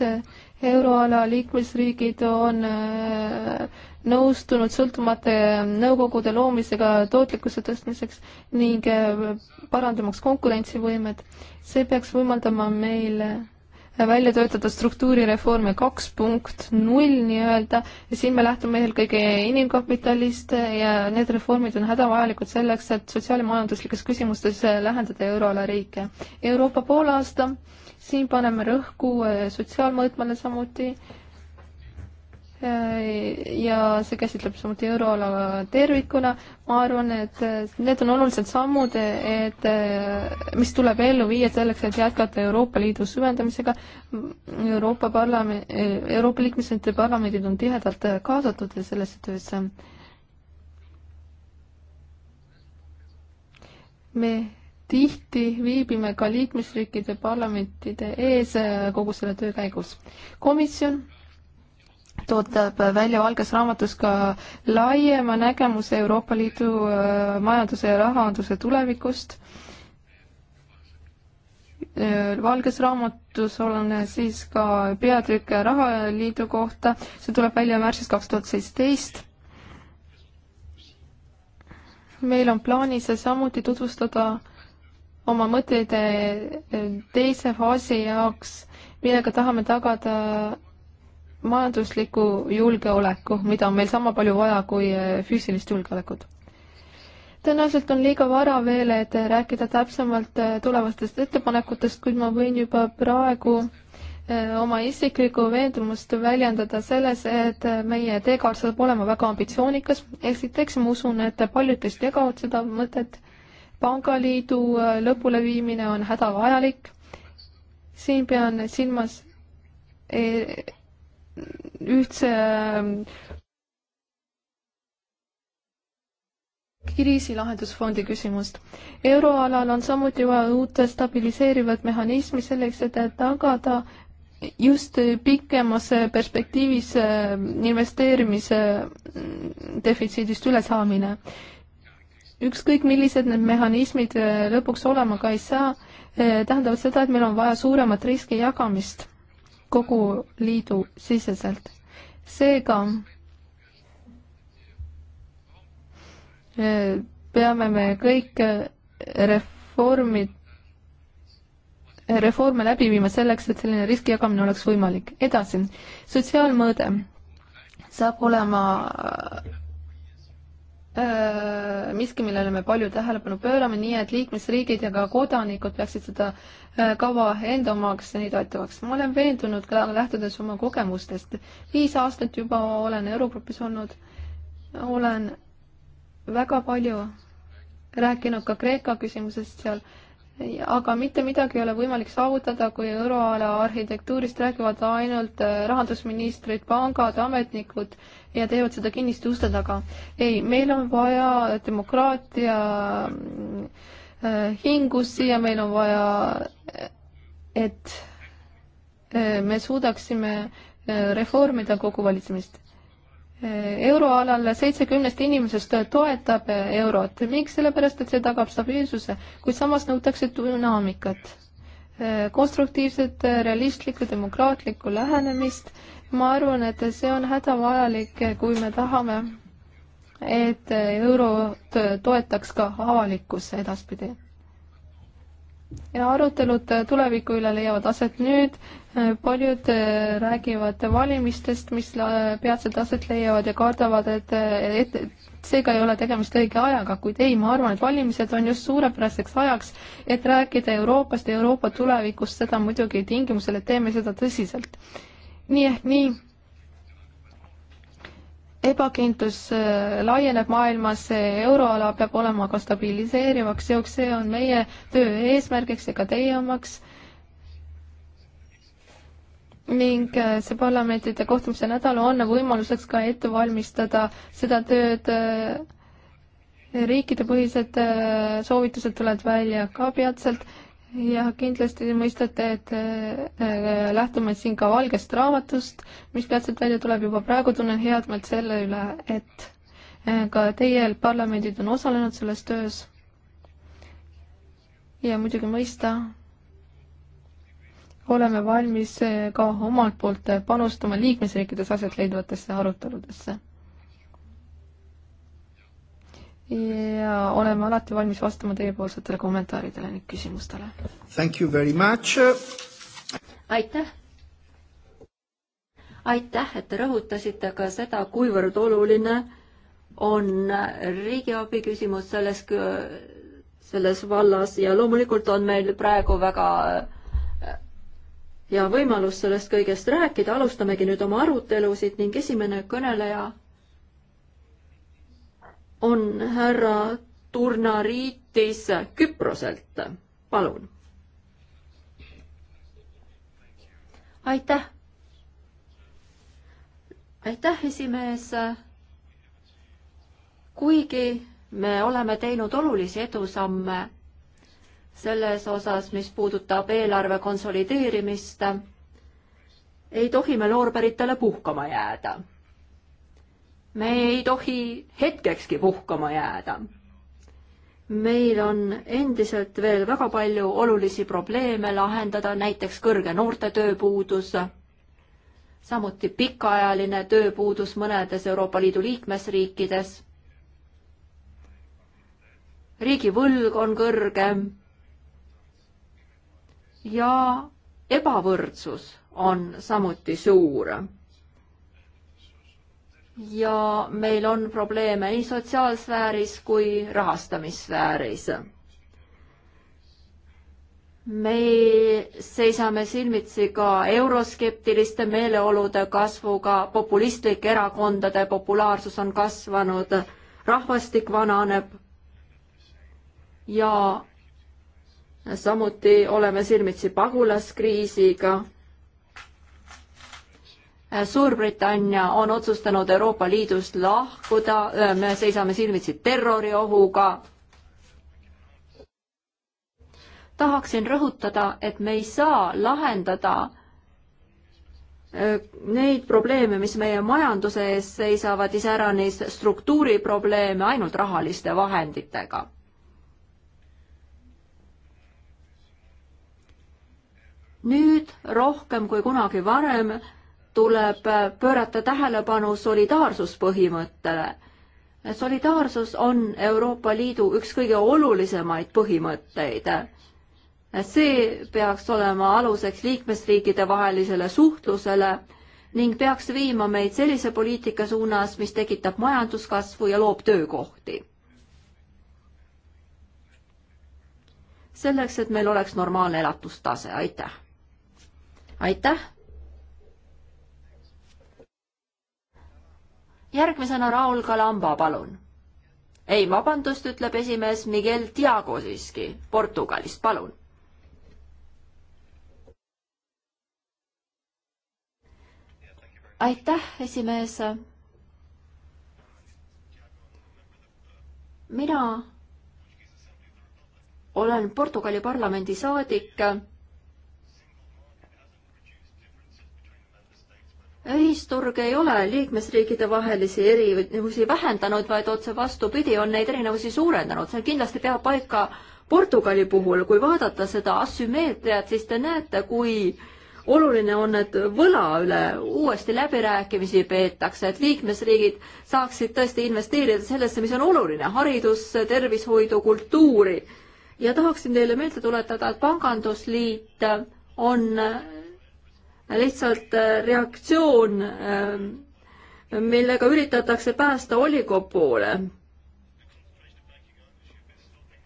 euroala liikmesriigid on äh, nõustunud sõltumata nõukogude loomisega tootlikkuse tõstmiseks ning äh, parandamaks konkurentsivõimet. see peaks võimaldama meil äh, välja töötada struktuurireformi kaks punkt null nii-öelda ja siin me lähtume eelkõige inimkapitalist ja need reformid on hädavajalikud selleks, et sotsiaal- ja majanduslikes küsimustes lähendada euroala riike. Euroopa poolaasta aasta siin paneme rõhku äh, sotsiaalmõõtmele samuti äh, ja see käsitleb samuti euroala tervikuna. ma arvan, et äh, need on olulised sammud, et mis tuleb ellu viia selleks, et jätkata Euroopa Liidu süvendamisega. Euroopa Parlamendi, Euroopa liikmesriikide parlamendid on tihedalt kaasatud sellesse töösse. me tihti viibime ka liikmesriikide parlamentide ees äh, kogu selle töö käigus. komisjon tootab välja Valges Raamatus ka laiema nägemuse Euroopa Liidu äh, majanduse ja rahanduse tulevikust. Äh, valges raamatus on siis ka peatükk Rahaliidu kohta, see tuleb välja märtsis kaks tuhat seitseteist meil on plaanis samuti tutvustada oma mõtteid eh, teise faasi jaoks, millega tahame tagada majandusliku julgeoleku, mida on meil sama palju vaja kui eh, füüsilist julgeolekut. tõenäoliselt on liiga vara veel, et rääkida täpsemalt eh, tulevastest ettepanekutest, kuid ma võin juba praegu oma isiklikku veendumust väljendada selles, et meie teekaart saab olema väga ambitsioonikas. esiteks ma usun, et paljud teist jagavad seda mõtet pangaliidu äh, lõpuleviimine on hädavajalik. siin pean silmas e, ühtse ähm, kriisilahendusfondi küsimust. euroalal on samuti vaja uut stabiliseerivat mehhanismi selleks, et tagada just pikemas perspektiivis äh, investeerimise mm, defitsiidist ülesaamine ükskõik millised need mehhanismid äh, lõpuks olema ka ei saa, äh, tähendavad seda, et meil on vaja suuremat riski jagamist kogu liidu siseselt. seega äh, peame me kõik reformid, reforme läbi viima selleks, et selline riski jagamine oleks võimalik. edasi, sotsiaalmõõde saab olema miski, millele me palju tähelepanu pöörame, nii et liikmesriigid ja ka kodanikud peaksid seda kava enda omaks ja nii toetavaks. ma olen veendunud ka lähtudes oma kogemustest. viis aastat juba olen Eurogrupis olnud, olen väga palju rääkinud ka Kreeka küsimusest seal aga mitte midagi ei ole võimalik saavutada, kui euroala arhitektuurist räägivad ainult äh, rahandusministrid, pangad, ametnikud ja teevad seda kinniste uste taga. ei, meil on vaja demokraatia äh, hingus siia, meil on vaja, et äh, me suudaksime reformida kogu valitsemist euroalal seitsekümnest inimesest toetab eurot. miks? sellepärast, et see tagab stabiilsuse, kuid samas nõutakse dünaamikat, konstruktiivset, realistlikku, demokraatlikku lähenemist. ma arvan, et see on hädavajalik, kui me tahame, et eurot toetaks ka avalikkus edaspidi. ja arutelud tuleviku üle leiavad aset nüüd paljud äh, räägivad valimistest, mis peatselt aset leiavad ja kardavad, äh, et, et seega ei ole tegemist õige ajaga, kuid ei, ma arvan, et valimised on just suurepäraseks ajaks, et rääkida Euroopast ja Euroopa tulevikust, seda muidugi tingimusel, et teeme seda tõsiselt. nii ehk nii, ebakindlus äh, laieneb maailmas, euroala peab olema ka stabiliseerivaks jõuks, see on meie töö eesmärgiks ja ka teie omaks ning äh, see parlamentide kohtumise nädal on võimaluseks ka ette valmistada seda tööd äh, riikidepõhised äh, soovitused tulevad välja ka peatselt ja kindlasti mõistate, et lähtume siin ka valgest raamatust, mis peatselt välja tuleb juba praegu, tunnen head meelt selle üle, et ka teie parlamendid on osalenud selles töös. ja muidugi mõista oleme valmis eh, ka omalt poolt eh, panustama liikmesriikides aset leidvatesse aruteludesse. ja oleme alati valmis vastama teiepoolsetele kommentaaridele ning küsimustele. Thank you very much. aitäh. aitäh, et te rõhutasite ka seda, kuivõrd oluline on riigiabi küsimus selles, selles vallas ja loomulikult on meil praegu väga äh, ja võimalus sellest kõigest rääkida, alustamegi nüüd oma arutelusid ning esimene kõneleja on härra Turnariitis Küproselt, palun. aitäh. aitäh, esimees. kuigi me oleme teinud olulisi edusamme selles osas, mis puudutab eelarve konsolideerimist, ei tohi me loorberitele puhkama jääda. me ei tohi hetkekski puhkama jääda. meil on endiselt veel väga palju olulisi probleeme lahendada, näiteks kõrge noorte tööpuudus, samuti pikaajaline tööpuudus mõnedes Euroopa Liidu liikmesriikides riigivõlg on kõrgem ja ebavõrdsus on samuti suur. ja meil on probleeme nii sotsiaalsfääris kui rahastamissfääris. me seisame silmitsi ka euroskeptiliste meeleolude kasvuga, populistlike erakondade populaarsus on kasvanud, rahvastik vananeb ja samuti oleme silmitsi pagulaskriisiga. Suurbritannia on otsustanud Euroopa Liidust lahkuda, me seisame silmitsi terroriohuga. tahaksin rõhutada, et me ei saa lahendada äh, neid probleeme, mis meie majanduse ees seisavad, iseäranis struktuuriprobleeme ainult rahaliste vahenditega nüüd rohkem kui kunagi varem tuleb pöörata tähelepanu solidaarsuspõhimõttele. solidaarsus on Euroopa Liidu üks kõige olulisemaid põhimõtteid. see peaks olema aluseks liikmesriikide vahelisele suhtlusele ning peaks viima meid sellise poliitika suunas, mis tekitab majanduskasvu ja loob töökohti. selleks, et meil oleks normaalne elatustase, aitäh! aitäh! järgmisena Raul Kalamba, palun. ei, vabandust, ütleb esimees Miguel Tiago siiski Portugalist, palun. aitäh, esimees. mina olen Portugali parlamendi saadik ühisturg ei ole liikmesriikide vahelisi erinevusi vähendanud, vaid otse vastupidi, on neid erinevusi suurendanud. see kindlasti peab paika Portugali puhul, kui vaadata seda asümmeetriat, siis te näete, kui oluline on, et võla üle uuesti läbirääkimisi peetakse, et liikmesriigid saaksid tõesti investeerida sellesse, mis on oluline, haridusse, tervishoidu, kultuuri. ja tahaksin teile meelde tuletada, et Pangandusliit on lihtsalt äh, reaktsioon, äh, millega üritatakse päästa oligopole.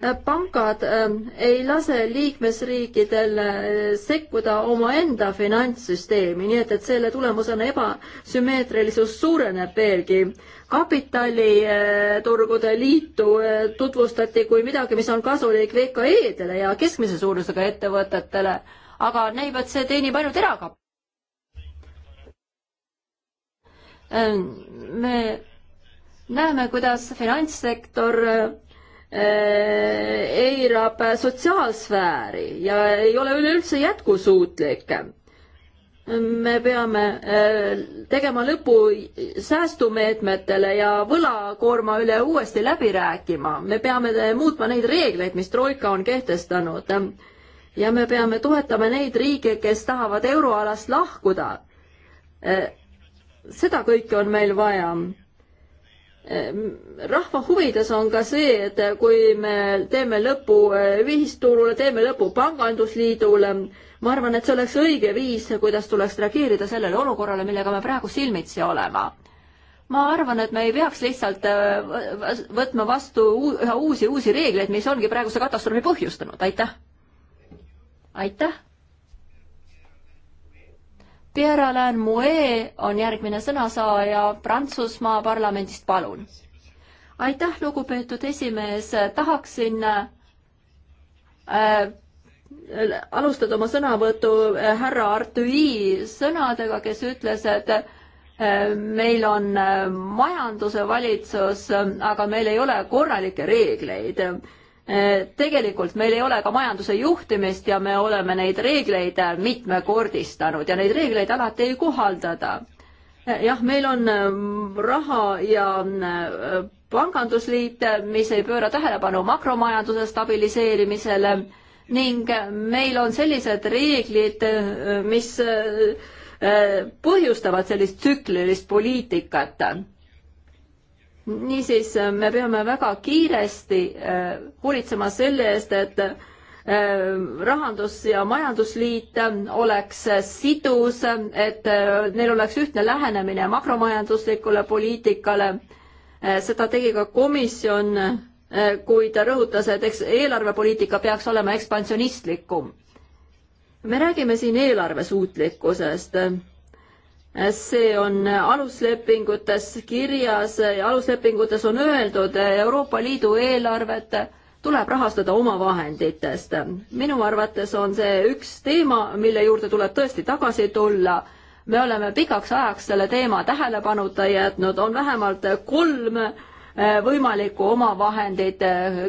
Äh, pangad ei lase liikmesriikidel sekkuda omaenda finantssüsteemi, nii et, et selle tulemusena ebasümmeetrilisus suureneb veelgi. kapitaliturgude liitu tutvustati kui midagi, mis on kasulik VKE-dele ja keskmise suurusega ettevõtetele, aga näib, et see teenib ainult erakapitali. Ähm, me näeme, kuidas finantssektor äh, eirab sotsiaalsfääri ja ei ole üleüldse jätkusuutlik. me peame äh, tegema lõpu säästumeetmetele ja võlakoorma üle uuesti läbi rääkima, me peame muutma neid reegleid, mis Troika on kehtestanud. ja me peame toetama neid riike, kes tahavad euroalast lahkuda äh, seda kõike on meil vaja. rahva huvides on ka see, et kui me teeme lõpu eh, ühisturule, teeme lõpu pangandusliidule, ma arvan, et see oleks õige viis, kuidas tuleks reageerida sellele olukorrale, millega me praegu silmitsi oleme ma arvan, et me ei peaks lihtsalt eh, võtma vastu üha uusi, uusi reegleid, mis ongi praeguse katastroofi põhjustanud, aitäh. aitäh. Pierre Alain Mouet on järgmine sõnasaaja Prantsusmaa parlamendist, palun. aitäh, lugupeetud esimees, tahaksin äh, alustada oma sõnavõtu äh, härra Artui sõnadega, kes ütles, et äh, meil on äh, majanduse valitsus, aga meil ei ole korralikke reegleid. Äh, tegelikult meil ei ole ka majanduse juhtimist ja me oleme neid reegleid äh, mitmekordistanud ja neid reegleid alati ei kohaldada. Äh, jah, meil on raha ja pangandusliit, mis ei pööra tähelepanu makromajanduse stabiliseerimisele ning meil on sellised reeglid, mis põhjustavad sellist tsüklilist poliitikat niisiis äh, me peame väga kiiresti äh, hoolitsema selle eest, et äh, rahandus- ja majandusliit oleks sidus, et neil oleks ühtne lähenemine makromajanduslikule poliitikale. seda tegi ka komisjon, kui ta rõhutas, et eks eelarvepoliitika peaks olema ekspansionistlikum. me räägime siin eelarvesuutlikkusest see on aluslepingutes kirjas ja aluslepingutes on öeldud, Euroopa Liidu eelarvet tuleb rahastada omavahenditest. minu arvates on see üks teema, mille juurde tuleb tõesti tagasi tulla. me oleme pikaks ajaks selle teema tähelepanuta jätnud, on vähemalt kolm eh, võimalikku omavahendit,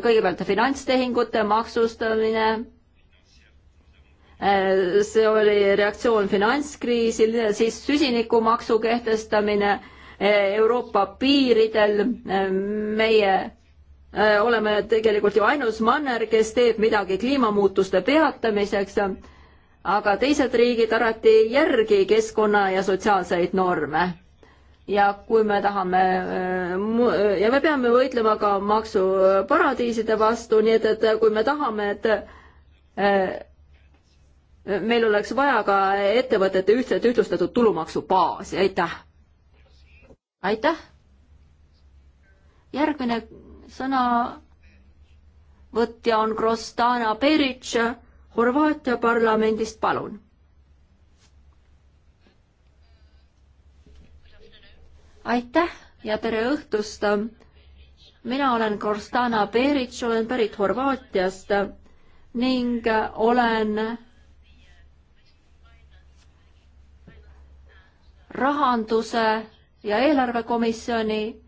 kõigepealt finantstehingute maksustamine Äh, see oli reaktsioon finantskriisile, siis süsinikumaksu kehtestamine äh, Euroopa piiridel, äh, meie oleme tegelikult ju ainus manner, kes teeb midagi kliimamuutuste peatamiseks, aga teised riigid alati ei järgi keskkonna ja sotsiaalseid norme. ja kui me tahame ja me peame võitlema ka maksuparadiiside vastu, nii et, et kui me tahame, et meil oleks vaja ka ettevõtete ühtset ühtlustatud tulumaksubaasi, aitäh. aitäh. järgmine sõnavõtja on Krostana Peric Horvaatia parlamendist, palun. aitäh ja tere õhtust. mina olen Krostana Peric, olen pärit Horvaatiast ning olen rahanduse ja eelarvekomisjoni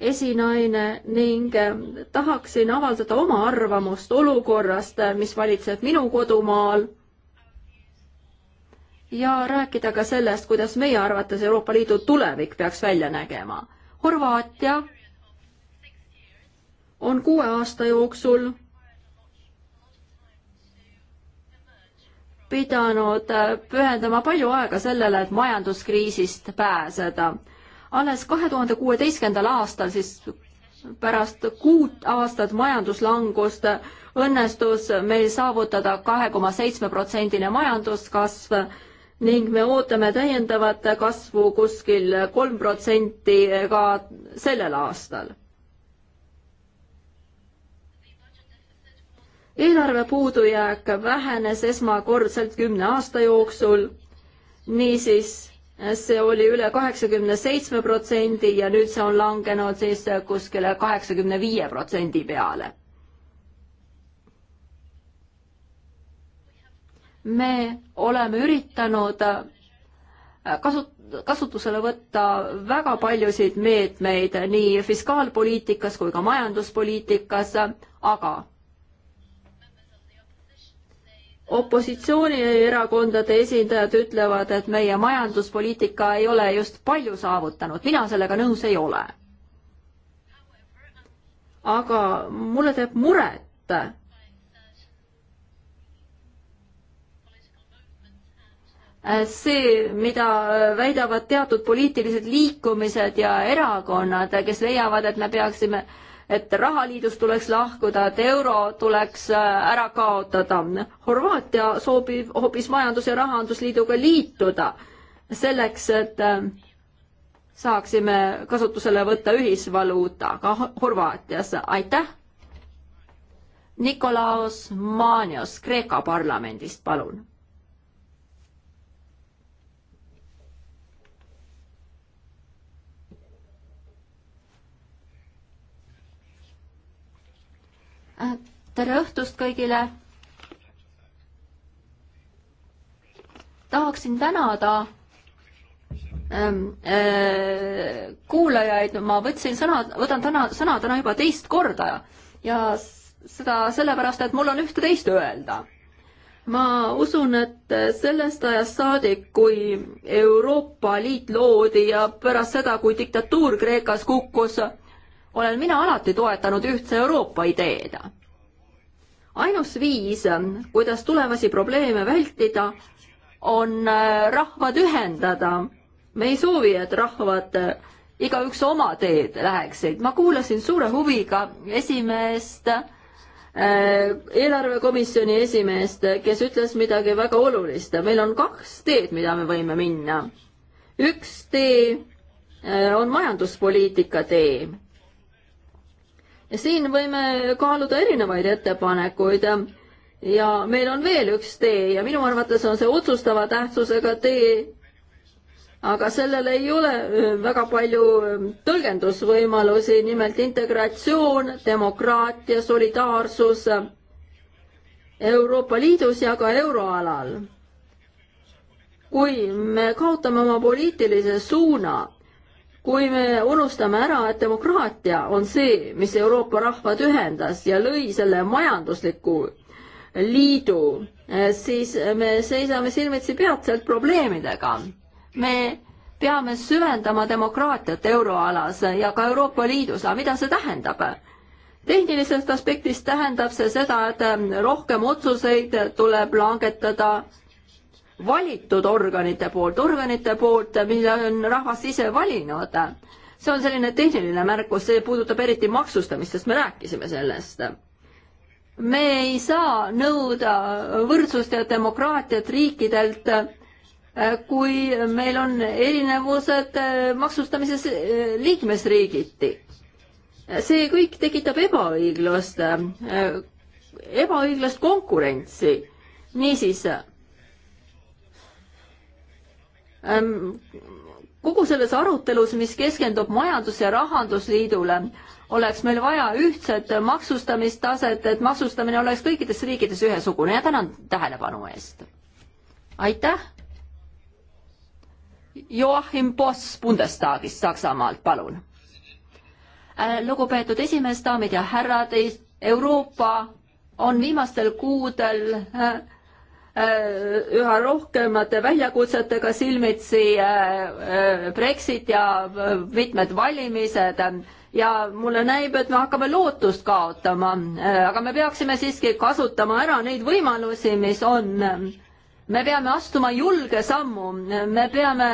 esinaine ning eh, tahaksin avaldada oma arvamust olukorrast, eh, mis valitseb minu kodumaal ja rääkida ka sellest, kuidas meie arvates Euroopa Liidu tulevik peaks välja nägema. Horvaatia on kuue aasta jooksul pidanud äh, pühendama palju aega sellele, et majanduskriisist pääseda. alles kahe tuhande kuueteistkümnendal aastal, siis pärast kuut aastat majanduslangust, õnnestus meil saavutada kahe koma seitsme protsendine majanduskasv ning me ootame täiendavat kasvu kuskil kolm protsenti ka sellel aastal eelarve puudujääk vähenes esmakordselt kümne aasta jooksul, niisiis see oli üle kaheksakümne seitsme protsendi ja nüüd see on langenud siis kuskile kaheksakümne viie protsendi peale. me oleme üritanud kasut-, kasutusele võtta väga paljusid meetmeid nii fiskaalpoliitikas kui ka majanduspoliitikas, aga opositsioonierakondade esindajad ütlevad, et meie majanduspoliitika ei ole just palju saavutanud, mina sellega nõus ei ole. aga mulle teeb muret see, mida väidavad teatud poliitilised liikumised ja erakonnad, kes leiavad, et me peaksime äh, et rahaliidust tuleks lahkuda, et euro tuleks äh, ära kaotada. Horvaatia soovib hoopis Majandus- ja Rahandusliiduga liituda selleks, et äh, saaksime kasutusele võtta ühisvaluuta ka Horvaatias. aitäh! Nikolaos Manios Kreeka parlamendist, palun tere õhtust kõigile. tahaksin tänada ähm, äh, kuulajaid, ma võtsin sõna, võtan täna sõna täna juba teist korda ja seda sellepärast, et mul on ühte-teist öelda. ma usun, et sellest ajast saadik, kui Euroopa Liit loodi ja pärast seda, kui diktatuur Kreekas kukkus, olen mina alati toetanud ühtse Euroopa ideed. ainus viis, kuidas tulevasi probleeme vältida, on äh, rahvad ühendada. me ei soovi, et rahvad äh, igaüks oma teed läheksid. ma kuulasin suure huviga esimeest äh, eelarvekomisjoni esimeest, kes ütles midagi väga olulist. meil on kaks teed, mida me võime minna. üks tee on majanduspoliitika tee siin võime kaaluda erinevaid ettepanekuid ja meil on veel üks tee ja minu arvates on see otsustava tähtsusega tee, aga sellel ei ole äh, väga palju äh, tõlgendusvõimalusi, nimelt integratsioon, demokraatia, solidaarsus äh, Euroopa Liidus ja ka euroalal. kui me kaotame oma poliitilise suuna kui me unustame ära, et demokraatia on see, mis Euroopa rahvad ühendas ja lõi selle majandusliku liidu, eh, siis me seisame silmitsi peatselt probleemidega. me peame süvendama demokraatiat euroalas ja ka Euroopa Liidus, aga mida see tähendab? tehnilisest aspektist tähendab see seda, et eh, rohkem otsuseid tuleb langetada valitud organite poolt, organite poolt, mille on rahvas ise valinud. see on selline tehniline märkus, see puudutab eriti maksustamist, sest me rääkisime sellest. me ei saa nõuda võrdsust ja demokraatiat riikidelt, kui meil on erinevused maksustamises liikmesriigiti. see kõik tekitab ebaõiglust, ebaõiglast konkurentsi. niisiis Ehm, kogu selles arutelus, mis keskendub Majandus- ja Rahandusliidule, oleks meil vaja ühtset maksustamistaset, et maksustamine oleks kõikides riikides ühesugune ja tänan tähelepanu eest. aitäh. Joachim Boss Bundestagist Saksamaalt, palun. Äh, lugupeetud esimees, daamid ja härrad, Euroopa on viimastel kuudel äh, Äh, üha rohkemate väljakutsetega silmitsi äh, äh, Brexit ja mitmed valimised ja mulle näib, et me hakkame lootust kaotama, aga me peaksime siiski kasutama ära neid võimalusi, mis on. me peame astuma julge sammu, me peame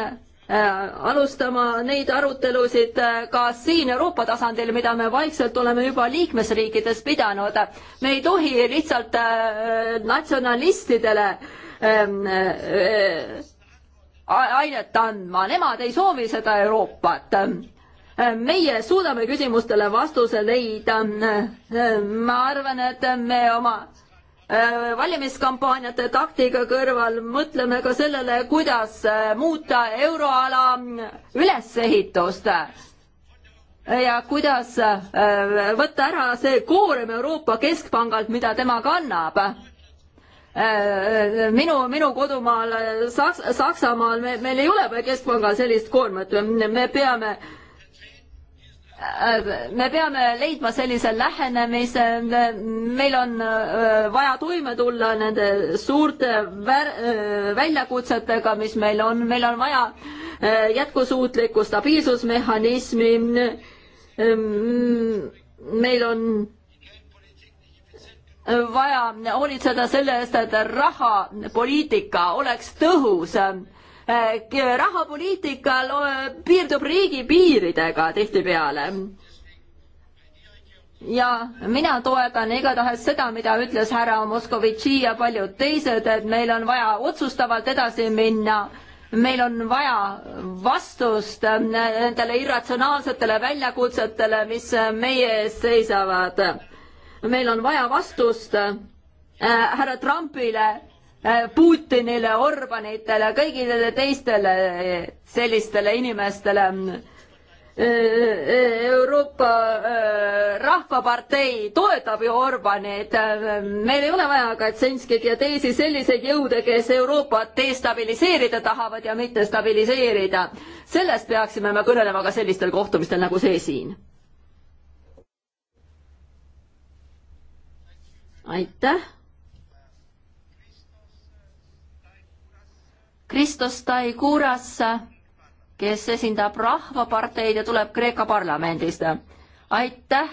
Äh, alustama neid arutelusid äh, ka siin Euroopa tasandil, mida me vaikselt oleme juba liikmesriikides pidanud. me ei tohi lihtsalt äh, natsionalistidele ähm, ainet andma, nemad ei soovi seda Euroopat. meie suudame küsimustele vastuse leida. ma arvan, et me oma Äh, valimiskampaaniate taktika kõrval mõtleme ka sellele, kuidas äh, muuta euroala äh, ülesehitust ja kuidas võtta ära see koorem Euroopa Keskpangalt, mida tema kannab. minu, minu kodumaal Saks-, Saksamaal me, meil ei ole keskpangal sellist koormat, me peame äh, Äh, me peame leidma sellise lähenemise, meil on äh, vaja toime tulla nende suurte äh, väljakutsetega, mis meil on, meil on vaja jätkusuutlikku stabiilsusmehhanismi. Ähm, meil on vaja hoolitseda selle eest, et rahapoliitika oleks tõhus Äh, rahapoliitika äh, piirdub riigipiiridega tihtipeale ja mina toetan igatahes seda, mida ütles härra Moskovitši ja paljud teised, et meil on vaja otsustavalt edasi minna, meil on vaja vastust äh, nendele irratsionaalsetele väljakutsetele, mis meie ees seisavad. meil on vaja vastust härra Trumpile Äh, Putinile, Orbanitele, kõigile teistele äh, sellistele inimestele. Mm, äh, Euroopa Rahvapartei toetab ju Orbanit, meil ei ole vaja Katsenskit ja teisi selliseid jõude, kes Euroopat destabiliseerida tahavad ja mitte stabiliseerida. sellest peaksime me kõnelema ka sellistel kohtumistel nagu see siin. aitäh Kristos Taiguras, kes esindab Rahvaparteid ja tuleb Kreeka parlamendist. aitäh,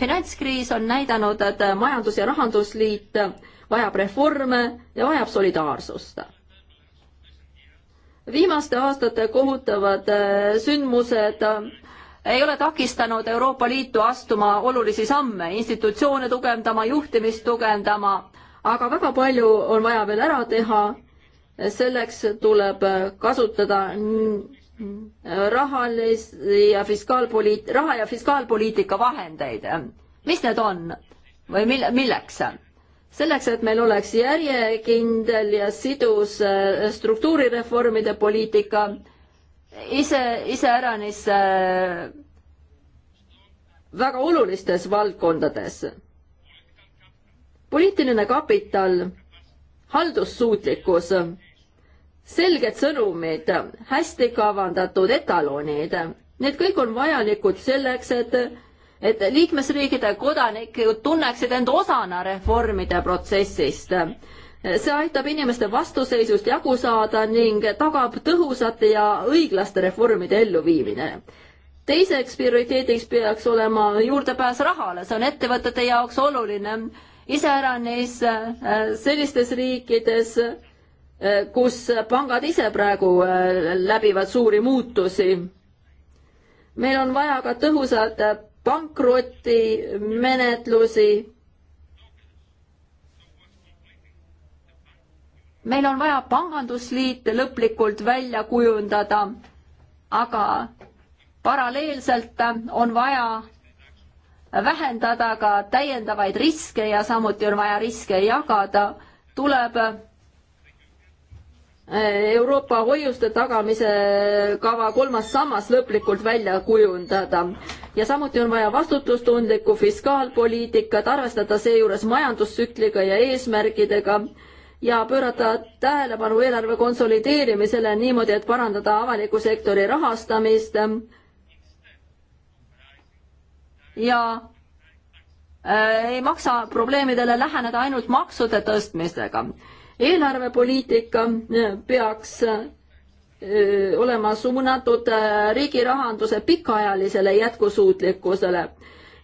finantskriis on näidanud, et Majandus- ja Rahandusliit vajab reforme ja vajab solidaarsust viimaste aastate kohutavad äh, sündmused äh, ei ole takistanud Euroopa Liitu astuma olulisi samme, institutsioone tugevdama, juhtimist tugevdama, aga väga palju on vaja veel ära teha selleks tuleb kasutada rahalis- ja fiskaalpoliit-, raha- ja fiskaalpoliitika vahendeid. mis need on või mille, milleks? selleks, et meil oleks järjekindel ja sidus äh, struktuurireformide poliitika, ise, iseäranis äh, väga olulistes valdkondades. poliitiline kapital, haldussuutlikkus selged sõnumid, hästi kavandatud etalonid, need kõik on vajalikud selleks, et et liikmesriikide kodanikud tunneksid end osana reformide protsessist. see aitab inimeste vastuseisust jagu saada ning tagab tõhusate ja õiglaste reformide elluviimine. teiseks prioriteediks peaks olema juurdepääs rahale, see on ettevõtete jaoks oluline, iseäranis äh, sellistes riikides, Äh, kus pangad ise praegu äh, läbivad suuri muutusi. meil on vaja ka tõhusat äh, pankrotimenetlusi. meil on vaja pangandusliit lõplikult välja kujundada, aga paralleelselt on vaja vähendada ka täiendavaid riske ja samuti on vaja riske jagada, tuleb Äh, Euroopa hoiuste tagamise kava kolmas sammas lõplikult välja kujundada. ja samuti on vaja vastutustundlikku fiskaalpoliitikat, arvestada seejuures majandustsükliga ja eesmärgidega ja pöörata tähelepanu eelarve konsolideerimisele niimoodi, et parandada avaliku sektori rahastamist ja äh, ei maksa probleemidele läheneda ainult maksude tõstmisega eelarvepoliitika eh, peaks eh, olema suunatud eh, riigi rahanduse pikaajalisele jätkusuutlikkusele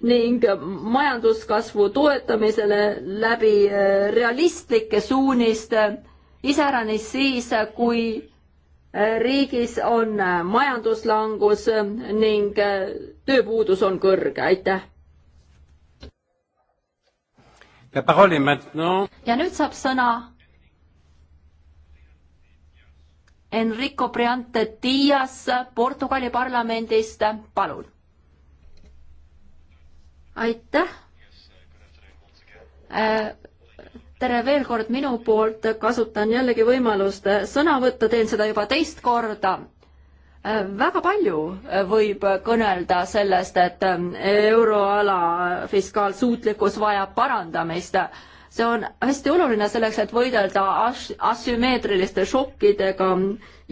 ning majanduskasvu toetamisele läbi realistlike suuniste, iseäranis siis, kui riigis on majanduslangus ning tööpuudus on kõrge, aitäh. ja nüüd saab sõna Enrico Priante Dias Portugali parlamendist, palun. aitäh. Äh, tere veel kord minu poolt, kasutan jällegi võimalust sõna võtta, teen seda juba teist korda äh, väga palju äh, võib kõnelda sellest, et euroala fiskaalsuutlikkus vajab parandamist see on hästi oluline selleks, et võidelda as-, asümmeetriliste šokkidega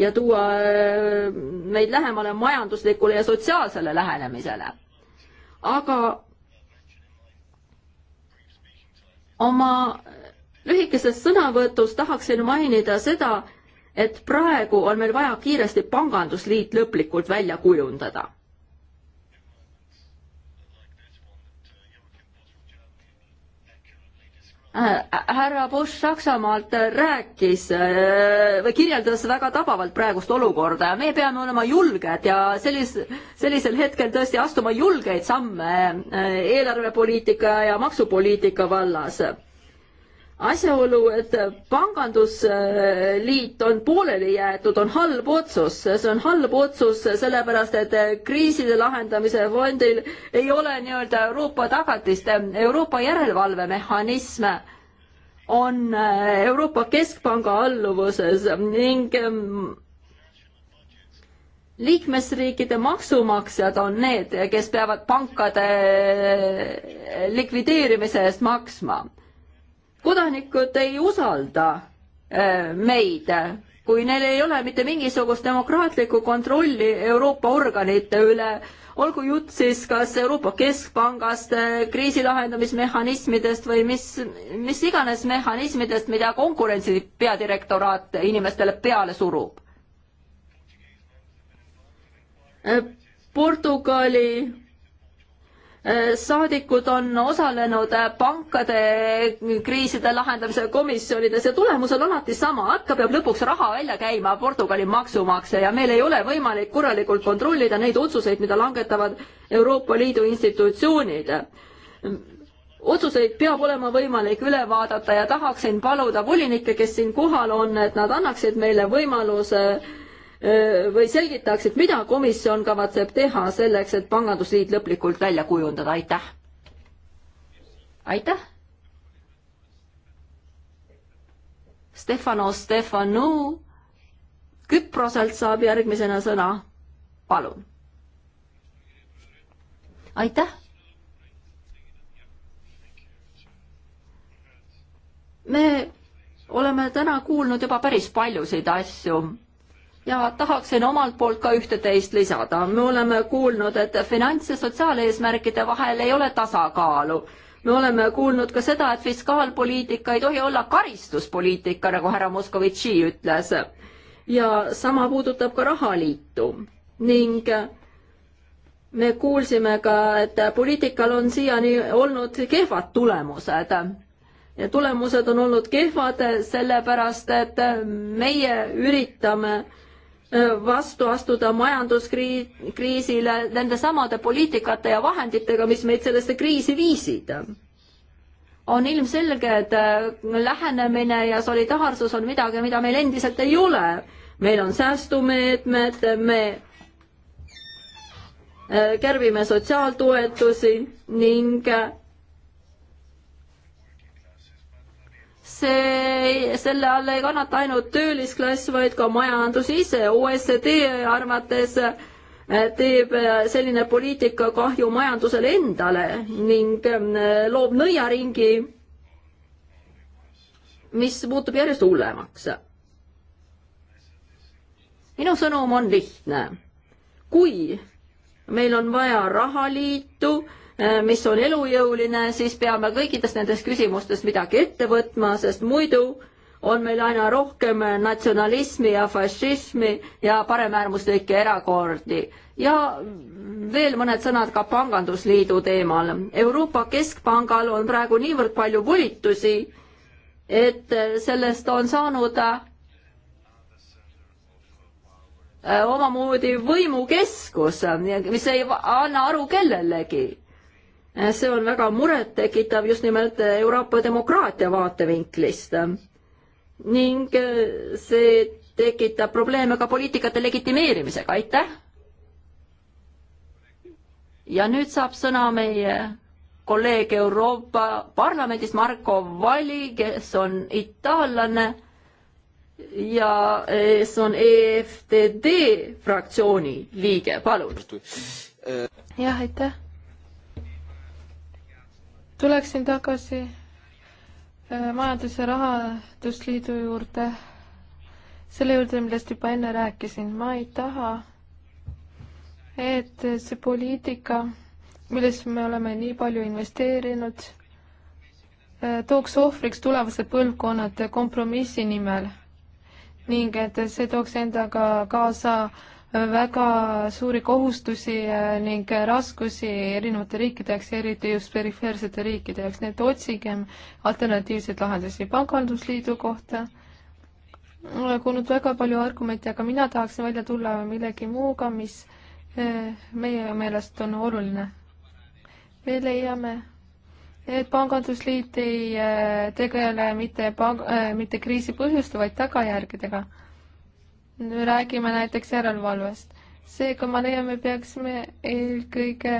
ja tuua äh, meid lähemale majanduslikule ja sotsiaalsele lähenemisele. aga oma lühikeses sõnavõtus tahaksin mainida seda, et praegu on meil vaja kiiresti pangandusliit lõplikult välja kujundada Äh, härra Bush Saksamaalt rääkis äh, või kirjeldas väga tabavalt praegust olukorda ja me peame olema julged ja sellis, sellisel hetkel tõesti astuma julgeid samme äh, eelarvepoliitika ja maksupoliitika vallas asjaolu, et pangandusliit on pooleli jäetud, on halb otsus, see on halb otsus, sellepärast et kriiside lahendamise fondil ei ole nii-öelda Euroopa tagatist, Euroopa järelevalvemehhanism on Euroopa Keskpanga alluvuses ning mm, liikmesriikide maksumaksjad on need, kes peavad pankade likvideerimise eest maksma kodanikud ei usalda äh, meid, kui neil ei ole mitte mingisugust demokraatlikku kontrolli Euroopa organite üle, olgu jutt siis kas Euroopa Keskpangast, äh, kriisi lahendamismehhanismidest või mis, mis iganes mehhanismidest, mida konkurentsi peadirektoraat inimestele peale surub. Äh, Portugali saadikud on osalenud pankade kriiside lahendamise komisjonides ja tulemus on alati sama, hakka peab lõpuks raha välja käima Portugali maksumaksja ja meil ei ole võimalik korralikult kontrollida neid otsuseid, mida langetavad Euroopa Liidu institutsioonid. otsuseid peab olema võimalik üle vaadata ja tahaksin paluda volinikke, kes siin kohal on, et nad annaksid meile võimaluse äh, või selgitaksid, mida komisjon kavatseb teha selleks, et pangandusliit lõplikult välja kujundada, aitäh. aitäh. Stefano Stefanu Küproselt saab järgmisena sõna, palun. aitäh. me oleme täna kuulnud juba päris paljusid asju ja tahaksin omalt poolt ka ühte-teist lisada. me oleme kuulnud, et finants- ja sotsiaaleesmärkide vahel ei ole tasakaalu. me oleme kuulnud ka seda, et fiskaalpoliitika ei tohi olla karistuspoliitika, nagu härra Moskovitši ütles. ja sama puudutab ka rahaliitu ning me kuulsime ka, et poliitikal on siiani olnud kehvad tulemused ja tulemused on olnud kehvad, sellepärast et meie üritame vastu astuda majanduskriisile nende samade poliitikate ja vahenditega, mis meid sellesse kriisi viisid. on ilmselge, et äh, lähenemine ja solidaarsus on midagi, mida meil endiselt ei ole. meil on säästumeetmed, me äh, kärbime sotsiaaltoetusi ning äh, see, selle all ei kannata ainult töölisklass, vaid ka majandus ise. OECD arvates eh, teeb eh, selline poliitika kahju majandusele endale ning eh, loob nõiaringi, mis muutub järjest hullemaks. minu sõnum on lihtne. kui meil on vaja rahaliitu, Äh, mis on elujõuline, siis peame kõikides nendes küsimustes midagi ette võtma, sest muidu on meil aina rohkem natsionalismi ja fašismi ja paremäärmuslikke erakordi. ja veel mõned sõnad ka Pangandusliidu teemal. Euroopa Keskpangal on praegu niivõrd palju volitusi, et sellest on saanud äh, omamoodi võimukeskus, mis ei anna aru kellelegi see on väga murettekitav just nimelt Euroopa demokraatia vaatevinklist. ning äh, see tekitab probleeme ka poliitikate legitimeerimisega, aitäh! ja nüüd saab sõna meie kolleeg Euroopa Parlamendist Marko Vali, kes on itaallane ja kes äh, on EFTD fraktsiooni liige, palun! jah, aitäh! tuleksin tagasi äh, majandus- ja rahandusliidu juurde, selle juurde, millest juba enne rääkisin, ma ei taha, et see poliitika, millesse me oleme nii palju investeerinud, äh, tooks ohvriks tulevased põlvkonnad kompromissi nimel ning et see tooks endaga kaasa äh, väga suuri kohustusi äh, ning äh, raskusi erinevate riikide jaoks, eriti just perifeersete riikide jaoks, nii et otsigem alternatiivseid lahendusi pangandusliidu kohta. mul on kuulnud väga palju argumente, aga mina tahaksin välja tulla millegi muuga, mis äh, meie meelest on oluline. me leiame, et pangandusliit ei tegele mitte pang-, mitte kriisi põhjuste, vaid tagajärgedega räägime näiteks järelevalvest. seega ma leian, me peaksime eelkõige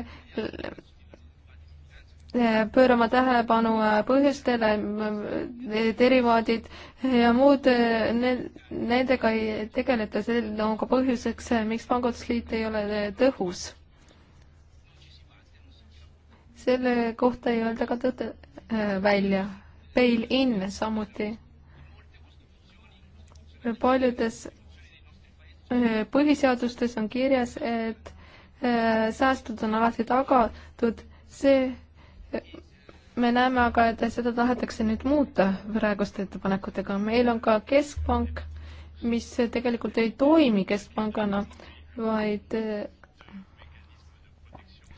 pöörama tähelepanu põhjustele, derivaadid ja muud, nendega ei tegeleta, see on ka põhjuseks, miks Pangandusliit ei ole tõhus. selle kohta ei öelda ka tõde välja. Bail-in samuti. paljudes Äh, põhiseadustes on kirjas, et äh, säästud on alati tagatud, see, äh, me näeme aga, et seda tahetakse nüüd muuta praeguste ettepanekutega, meil on ka keskpank, mis tegelikult ei toimi keskpangana, vaid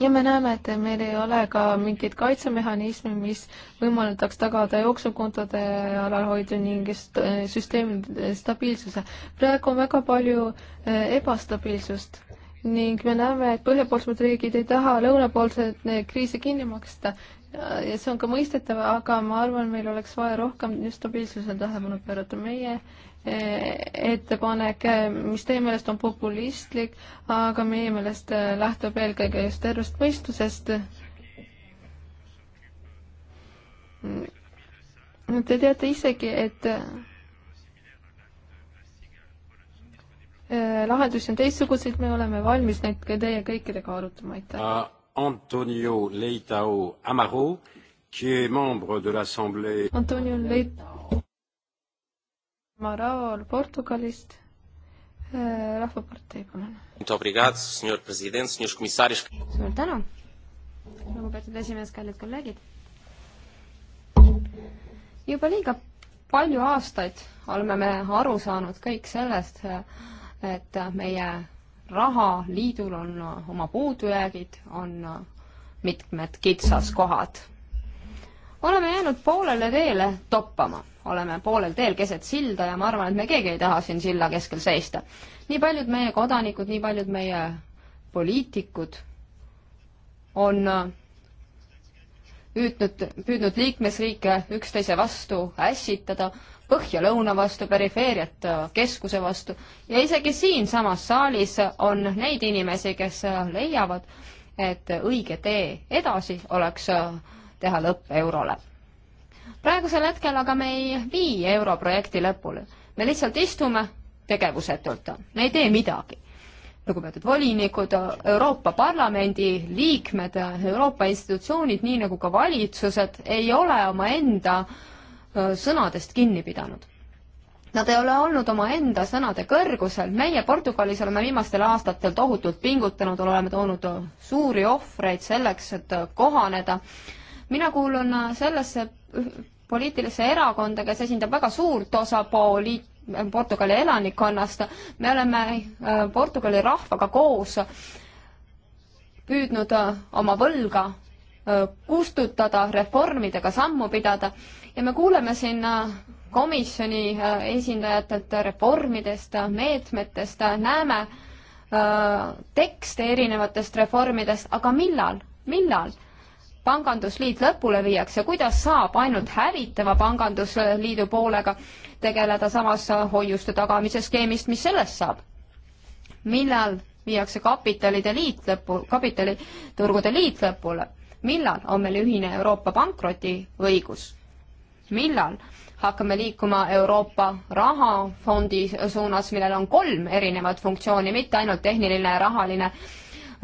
ja me näeme, et meil ei ole ka mingit kaitsemehhanismi, mis võimaldaks tagada jooksukontode alalhoidu ning süsteemi stabiilsuse. praegu on väga palju eh, ebastabiilsust ning me näeme, et põhjapoolsed riigid ei taha lõunapoolset eh, kriisi kinni maksta ja see on ka mõistetav, aga ma arvan, meil oleks vaja rohkem just stabiilsusele tähelepanu pöörata. meie Eh, ettepanek, eh, mis teie meelest on populistlik, aga meie meelest eh, lähtub eelkõige just tervest mõistusest. Mm. Te teate isegi, et lahendusi on teistsuguseid, me oleme valmis neid ka teie kõikidega arutama, aitäh. Ah, Antonio Leitao Amaro, qui est membre de l'Assemblée. Antonio Leitao. Maraol Portugalist, äh, Rahvapartei, palun. suur tänu, lugupeetud esimees, kallid kolleegid. juba liiga palju aastaid oleme me aru saanud kõik sellest, et meie rahaliidul on oma puudujäägid, on mitmed kitsaskohad. oleme jäänud poolele teele toppama oleme poolel teel keset silda ja ma arvan, et me keegi ei taha siin silla keskel seista. nii paljud meie kodanikud, nii paljud meie poliitikud on püüdnud, äh, püüdnud liikmesriike üksteise vastu ässitada, põhja-lõuna vastu, perifeeriat äh, keskuse vastu ja isegi siinsamas saalis on neid inimesi, kes äh, leiavad, et õige tee edasi oleks teha lõpp eurole praegusel hetkel aga me ei vii europrojekti lõpule. me lihtsalt istume tegevusetult, me ei tee midagi. lugupeetud volinikud, Euroopa Parlamendi liikmed, Euroopa institutsioonid, nii nagu ka valitsused, ei ole omaenda sõnadest kinni pidanud. Nad ei ole olnud omaenda sõnade kõrgusel, meie Portugalis oleme viimastel aastatel tohutult pingutanud, oleme toonud suuri ohvreid selleks, et kohaneda mina kuulun sellesse poliitilisse erakonda, kes esindab väga suurt osa poliit-, Portugali elanikkonnast, me oleme äh, Portugali rahvaga koos püüdnud äh, oma võlga äh, kustutada, reformidega sammu pidada ja me kuuleme siin komisjoni esindajatelt reformidest, meetmetest, näeme tekste erinevatest reformidest, aga millal, millal? pangandusliit lõpule viiakse, kuidas saab ainult hävitava pangandusliidu poolega tegeleda, samas hoiuste tagamise skeemist, mis sellest saab? millal viiakse kapitalide liit lõpu, kapitaliturgude liit lõpule? millal on meil ühine Euroopa pankrotiõigus? millal hakkame liikuma Euroopa rahafondi suunas, millel on kolm erinevat funktsiooni, mitte ainult tehniline ja rahaline äh,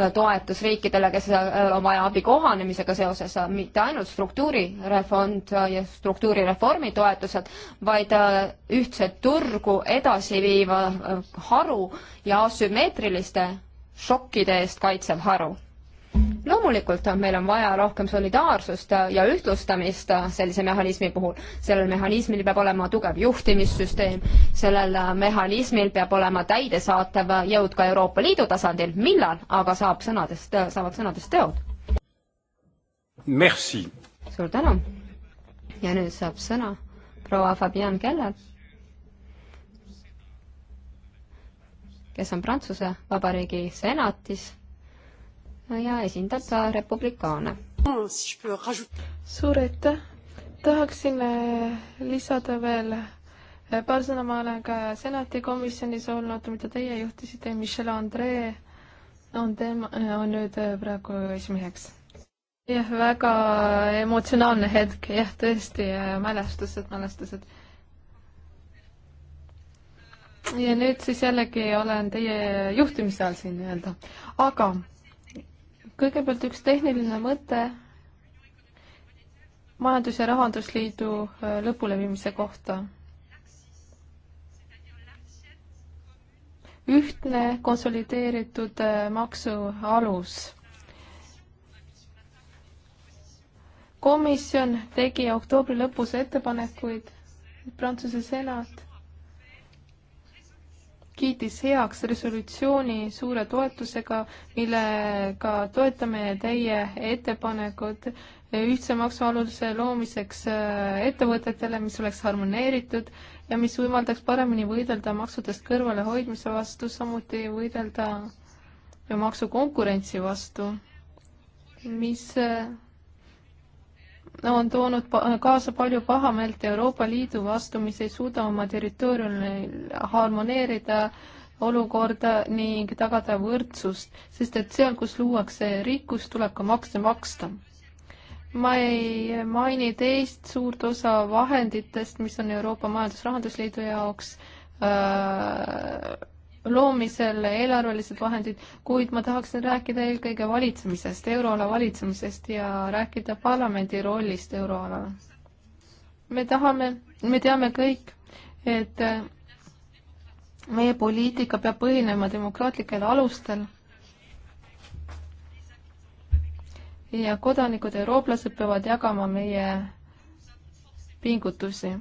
toetus riikidele, kes äh, on vaja abi kohanemisega seoses, äh, mitte ainult struktuurifond äh, ja struktuurireformi toetused, vaid ühtset turgu edasi viiva haru ja asümmeetriliste šokkide eest kaitsev haru loomulikult meil on vaja rohkem solidaarsust ja ühtlustamist sellise mehhanismi puhul. sellel mehhanismil peab olema tugev juhtimissüsteem, sellel mehhanismil peab olema täidesaatev jõud ka Euroopa Liidu tasandil, millal aga saab sõnadest, saavad sõnadest teod. Merci! suur tänu! ja nüüd saab sõna proua Fabienne Keller, kes on Prantsuse Vabariigi senatis ja esindab ka republikaane. suur aitäh, tahaksin lisada veel paar sõna, ma olen ka senati komisjonis olnud, mida teie juhtisite, Michel Andre on tema, on nüüd praegu esimeheks jah, väga emotsionaalne hetk, jah, tõesti, mälestused, mälestused. ja nüüd siis jällegi olen teie juhtimise all siin nii-öelda, aga kõigepealt üks tehniline mõte majandus- ja rahandusliidu äh, lõpuleviimise kohta. ühtne konsolideeritud äh, maksualus. komisjon tegi oktoobri lõpus ettepanekuid, Prantsuse senat kiitis heaks resolutsiooni suure toetusega, millega toetame teie ettepanekud ühtse maksualuse loomiseks äh, ettevõtetele, mis oleks harmoneeritud ja mis võimaldaks paremini võidelda maksudest kõrvalehoidmise vastu, samuti võidelda maksukonkurentsi vastu, mis äh, on toonud kaasa palju pahameelt Euroopa Liidu vastu, mis ei suuda oma territooriumil harmoneerida olukorda ning tagada võrdsust, sest et seal, kus luuakse rikkust, tuleb ka makse maksta. ma ei maini teist suurt osa vahenditest, mis on Euroopa Majandus-Rahandusliidu jaoks äh, loomisel eelarvelised vahendid, kuid ma tahaksin rääkida eelkõige valitsemisest, euroala valitsemisest ja rääkida parlamendi rollist euroalal. me tahame, me teame kõik, et meie poliitika peab põhinema demokraatlikel alustel ja kodanikud, eurooplased peavad jagama meie pingutusi.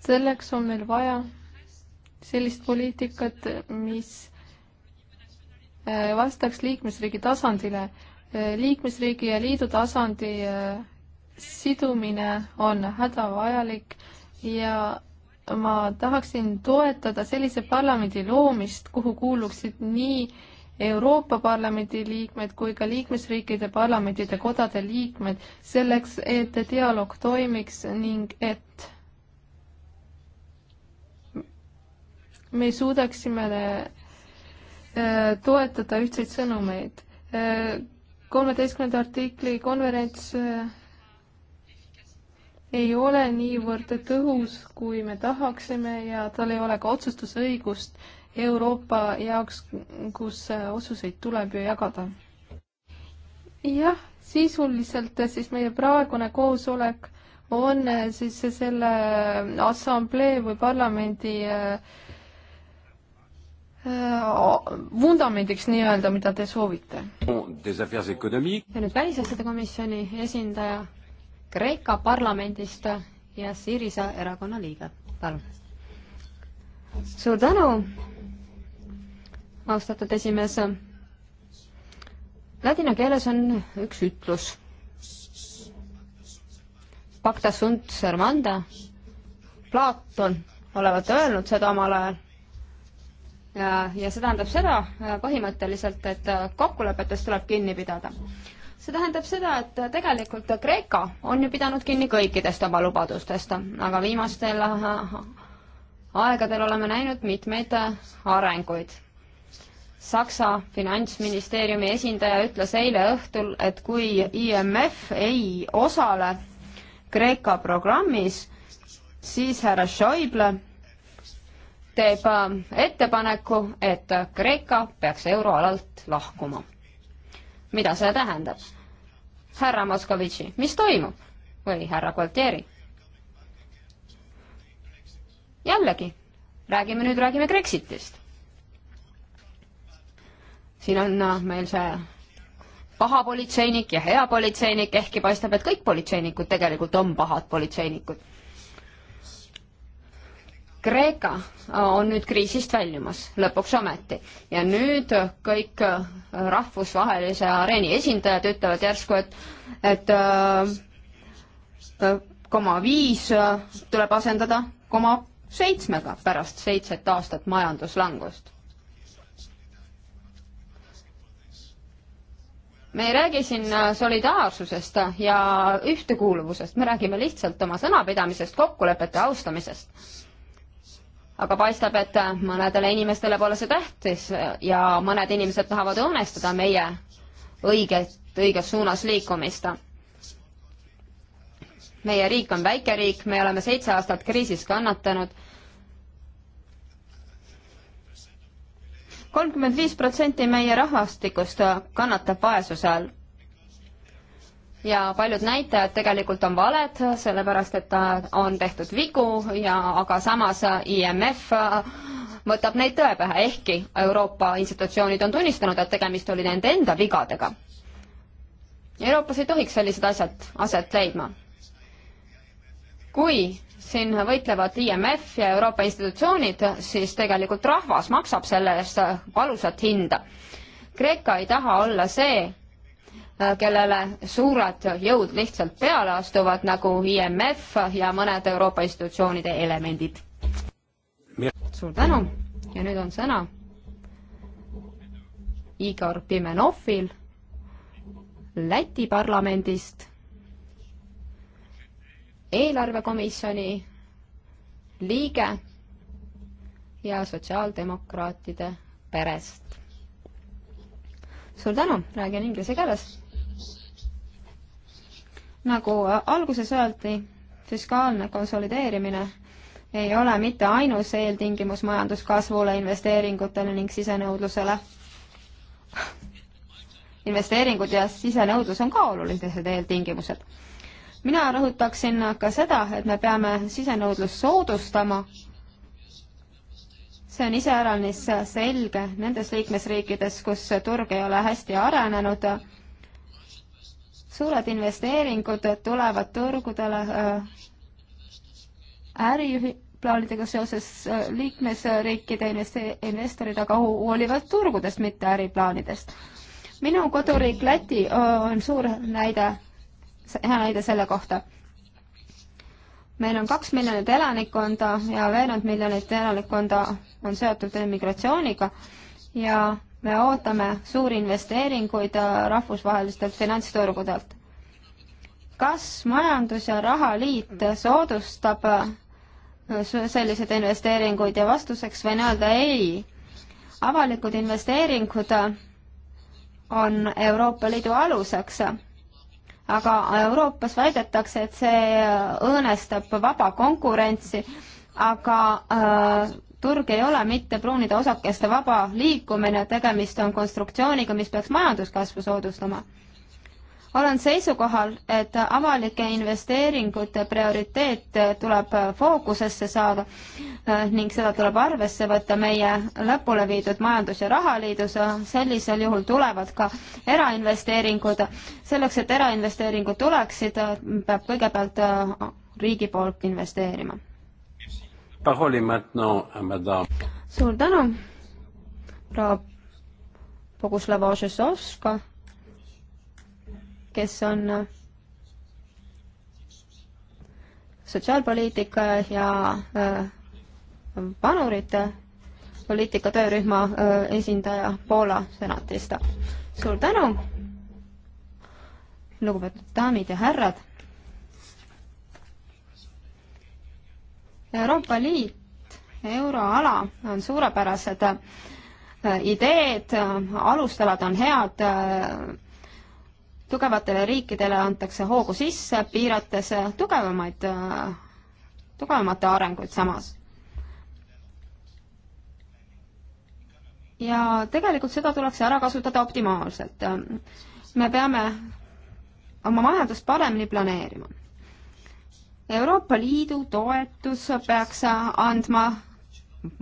selleks on meil vaja sellist poliitikat, mis äh, vastaks liikmesriigi tasandile. Äh, liikmesriigi ja liidu tasandi äh, sidumine on hädavajalik ja ma tahaksin toetada sellise parlamendi loomist, kuhu kuuluksid nii Euroopa Parlamendi liikmed kui ka liikmesriikide parlamendide kodade liikmed, selleks et dialoog toimiks ning et me suudaksime äh, toetada ühtseid sõnumeid. Äh, kolmeteistkümnenda artikli konverents äh, ei ole niivõrd tõhus, kui me tahaksime ja tal ei ole ka otsustusõigust Euroopa jaoks, kus otsuseid tuleb ju jagada. jah, sisuliselt siis meie praegune koosolek on siis selle assamblee või parlamendi äh, Äh, vundamendiks nii-öelda, mida te soovite? ja nüüd välisasjade komisjoni esindaja Kreeka parlamendist ja Sirisa erakonna liige, palun. suur tänu, austatud esimees. Ladina keeles on üks ütlus. Pacta sunt servanda. Platon olevat öelnud seda omal ajal ja, ja see tähendab seda äh, põhimõtteliselt, et äh, kokkulepetest tuleb kinni pidada. see tähendab seda, et äh, tegelikult Kreeka on ju pidanud kinni kõikidest oma lubadustest, aga viimastel aegadel oleme näinud mitmeid arenguid. Saksa finantsministeeriumi esindaja ütles eile õhtul, et kui IMF ei osale Kreeka programmis, siis härra Schäuble teeb äh, ettepaneku, et Kreeka peaks euroalalt lahkuma. mida see tähendab? härra Moskovitši, mis toimub? või härra Gualtieri? jällegi, räägime nüüd, räägime Brexitist. siin on äh, meil see paha politseinik ja hea politseinik, ehkki paistab, et kõik politseinikud tegelikult on pahad politseinikud Kreeka äh, on nüüd kriisist väljumas lõpuks ometi ja nüüd kõik äh, rahvusvahelise areeni esindajad ütlevad järsku, et, et äh, koma viis tuleb asendada koma seitsmega pärast seitset aastat majanduslangust. me ei räägi siin solidaarsusest ja ühtekuuluvusest, me räägime lihtsalt oma sõnapidamisest, kokkulepete austamisest aga paistab, et mõnedele inimestele pole see tähtis ja mõned inimesed tahavad õõnestada meie õiget, õiges suunas liikumist. meie riik on väike riik, me oleme seitse aastat kriisis kannatanud. kolmkümmend viis protsenti meie rahvastikust kannatab vaesuse all ja paljud näitajad tegelikult on valed, sellepärast et äh, on tehtud vigu ja aga samas äh, IMF äh, võtab neid tõe pähe, ehkki Euroopa institutsioonid on tunnistanud, et tegemist oli nende enda vigadega. Euroopas ei tohiks sellised asjad aset leidma. kui siin võitlevad IMF ja Euroopa institutsioonid, siis tegelikult rahvas maksab selle eest valusat hinda. Kreeka ei taha olla see, Äh, kellele suured jõud lihtsalt peale astuvad, nagu IMF ja mõned Euroopa institutsioonide elemendid. suur tänu ja nüüd on sõna Igor Pimenovil Läti parlamendist, eelarvekomisjoni liige ja sotsiaaldemokraatide perest. suur tänu, räägin inglise keeles nagu alguses öeldi, fiskaalne konsolideerimine ei ole mitte ainus eeltingimus majanduskasvule, investeeringutele ning sisenõudlusele. investeeringud ja sisenõudlus on ka olulised eeltingimused. mina rõhutaksin ka seda, et me peame sisenõudlust soodustama. see on iseäranis selge nendes liikmesriikides, kus turg ei ole hästi arenenud suured investeeringud tulevad turgudele äh, äriplaanidega seoses äh, liikmesriikide investorid aga hoolivad turgudest, mitte äriplaanidest. minu koduriik Läti äh, on suur näide, hea näide selle kohta. meil on kaks miljonit elanikkonda ja veerand miljonit elanikkonda on seotud immigratsiooniga ja me ootame suuri investeeringuid äh, rahvusvahelistelt finantsturgudelt. kas Majandus- ja Rahaliit soodustab äh, selliseid investeeringuid ja vastuseks võin öelda ei. avalikud investeeringud äh, on Euroopa Liidu aluseks, aga Euroopas väidetakse, et see õõnestab vaba konkurentsi, aga äh, turg ei ole mitte pruunide osakeste vaba liikumine, tegemist on konstruktsiooniga, mis peaks majanduskasvu soodustama. olen seisukohal, et avalike investeeringute prioriteet tuleb fookusesse saada eh, ning seda tuleb arvesse võtta meie lõpule viidud Majandus- ja Rahaliidus, sellisel juhul tulevad ka erainvesteeringud. selleks, et erainvesteeringud tuleksid, eh, peab kõigepealt eh, riigi poolt investeerima suur tänu, proua Boguslava Ožesovska, kes on sotsiaalpoliitika ja äh, vanurite poliitika töörühma äh, esindaja Poola senatist. suur tänu, lugupeetud daamid ja härrad Euroopa Liit, euroala on suurepärased äh, ideed, äh, alustalad on head, äh, tugevatele riikidele antakse hoogu sisse, piirates tugevamaid, tugevamate arenguid samas. ja tegelikult seda tuleks ära kasutada optimaalselt. me peame oma majandust paremini planeerima Euroopa Liidu toetus peaks andma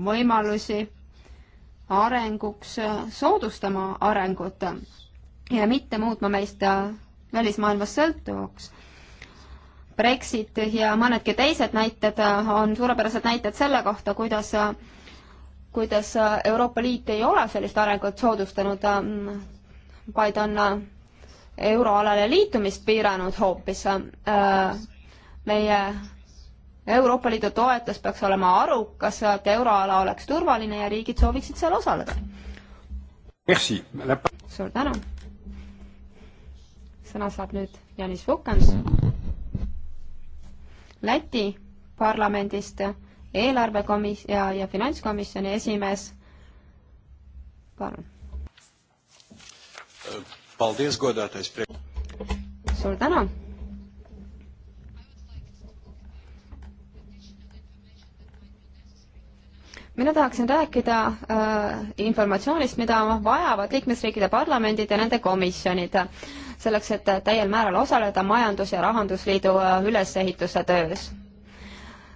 võimalusi arenguks, soodustama arengut ja mitte muutma meist välismaailmast sõltuvaks. Brexit ja mõnedki teised näited on suurepärased näited selle kohta, kuidas kuidas Euroopa Liit ei ole sellist arengut soodustanud, vaid on euroalale liitumist piiranud hoopis meie Euroopa Liidu toetus peaks olema arukas, et euroala oleks turvaline ja riigid sooviksid seal osaleda. suur tänu. sõna saab nüüd Janis Vukans Läti parlamendist eelarvekomis- ja, ja finantskomisjoni esimees. palun. suur tänu mina tahaksin rääkida äh, informatsioonist, mida vajavad liikmesriikide parlamendid ja nende komisjonid selleks, et täiel määral osaleda Majandus- ja Rahandusliidu äh, ülesehituse töös.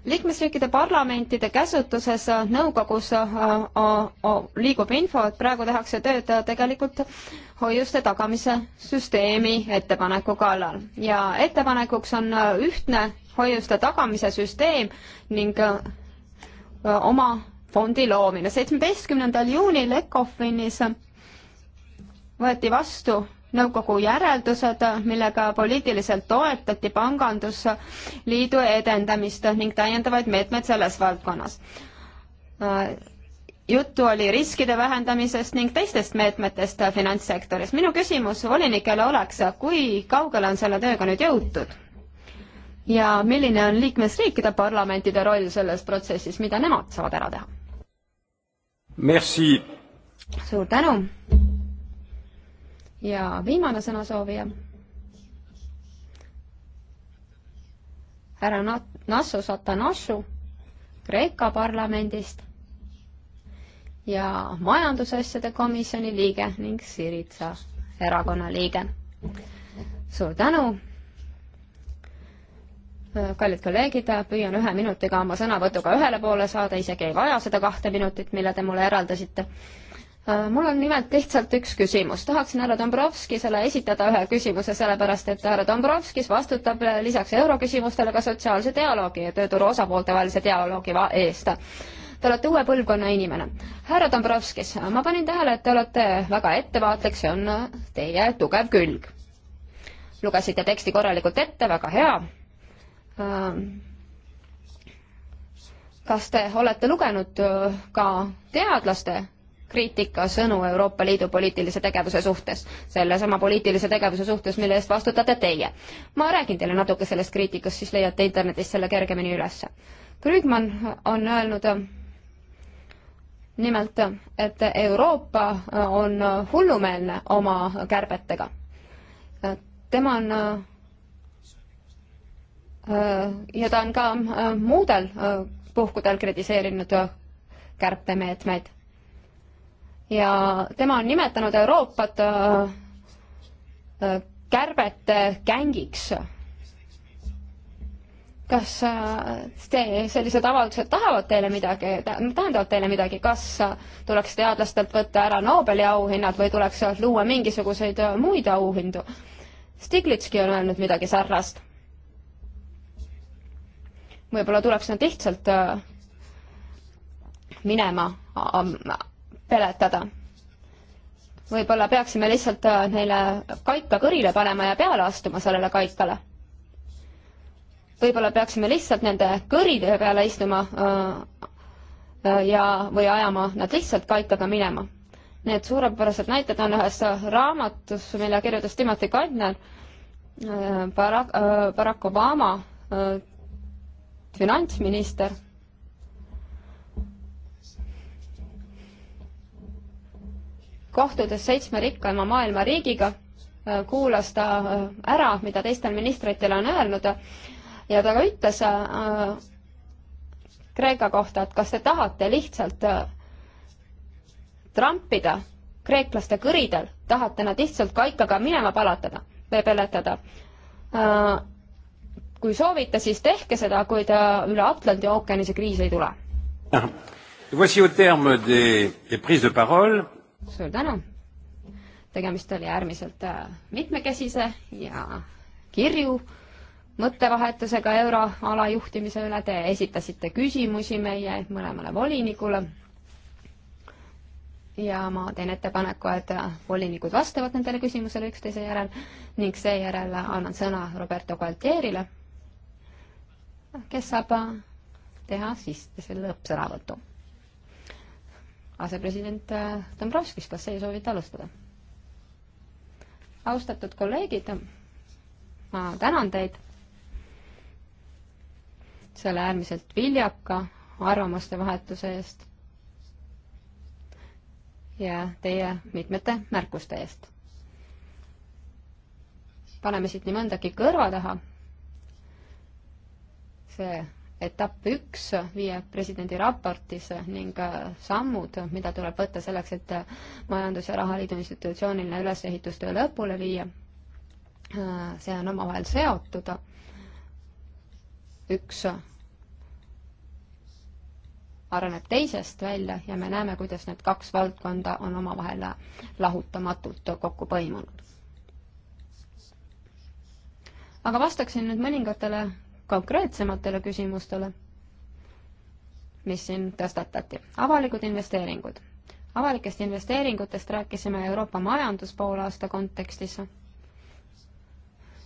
liikmesriikide parlamentide käsutuses äh, nõukogus äh, äh, liigub info, et praegu tehakse tööd äh, tegelikult hoiuste tagamise süsteemi ettepaneku kallal ja ettepanekuks on ühtne hoiuste tagamise süsteem ning oma fondi loomine. seitsmeteistkümnendal juunil ECOFINis võeti vastu nõukogu järeldused, millega poliitiliselt toetati pangandusliidu edendamist ning täiendavaid meetmeid selles valdkonnas. juttu oli riskide vähendamisest ning teistest meetmetest finantssektoris. minu küsimus volinikele oleks, kui kaugele on selle tööga nüüd jõutud? ja milline on liikmesriikide parlamentide roll selles protsessis, mida nemad saavad ära teha? Merci! suur tänu! ja viimane sõnasoovija. härra Nat-, Nassu Satanassu Kreeka parlamendist ja majandusasjade komisjoni liige ning Siritsa erakonna liige. suur tänu kallid kolleegid, püüan ühe minutiga oma sõnavõtuga ühele poole saada, isegi ei vaja seda kahte minutit, mille te mulle eraldasite. Äh, mul on nimelt lihtsalt üks küsimus, tahaksin härra Dombrovskisele esitada ühe küsimuse, sellepärast et härra Dombrovskis vastutab äh, lisaks euroküsimustele ka sotsiaalse dialoogi ja tööturu osapooltevahelise dialoogi eest te olete uue põlvkonna inimene. härra Dombrovskis, ma panin tähele, et te olete väga ettevaatlik, see on teie tugev külg. lugesite teksti korralikult ette, väga hea Ähm, kas te olete lugenud äh, ka teadlaste kriitika sõnu Euroopa Liidu poliitilise tegevuse suhtes, sellesama poliitilise tegevuse suhtes, mille eest vastutate teie. ma räägin teile natuke sellest kriitikast, siis leiate internetist selle kergemini üles. Krüügmann on öelnud äh, nimelt, et Euroopa äh, on hullumeelne oma kärbetega. tema on Äh, ja ta on ka äh, muudel äh, puhkudel kritiseerinud kärpemeetmeid. ja tema on nimetanud Euroopat kärbete gängiks. kas see, sellised avaldused tahavad teile midagi, tähendavad teile midagi, kas tuleks teadlastelt võtta ära Nobeli auhinnad või tuleks luua mingisuguseid muid auhindu? Stiglitski on öelnud midagi sarnast võib-olla tuleks nad lihtsalt äh, minema ähm, peletada. võib-olla peaksime lihtsalt äh, neile kaika kõrile panema ja peale astuma sellele kaikale. võib-olla peaksime lihtsalt nende kõride peale istuma äh, ja, või ajama nad lihtsalt kaikaga minema. Need suurepärased näited on ühes raamatus, mille kirjutas Timothy Kandner, Barack, Barack Obama finantsminister kohtudes seitsme rikkaima maailma riigiga, äh, kuulas ta äh, ära, mida teistel ministritel on öelnud ja ta ka ütles äh, Kreeka kohta, et kas te tahate lihtsalt äh, trampida kreeklaste kõridel, tahate nad lihtsalt kaikaga minema palatada või peletada äh, kui soovite, siis tehke seda, kui ta üle Atlandi ookeani see kriis ei tule. Ah. suur tänu. tegemist oli äärmiselt äh, mitmekesise ja kirju mõttevahetusega euroala juhtimise üle. Te esitasite küsimusi meie mõlemale volinikule. ja ma teen ettepaneku, et äh, volinikud vastavad nendele küsimusele üksteise järel ning seejärel annan sõna Roberto Gualtierile kes saab äh, teha siis selle lõppsõnavõtu. asepresident äh, Dombrovskis, kas teie soovite alustada? austatud kolleegid, ma tänan teid selle äärmiselt viljaka arvamuste vahetuse eest ja teie mitmete märkuste eest. paneme siit nii mõndagi kõrva taha see etapp üks viie presidendi raportis ning äh, sammud, mida tuleb võtta selleks, et äh, majandus- ja rahaliidu institutsiooniline ülesehitustöö lõpule viia, äh, see on omavahel seotud. üks areneb teisest välja ja me näeme, kuidas need kaks valdkonda on omavahel lahutamatult kokku põimunud. aga vastaksin nüüd mõningatele konkreetsematele küsimustele, mis siin tõstatati. avalikud investeeringud. avalikest investeeringutest rääkisime Euroopa majanduspoolaasta kontekstis.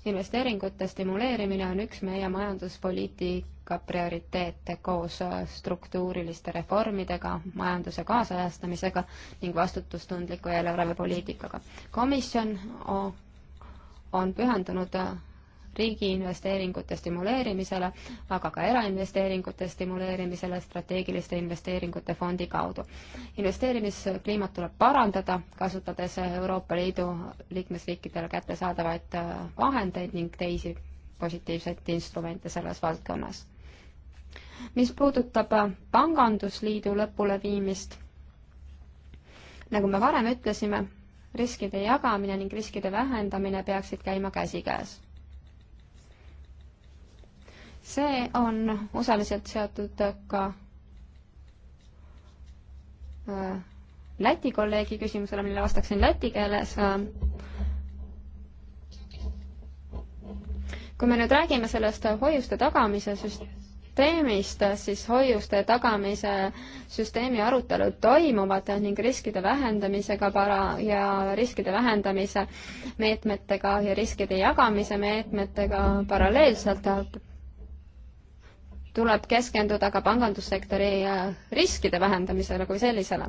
investeeringute stimuleerimine on üks meie majanduspoliitika prioriteete koos struktuuriliste reformidega, majanduse kaasajastamisega ning vastutustundliku eelarvepoliitikaga. komisjon on pühendunud riigi investeeringute stimuleerimisele, aga ka erainvesteeringute stimuleerimisele strateegiliste investeeringute fondi kaudu. investeerimiskliimat tuleb parandada, kasutades Euroopa Liidu liikmesriikidele kättesaadavaid äh, vahendeid ning teisi positiivseid instrumente selles valdkonnas. mis puudutab äh, Pangandusliidu lõpuleviimist, nagu me varem ütlesime, riskide jagamine ning riskide vähendamine peaksid käima käsikäes see on osaliselt seotud ka äh, Läti kolleegi küsimusele, millele vastaksin läti keeles. Äh. kui me nüüd räägime sellest hoiuste tagamise süsteemist, siis hoiuste tagamise süsteemi arutelud toimuvad ning riskide vähendamisega para- ja riskide vähendamise meetmetega ja riskide jagamise meetmetega paralleelselt tuleb keskenduda ka pangandussektori äh, riskide vähendamisele kui sellisele.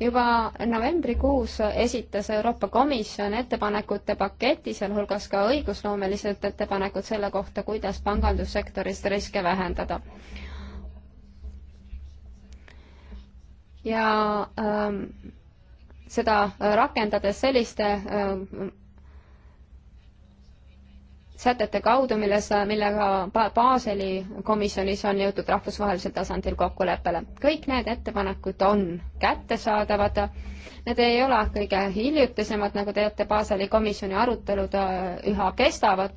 juba novembrikuus esitas Euroopa Komisjon ettepanekute paketi, sealhulgas ka õigusloomelised ettepanekud selle kohta, kuidas pangandussektoris riske vähendada. ja ähm, seda rakendades selliste ähm, sätete kaudu, milles, millega Baseli komisjonis on jõutud rahvusvahelisel tasandil kokkuleppele. kõik need ettepanekud on kättesaadavad, need ei ole kõige hiljutisemad, nagu teate, Baseli komisjoni arutelud äh, üha kestavad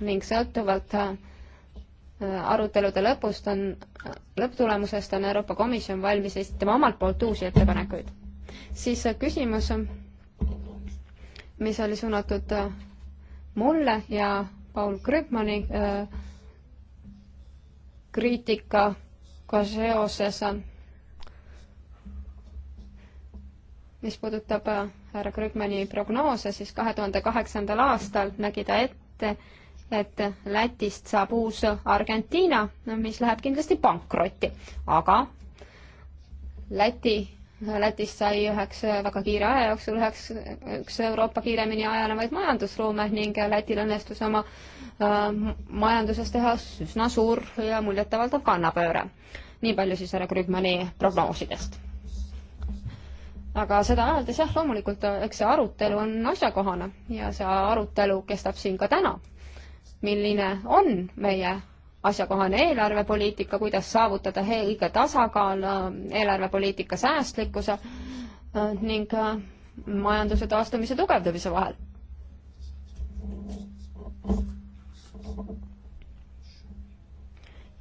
ning sõltuvalt äh, arutelude lõpust on, lõpptulemusest on Euroopa Komisjon valmis esitama omalt poolt uusi ettepanekuid. siis äh, küsimus, mis oli suunatud mulle ja Paul Krüpmani äh, kriitikaga seoses, mis puudutab äh, härra Krüpmani prognoose, siis kahe tuhande kaheksandal aastal nägi ta ette, et Lätist saab uus Argentiina, mis läheb kindlasti pankrotti, aga Läti Lätist sai üheks väga kiire aja jooksul üheks, üks Euroopa kiiremini ajanevaid majandusruume ning Lätil õnnestus oma äh, majanduses teha üsna suur ja muljetavaldav kannapööre. nii palju siis härra Krügmani prognoosidest. aga seda öeldes jah, loomulikult äh, eks see arutelu on asjakohane ja see arutelu kestab siin ka täna. milline on meie asjakohane eelarvepoliitika, kuidas saavutada õige tasakaal äh, eelarvepoliitika säästlikkuse äh, ning äh, majanduse taastumise tugevdamise vahel.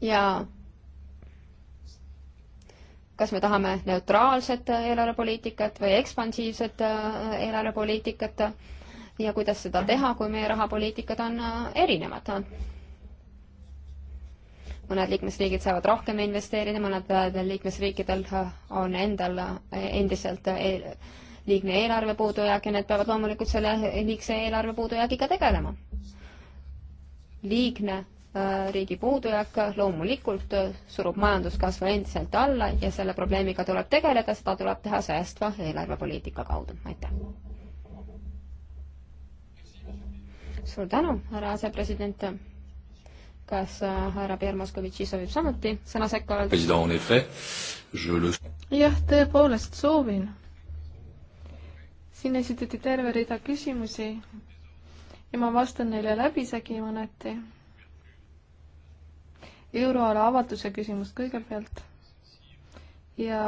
ja kas me tahame neutraalset eelarvepoliitikat või ekspansiivset eelarvepoliitikat ja kuidas seda teha, kui meie rahapoliitikad on erinevad mõned liikmesriigid saavad rohkem investeerida, mõnedel liikmesriikidel äh, on endal äh, endiselt äh, liigne eelarve puudujääk ja need peavad loomulikult selle liigse eelarve puudujäägiga tegelema. liigne riigi puudujääk loomulikult surub majanduskasvu endiselt alla ja selle probleemiga tuleb tegeleda, seda tuleb teha säästva eelarvepoliitika kaudu, aitäh. suur tänu, härra asepresident kas äh, härra Pierre Moskovitši soovib samuti sõna sekka öelda? jah, tõepoolest soovin. siin esitati terve rida küsimusi ja ma vastan neile läbisegi mõneti. euroala avatuse küsimust kõigepealt ja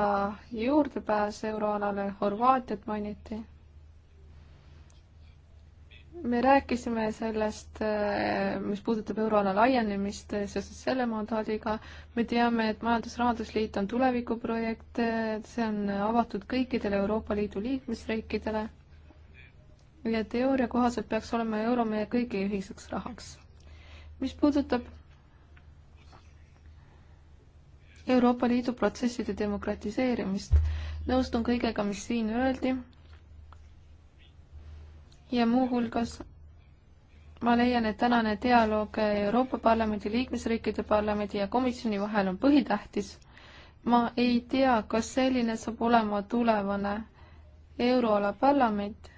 juurdepääs euroalale, Horvaatiat mainiti me rääkisime sellest, äh, mis puudutab euroala laienemist äh, seoses selle mandaadiga. me teame, et Majandus-Rahandusliit on tulevikuprojekt, äh, see on avatud kõikidele Euroopa Liidu liikmesriikidele. ja teooria kohaselt peaks olema euro meie kõigi ühiseks rahaks. mis puudutab Euroopa Liidu protsesside demokratiseerimist, nõustun kõigega, mis siin öeldi ja muuhulgas ma leian, et tänane dialoog Euroopa Parlamendi, liikmesriikide parlamendi ja komisjoni vahel on põhitähtis. ma ei tea, kas selline saab olema tulevane euroala parlament.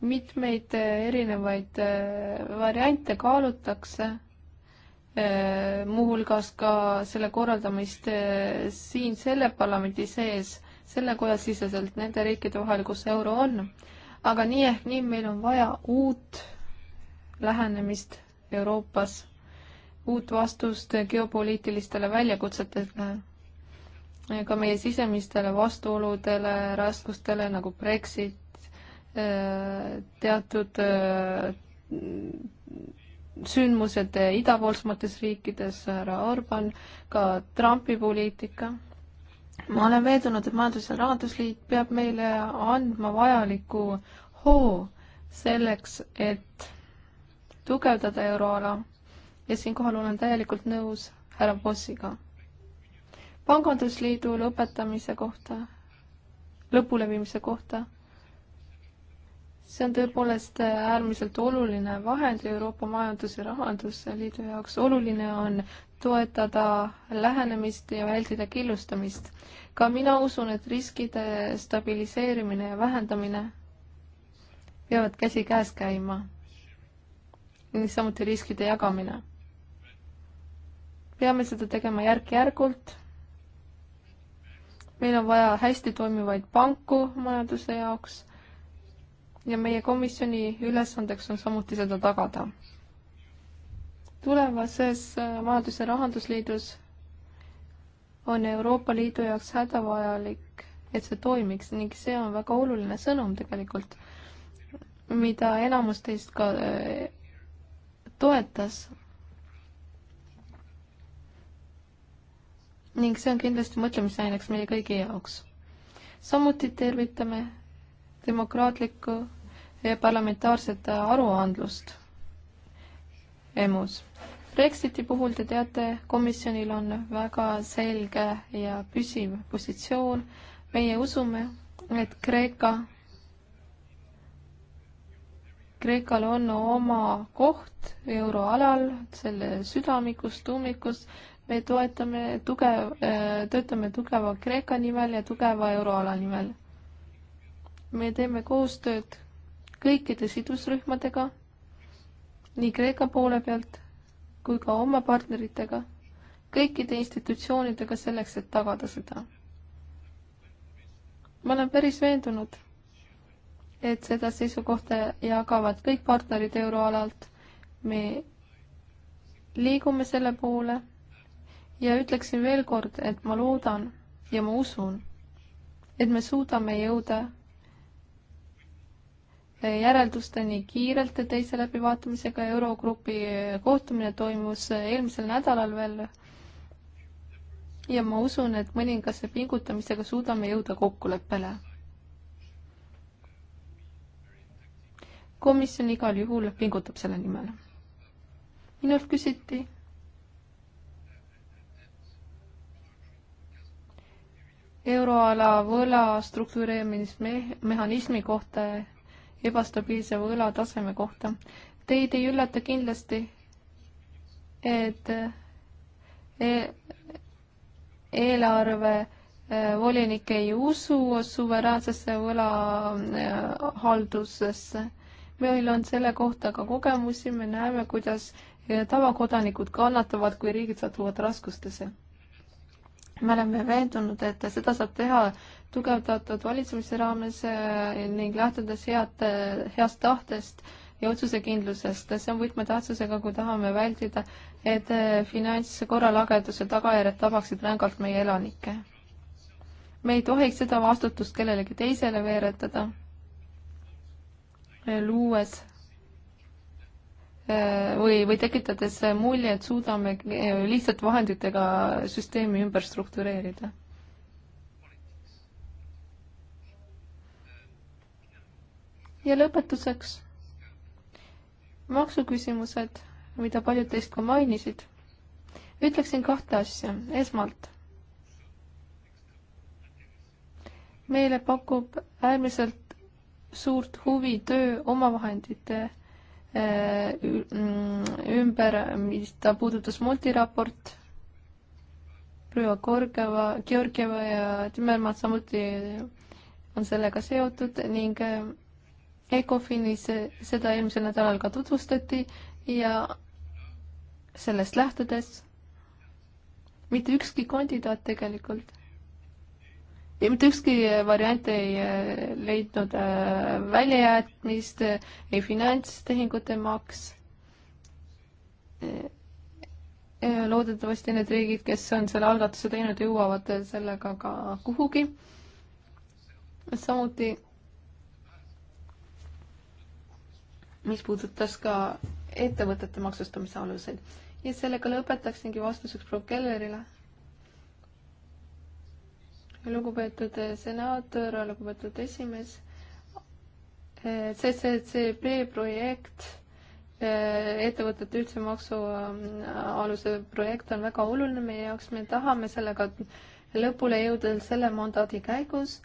mitmeid erinevaid äh, variante kaalutakse, äh, muuhulgas ka selle korraldamist äh, siin selle parlamendi sees, selle koja siseselt nende riikide vahel, kus euro on aga nii ehk nii meil on vaja uut lähenemist Euroopas, uut vastust geopoliitilistele väljakutsetele, ka meie sisemistele vastuoludele, raskustele nagu Brexit, äh, teatud äh, sündmused idapoolsemates riikides, härra Orban, ka Trumpi poliitika ma olen veendunud, et Majandus- ja Rahandusliit peab meile andma vajaliku hoo selleks, et tugevdada euroala ja siinkohal olen täielikult nõus härra Bossiga. pangandusliidu lõpetamise kohta, lõpuleviimise kohta, see on tõepoolest äärmiselt oluline vahend Euroopa Majandus- ja Rahandusliidu jaoks. oluline on toetada lähenemist ja vältida killustamist. ka mina usun, et riskide stabiliseerimine ja vähendamine peavad käsikäes käima. niisamuti riskide jagamine. peame seda tegema järk-järgult. meil on vaja hästi toimivaid panku majanduse jaoks ja meie komisjoni ülesandeks on samuti seda tagada tulevases äh, Majandus- ja Rahandusliidus on Euroopa Liidu jaoks hädavajalik, et see toimiks ning see on väga oluline sõnum tegelikult, mida enamus teist ka äh, toetas. ning see on kindlasti mõtlemisaineks meie kõigi jaoks. samuti tervitame demokraatlikku ja parlamentaarset aruandlust EMU-s. Brexiti puhul te teate, komisjonil on väga selge ja püsiv positsioon. meie usume, et Kreeka, Kreekal on oma koht euroalal, selle südamikus, tuumikus. me toetame tugev, äh, töötame tugeva Kreeka nimel ja tugeva euroala nimel. me teeme koostööd kõikide sidusrühmadega nii Kreeka poole pealt kui ka oma partneritega, kõikide institutsioonidega selleks, et tagada seda. ma olen päris veendunud, et seda seisukohta jagavad kõik partnerid euroalalt. me liigume selle poole ja ütleksin veel kord, et ma loodan ja ma usun, et me suudame jõuda järeldusteni kiirelt teise läbivaatamisega. Eurogrupi kohtumine toimus eelmisel nädalal veel. ja ma usun, et mõningase pingutamisega suudame jõuda kokkuleppele. komisjon igal juhul pingutab selle nimel. minult küsiti euroala võla struktureerimismehhanismi kohta ebastabiilse võlataseme kohta. Teid ei üllata kindlasti, et e, eelarve e, volinik ei usu suveräänsesse võlahaldusesse. E, meil on selle kohta ka kogemusi, me näeme, kuidas tavakodanikud kannatavad, kui riigid satuvad raskustesse me oleme veendunud, et seda saab teha tugevdatud valitsemise raames eh, ning lähtudes head, heast tahtest ja otsusekindlusest. see on võtmetähtsusega, kui tahame vältida, et eh, finantskorralageduse tagajärjed tabaksid rängalt meie elanikke. me ei tohiks seda vastutust kellelegi teisele veeretada, eh, luues või, või tekitades mulje, et suudame lihtsalt vahenditega süsteemi ümber struktureerida ja lõpetuseks maksuküsimused, mida paljud teist ka mainisid. ütleksin kahte asja. esmalt, meile pakub äärmiselt suurt huvi töö omavahendite eh, mm, ümber, mis ta puudutas multiraport, Prüa Korgeva, Georgieva ja Timmermann samuti on sellega seotud ning eh, ECOFINis seda eelmisel nädalal ka tutvustati ja sellest lähtudes mitte ükski kandidaat tegelikult ja mitte ükski variant ei äh, leidnud äh, väljajätmist, ei finantstehingute maks. Äh, loodetavasti need riigid, kes on selle algatuse teinud, jõuavad sellega ka kuhugi. samuti mis puudutas ka ettevõtete maksustamise aluseid. ja sellega lõpetaksingi vastuseks proua Kellerile. lugupeetud senaator, lugupeetud esimees, CCCB projekt, ettevõtete üldse maksualuse äh, projekt on väga oluline meie jaoks, me tahame sellega lõpule jõuda selle mandaadi käigus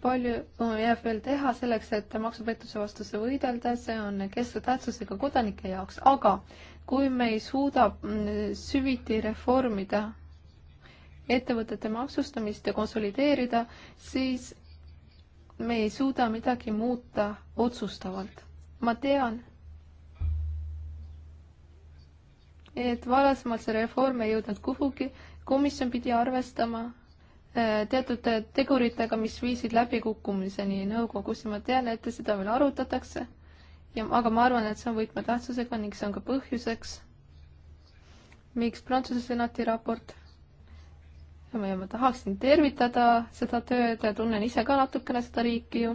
palju on jääb veel teha selleks, et maksupettuse vastu võidelda, see on keskse tähtsusega kodanike jaoks, aga kui me ei suuda mm, süviti reformida ettevõtete maksustamist ja konsolideerida, siis me ei suuda midagi muuta otsustavalt. ma tean, et varasemalt see reform ei jõudnud kuhugi, komisjon pidi arvestama Äh, teatud teguritega, mis viisid läbikukkumiseni nõukogus ja ma tean, et seda veel arutatakse. ja, aga ma arvan, et see on võtmetähtsusega ning see on ka põhjuseks, miks Prantsuse senati raport ja ma, ja ma tahaksin tervitada seda tööd ja tunnen ise ka natukene seda riiki ju.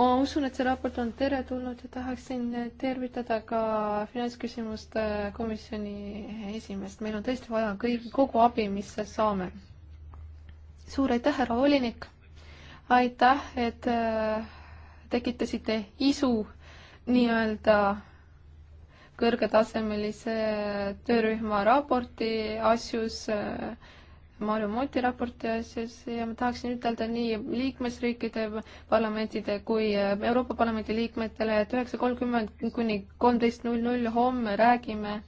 ma usun, et see raport on teretulnud ja tahaksin tervitada ka finantsküsimuste komisjoni esimeest. meil on tõesti vaja kõigi, kogu abi, mis saame suur aitäh, härra volinik! aitäh, et äh, tekitasite isu nii-öelda kõrgetasemelise töörühma raporti asjus, äh, Marju Moti raporti asjus ja ma tahaksin ütelda nii liikmesriikide parlamentide kui äh, Euroopa Parlamendi liikmetele, et üheksa kolmkümmend kuni kolmteist null null homme räägime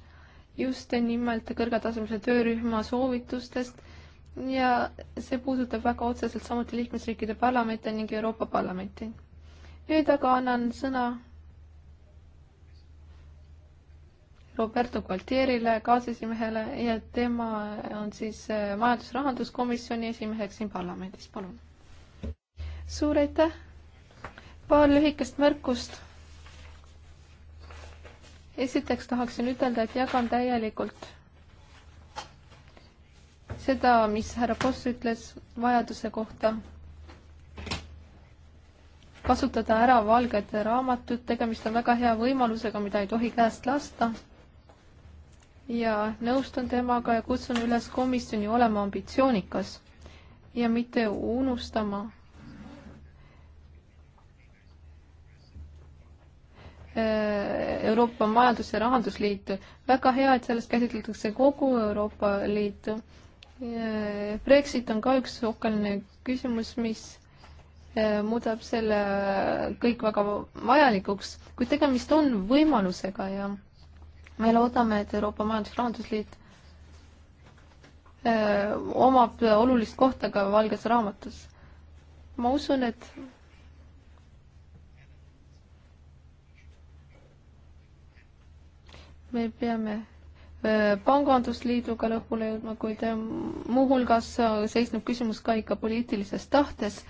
just nimelt kõrgetasemelise töörühma soovitustest ja see puudutab väga otseselt samuti liikmesriikide parlamente ning Euroopa Parlamenti. nüüd aga annan sõna Roberto Gualtierile, kaasesimehele ja tema on siis äh, majandus-rahanduskomisjoni esimeheks siin parlamendis, palun. suur aitäh, paar lühikest märkust. esiteks tahaksin ütelda, et jagan täielikult seda, mis härra Boss ütles vajaduse kohta kasutada ära valged raamatud, tegemist on väga hea võimalusega, mida ei tohi käest lasta. ja nõustun temaga ja kutsun üles komisjoni olema ambitsioonikas ja mitte unustama äh, Euroopa Majandus- ja Rahandusliitu. väga hea, et sellest käsitletakse kogu Euroopa Liitu Äh, Brexit on ka üks ohkaline küsimus, mis äh, muudab selle kõik väga vajalikuks, kuid tegemist on võimalusega ja me loodame, et Euroopa Majandus- ja Rahandusliit äh, omab olulist kohta ka Valges Raamatus. ma usun, et me peame pangandusliiduga lõpule jõudma, kuid äh, muuhulgas äh, seisneb küsimus ka ikka poliitilises tahtes.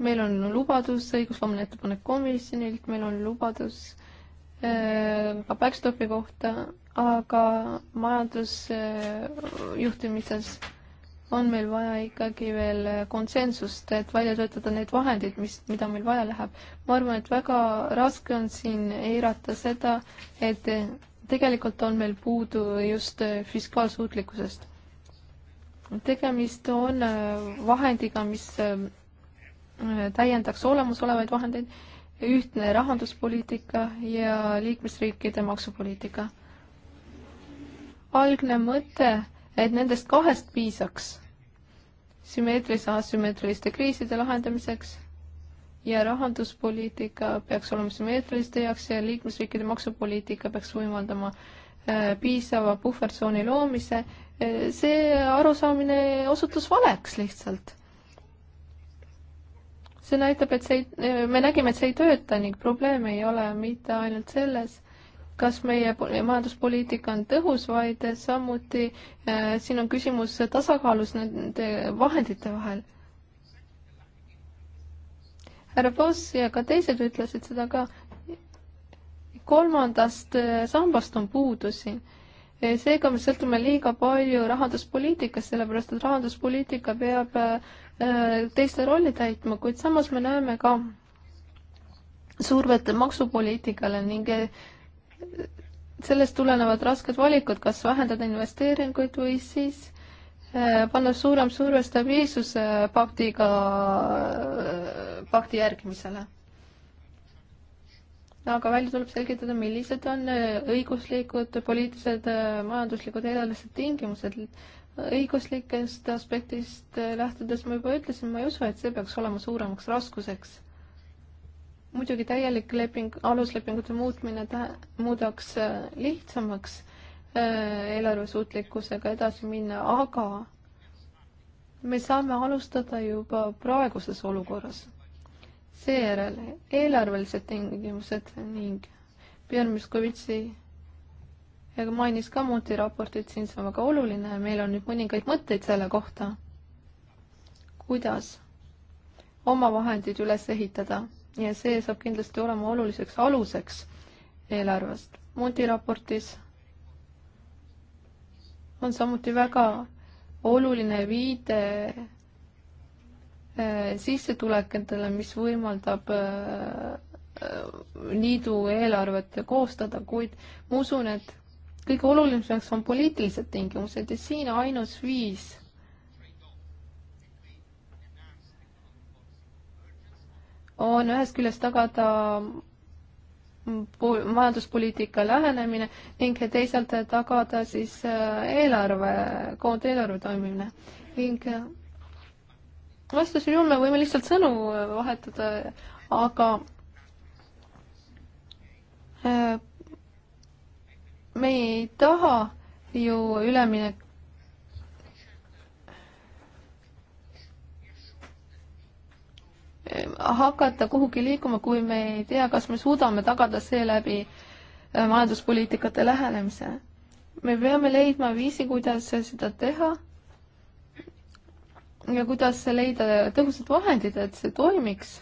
meil on lubadus, õigusloomne ettepanek komisjonilt, meil on lubadus äh, ka backstopi kohta, aga majandusjuhtimises on meil vaja ikkagi veel konsensust, et välja töötada need vahendid, mis, mida meil vaja läheb. ma arvan, et väga raske on siin eirata seda, et tegelikult on meil puudu just äh, fiskaalsuutlikkusest. tegemist on äh, vahendiga, mis äh, täiendaks olemasolevaid vahendeid, ühtne rahanduspoliitika ja liikmesriikide maksupoliitika. algne mõte, et nendest kahest piisaks sümmeetrilise asümmeetriliste kriiside lahendamiseks ja rahanduspoliitika peaks olema sümmeetriliste jaoks ja liikmesriikide maksupoliitika peaks võimaldama äh, piisava puhvertsooni loomise. Äh, see arusaamine osutus valeks lihtsalt. see näitab, et see ei, äh, me nägime, et see ei tööta ning probleem ei ole mitte ainult selles, kas meie majanduspoliitika on tõhus, vaid samuti siin on küsimus tasakaalus nende vahendite vahel härra Boss ja ka teised ütlesid seda ka, kolmandast eh, sambast on puudusi. Eh, seega me sõltume liiga palju rahanduspoliitikast, sellepärast et rahanduspoliitika peab eh, teiste rolli täitma, kuid samas me näeme ka survet maksupoliitikale ning sellest tulenevad rasked valikud, kas vähendada investeeringuid või siis Äh, panna suurem surve stabiilsuse äh, paktiga, äh, pakti järgimisele. aga välja tuleb selgitada, millised on õiguslikud, poliitilised, majanduslikud, eelarvelised tingimused. õiguslikest aspektist lähtudes ma juba ütlesin, ma ei usu, et see peaks olema suuremaks raskuseks. muidugi täielik leping, aluslepingute muutmine tä-, muudaks lihtsamaks Äh, eelarvesuutlikkusega edasi minna, aga me saame alustada juba praeguses olukorras. seejärel eelarvelised tingimused ning Björn Miskovitši mainis ka Muti raportit, siin see on väga oluline, meil on nüüd mõningaid mõtteid selle kohta, kuidas oma vahendid üles ehitada ja see saab kindlasti olema oluliseks aluseks eelarvest. Muti raportis on samuti väga oluline viide äh, sissetulekutele, mis võimaldab äh, liidu eelarvet koostada, kuid ma usun, et kõige olulisemaks on poliitilised tingimused ja siin ainus viis on ühest küljest tagada majanduspoliitika lähenemine ning teisalt tagada siis äh, eelarve, koondeelarve toimimine ning äh, vastasel juhul me võime lihtsalt sõnu äh, vahetada, aga me ei taha ju üleminek hakata kuhugi liikuma, kui me ei tea, kas me suudame tagada seeläbi äh, majanduspoliitikate lähenemise. me peame leidma viisi, kuidas seda teha ja kuidas leida tõhusad vahendid, et see toimiks.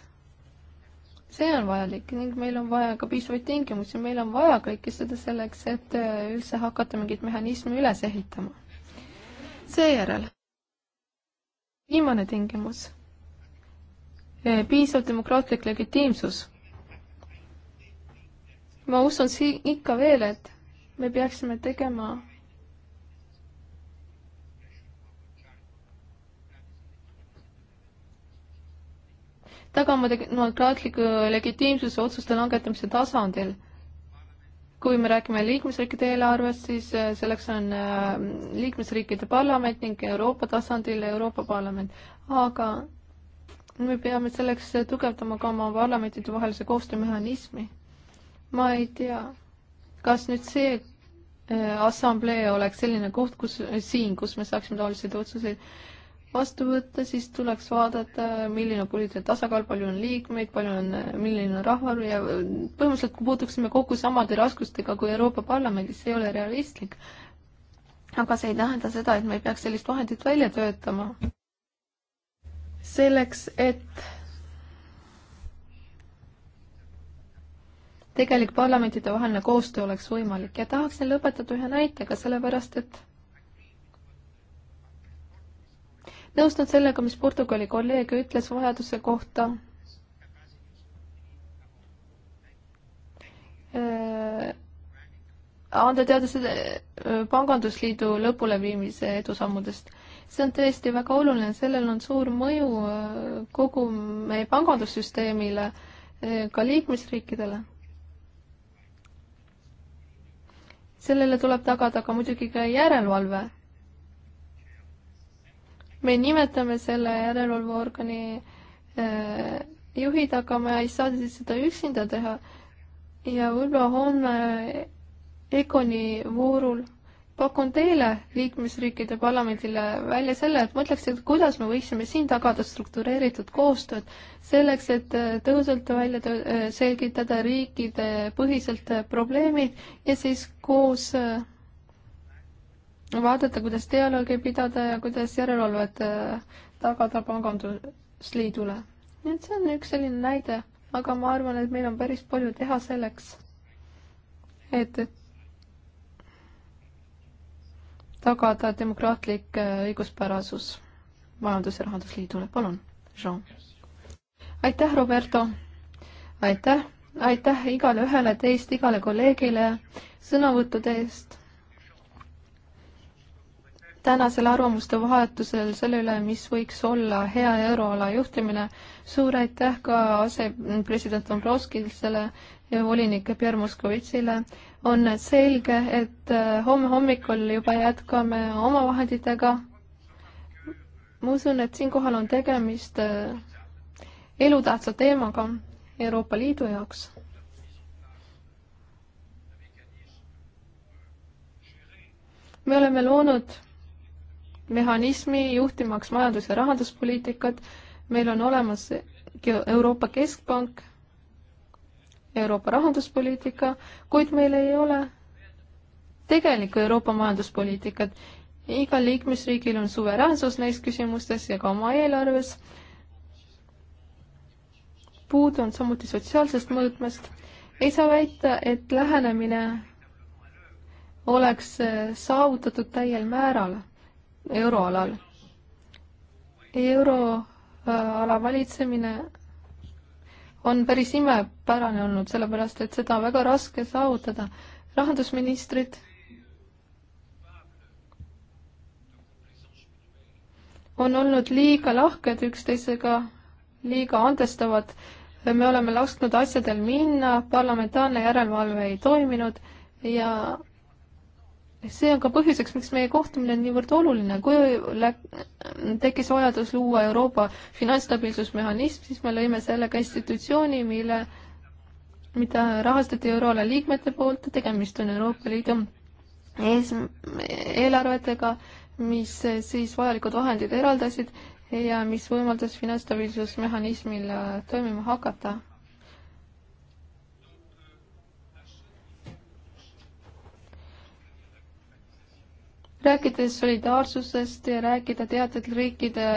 see on vajalik ning meil on vaja ka piisavaid tingimusi, meil on vaja kõike seda selleks, et äh, üldse hakata mingit mehhanismi üles ehitama. seejärel viimane tingimus Eh, piisav demokraatlik legitiimsus. ma usun sii-, ikka veel, et me peaksime tegema tagama demokraatliku legitiimsuse otsuste langetamise tasandil. kui me räägime liikmesriikide eelarvest, siis eh, selleks on eh, liikmesriikide parlament ning Euroopa tasandil Euroopa Parlament, aga me peame selleks tugevdama ka oma parlamentide vahelise koostöömehhanismi. ma ei tea, kas nüüd see äh, assamblee oleks selline koht, kus, äh, siin, kus me saaksime taoliseid otsuseid vastu võtta, siis tuleks vaadata, milline on poliitiline tasakaal, palju on liikmeid, palju on, äh, milline on rahvaarv ja põhimõtteliselt puutuksime kokku samade raskustega kui Euroopa Parlamendis, see ei ole realistlik. aga see ei tähenda seda, et me ei peaks sellist vahendit välja töötama selleks, et tegelik parlamentide vaheline koostöö oleks võimalik ja tahaksin lõpetada ühe näitega, sellepärast et nõustun sellega, mis Portugali kolleeg ütles vajaduse kohta äh, anda teada seda äh, pangandusliidu lõpuleviimise edusammudest see on tõesti väga oluline, sellel on suur mõju äh, kogu meie pangandussüsteemile, äh, ka liikmesriikidele. sellele tuleb tagada ka muidugi ka järelevalve. me nimetame selle järelevalveorgani äh, juhid, aga me ei saa seda üksinda teha ja võib-olla homme Econi voorul pakun teile, liikmesriikide parlamendile välja selle, et mõtleksid, kuidas me võiksime siin tagada struktureeritud koostööd selleks, et äh, tõhusalt välja äh, selgitada riikide põhiselt äh, probleemid ja siis koos vaadata, kuidas dialoogi pidada ja kuidas järelevalvet tagada pangandusliidule. nii et see on üks selline näide, aga ma arvan, et meil on päris palju teha selleks, et, et tagada demokraatlik äh, õiguspärasus Majandus- ja Rahandusliidule, palun, Jean. aitäh, Roberto, aitäh, aitäh igale ühele teist, igale kolleegile sõnavõttude eest. tänasel arvamuste vahetusel selle üle, mis võiks olla hea euroala juhtimine, suur aitäh ka asepresident Dombrovskisele ja volinik Pierre Moskovitšile on selge, et äh, homme hommikul juba jätkame omavahenditega. ma usun, et siinkohal on tegemist äh, elutähtsa teemaga Euroopa Liidu jaoks me oleme loonud mehhanismi juhtimaks majandus- ja rahanduspoliitikat, meil on olemas Euroopa Keskpank, Euroopa rahanduspoliitika, kuid meil ei ole tegelikku Euroopa majanduspoliitikat. igal liikmesriigil on suveräänsus neis küsimustes ja ka oma eelarves. puudu on samuti sotsiaalsest mõõtmest. ei saa väita, et lähenemine oleks äh, saavutatud täiel määral euroalal. euroala valitsemine on päris imepärane olnud, sellepärast et seda on väga raske saavutada. rahandusministrid on olnud liiga lahked üksteisega, liiga andestavad. me oleme lasknud asjadel minna, parlamentaarne järelevalve ei toiminud ja see on ka põhjuseks, miks meie kohtumine on niivõrd oluline, kui tekkis vajadus luua Euroopa finantsstabiilsusmehhanism, siis me lõime sellega institutsiooni, mille, mida rahastati euroala liikmete poolt, tegemist on Euroopa Liidu ees, eelarvetega, mis siis vajalikud vahendid eraldasid ja mis võimaldas finantsstabiilsusmehhanismil toimima hakata rääkides solidaarsusest ja rääkida teatud riikide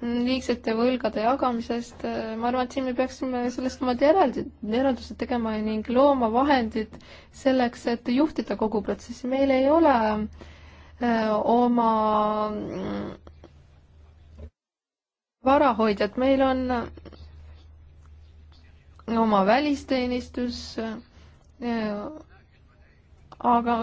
liigsete võlgade jagamisest, ma arvan, et siin me peaksime sellest omad järeldid, järeldused tegema ning looma vahendid selleks, et juhtida kogu protsessi. meil ei ole öö, äh, oma mm, varahoidjad, meil on äh, oma välisteenistus, äh, aga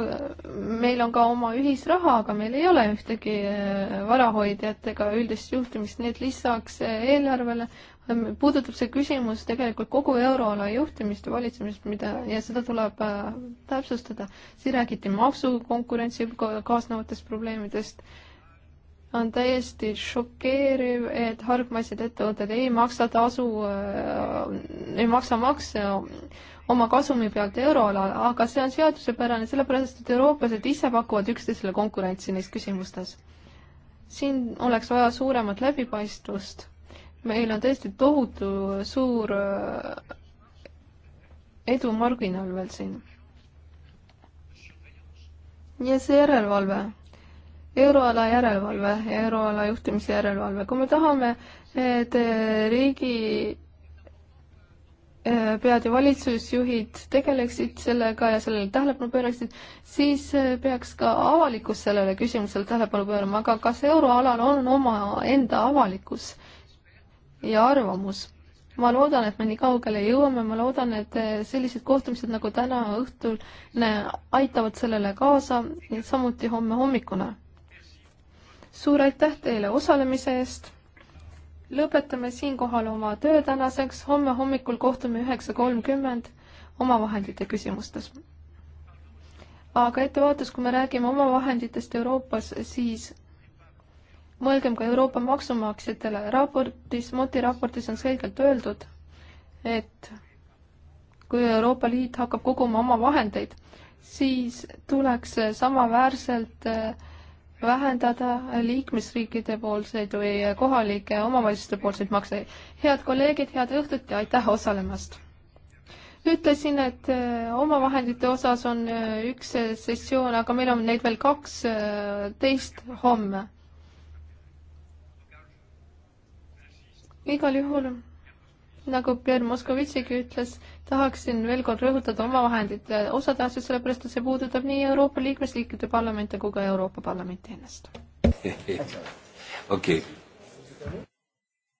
meil on ka oma ühisraha, aga meil ei ole ühtegi äh, varahoidjat ega üldist juhtimist, nii et lisaks äh, eelarvele ähm, puudutab see küsimus tegelikult kogu euroala juhtimist ja valitsemist, mida ja seda tuleb äh, täpsustada. siin räägiti maksukonkurentsi kaasnevatest probleemidest on täiesti šokeeriv, et hargmaised ettevõtted ei maksa tasu äh,, ei maksa makse oma kasumi pealt euroalal, aga see on seadusepärane, sellepärast et eurooplased ise pakuvad üksteisele konkurentsi neis küsimustes. siin oleks vaja suuremat läbipaistvust. meil on tõesti tohutu suur äh, edumarginaal veel siin. ja see järelevalve, euroala järelevalve, euroala juhtimise järelevalve, kui me tahame, et äh, riigi Äh, pead ja valitsusjuhid tegeleksid sellega ja sellele tähelepanu pööraksid, siis äh, peaks ka avalikkus sellele küsimusele tähelepanu pöörama, aga kas euroalal on omaenda avalikkus ja arvamus? ma loodan, et me nii kaugele jõuame, ma loodan, et äh, sellised kohtumised nagu täna õhtul aitavad sellele kaasa, samuti homme hommikune. suur aitäh teile osalemise eest lõpetame siinkohal oma töö tänaseks, homme hommikul kohtume üheksa kolmkümmend omavahendite küsimustes. aga ettevaates, kui me räägime omavahenditest Euroopas, siis mõelgem ka Euroopa maksumaksjatele, raportis, Moti raportis on selgelt öeldud, et kui Euroopa Liit hakkab koguma oma vahendeid, siis tuleks samaväärselt äh, vähendada liikmesriikide poolseid või kohalike omavalitsuste poolseid makseid. head kolleegid, head õhtut ja aitäh osalemast! ütlesin, et äh, omavahendite osas on äh, üks äh, sessioon, aga meil on neid veel kaks teist homme. igal juhul, nagu Pierre Moskovitšigi ütles, tahaksin veel kord rõhutada omavahendite osatähtsust, sellepärast et see puudutab nii Euroopa liikmesriikide parlamente kui ka Euroopa Parlamenti ennast. [LAUGHS] okei okay..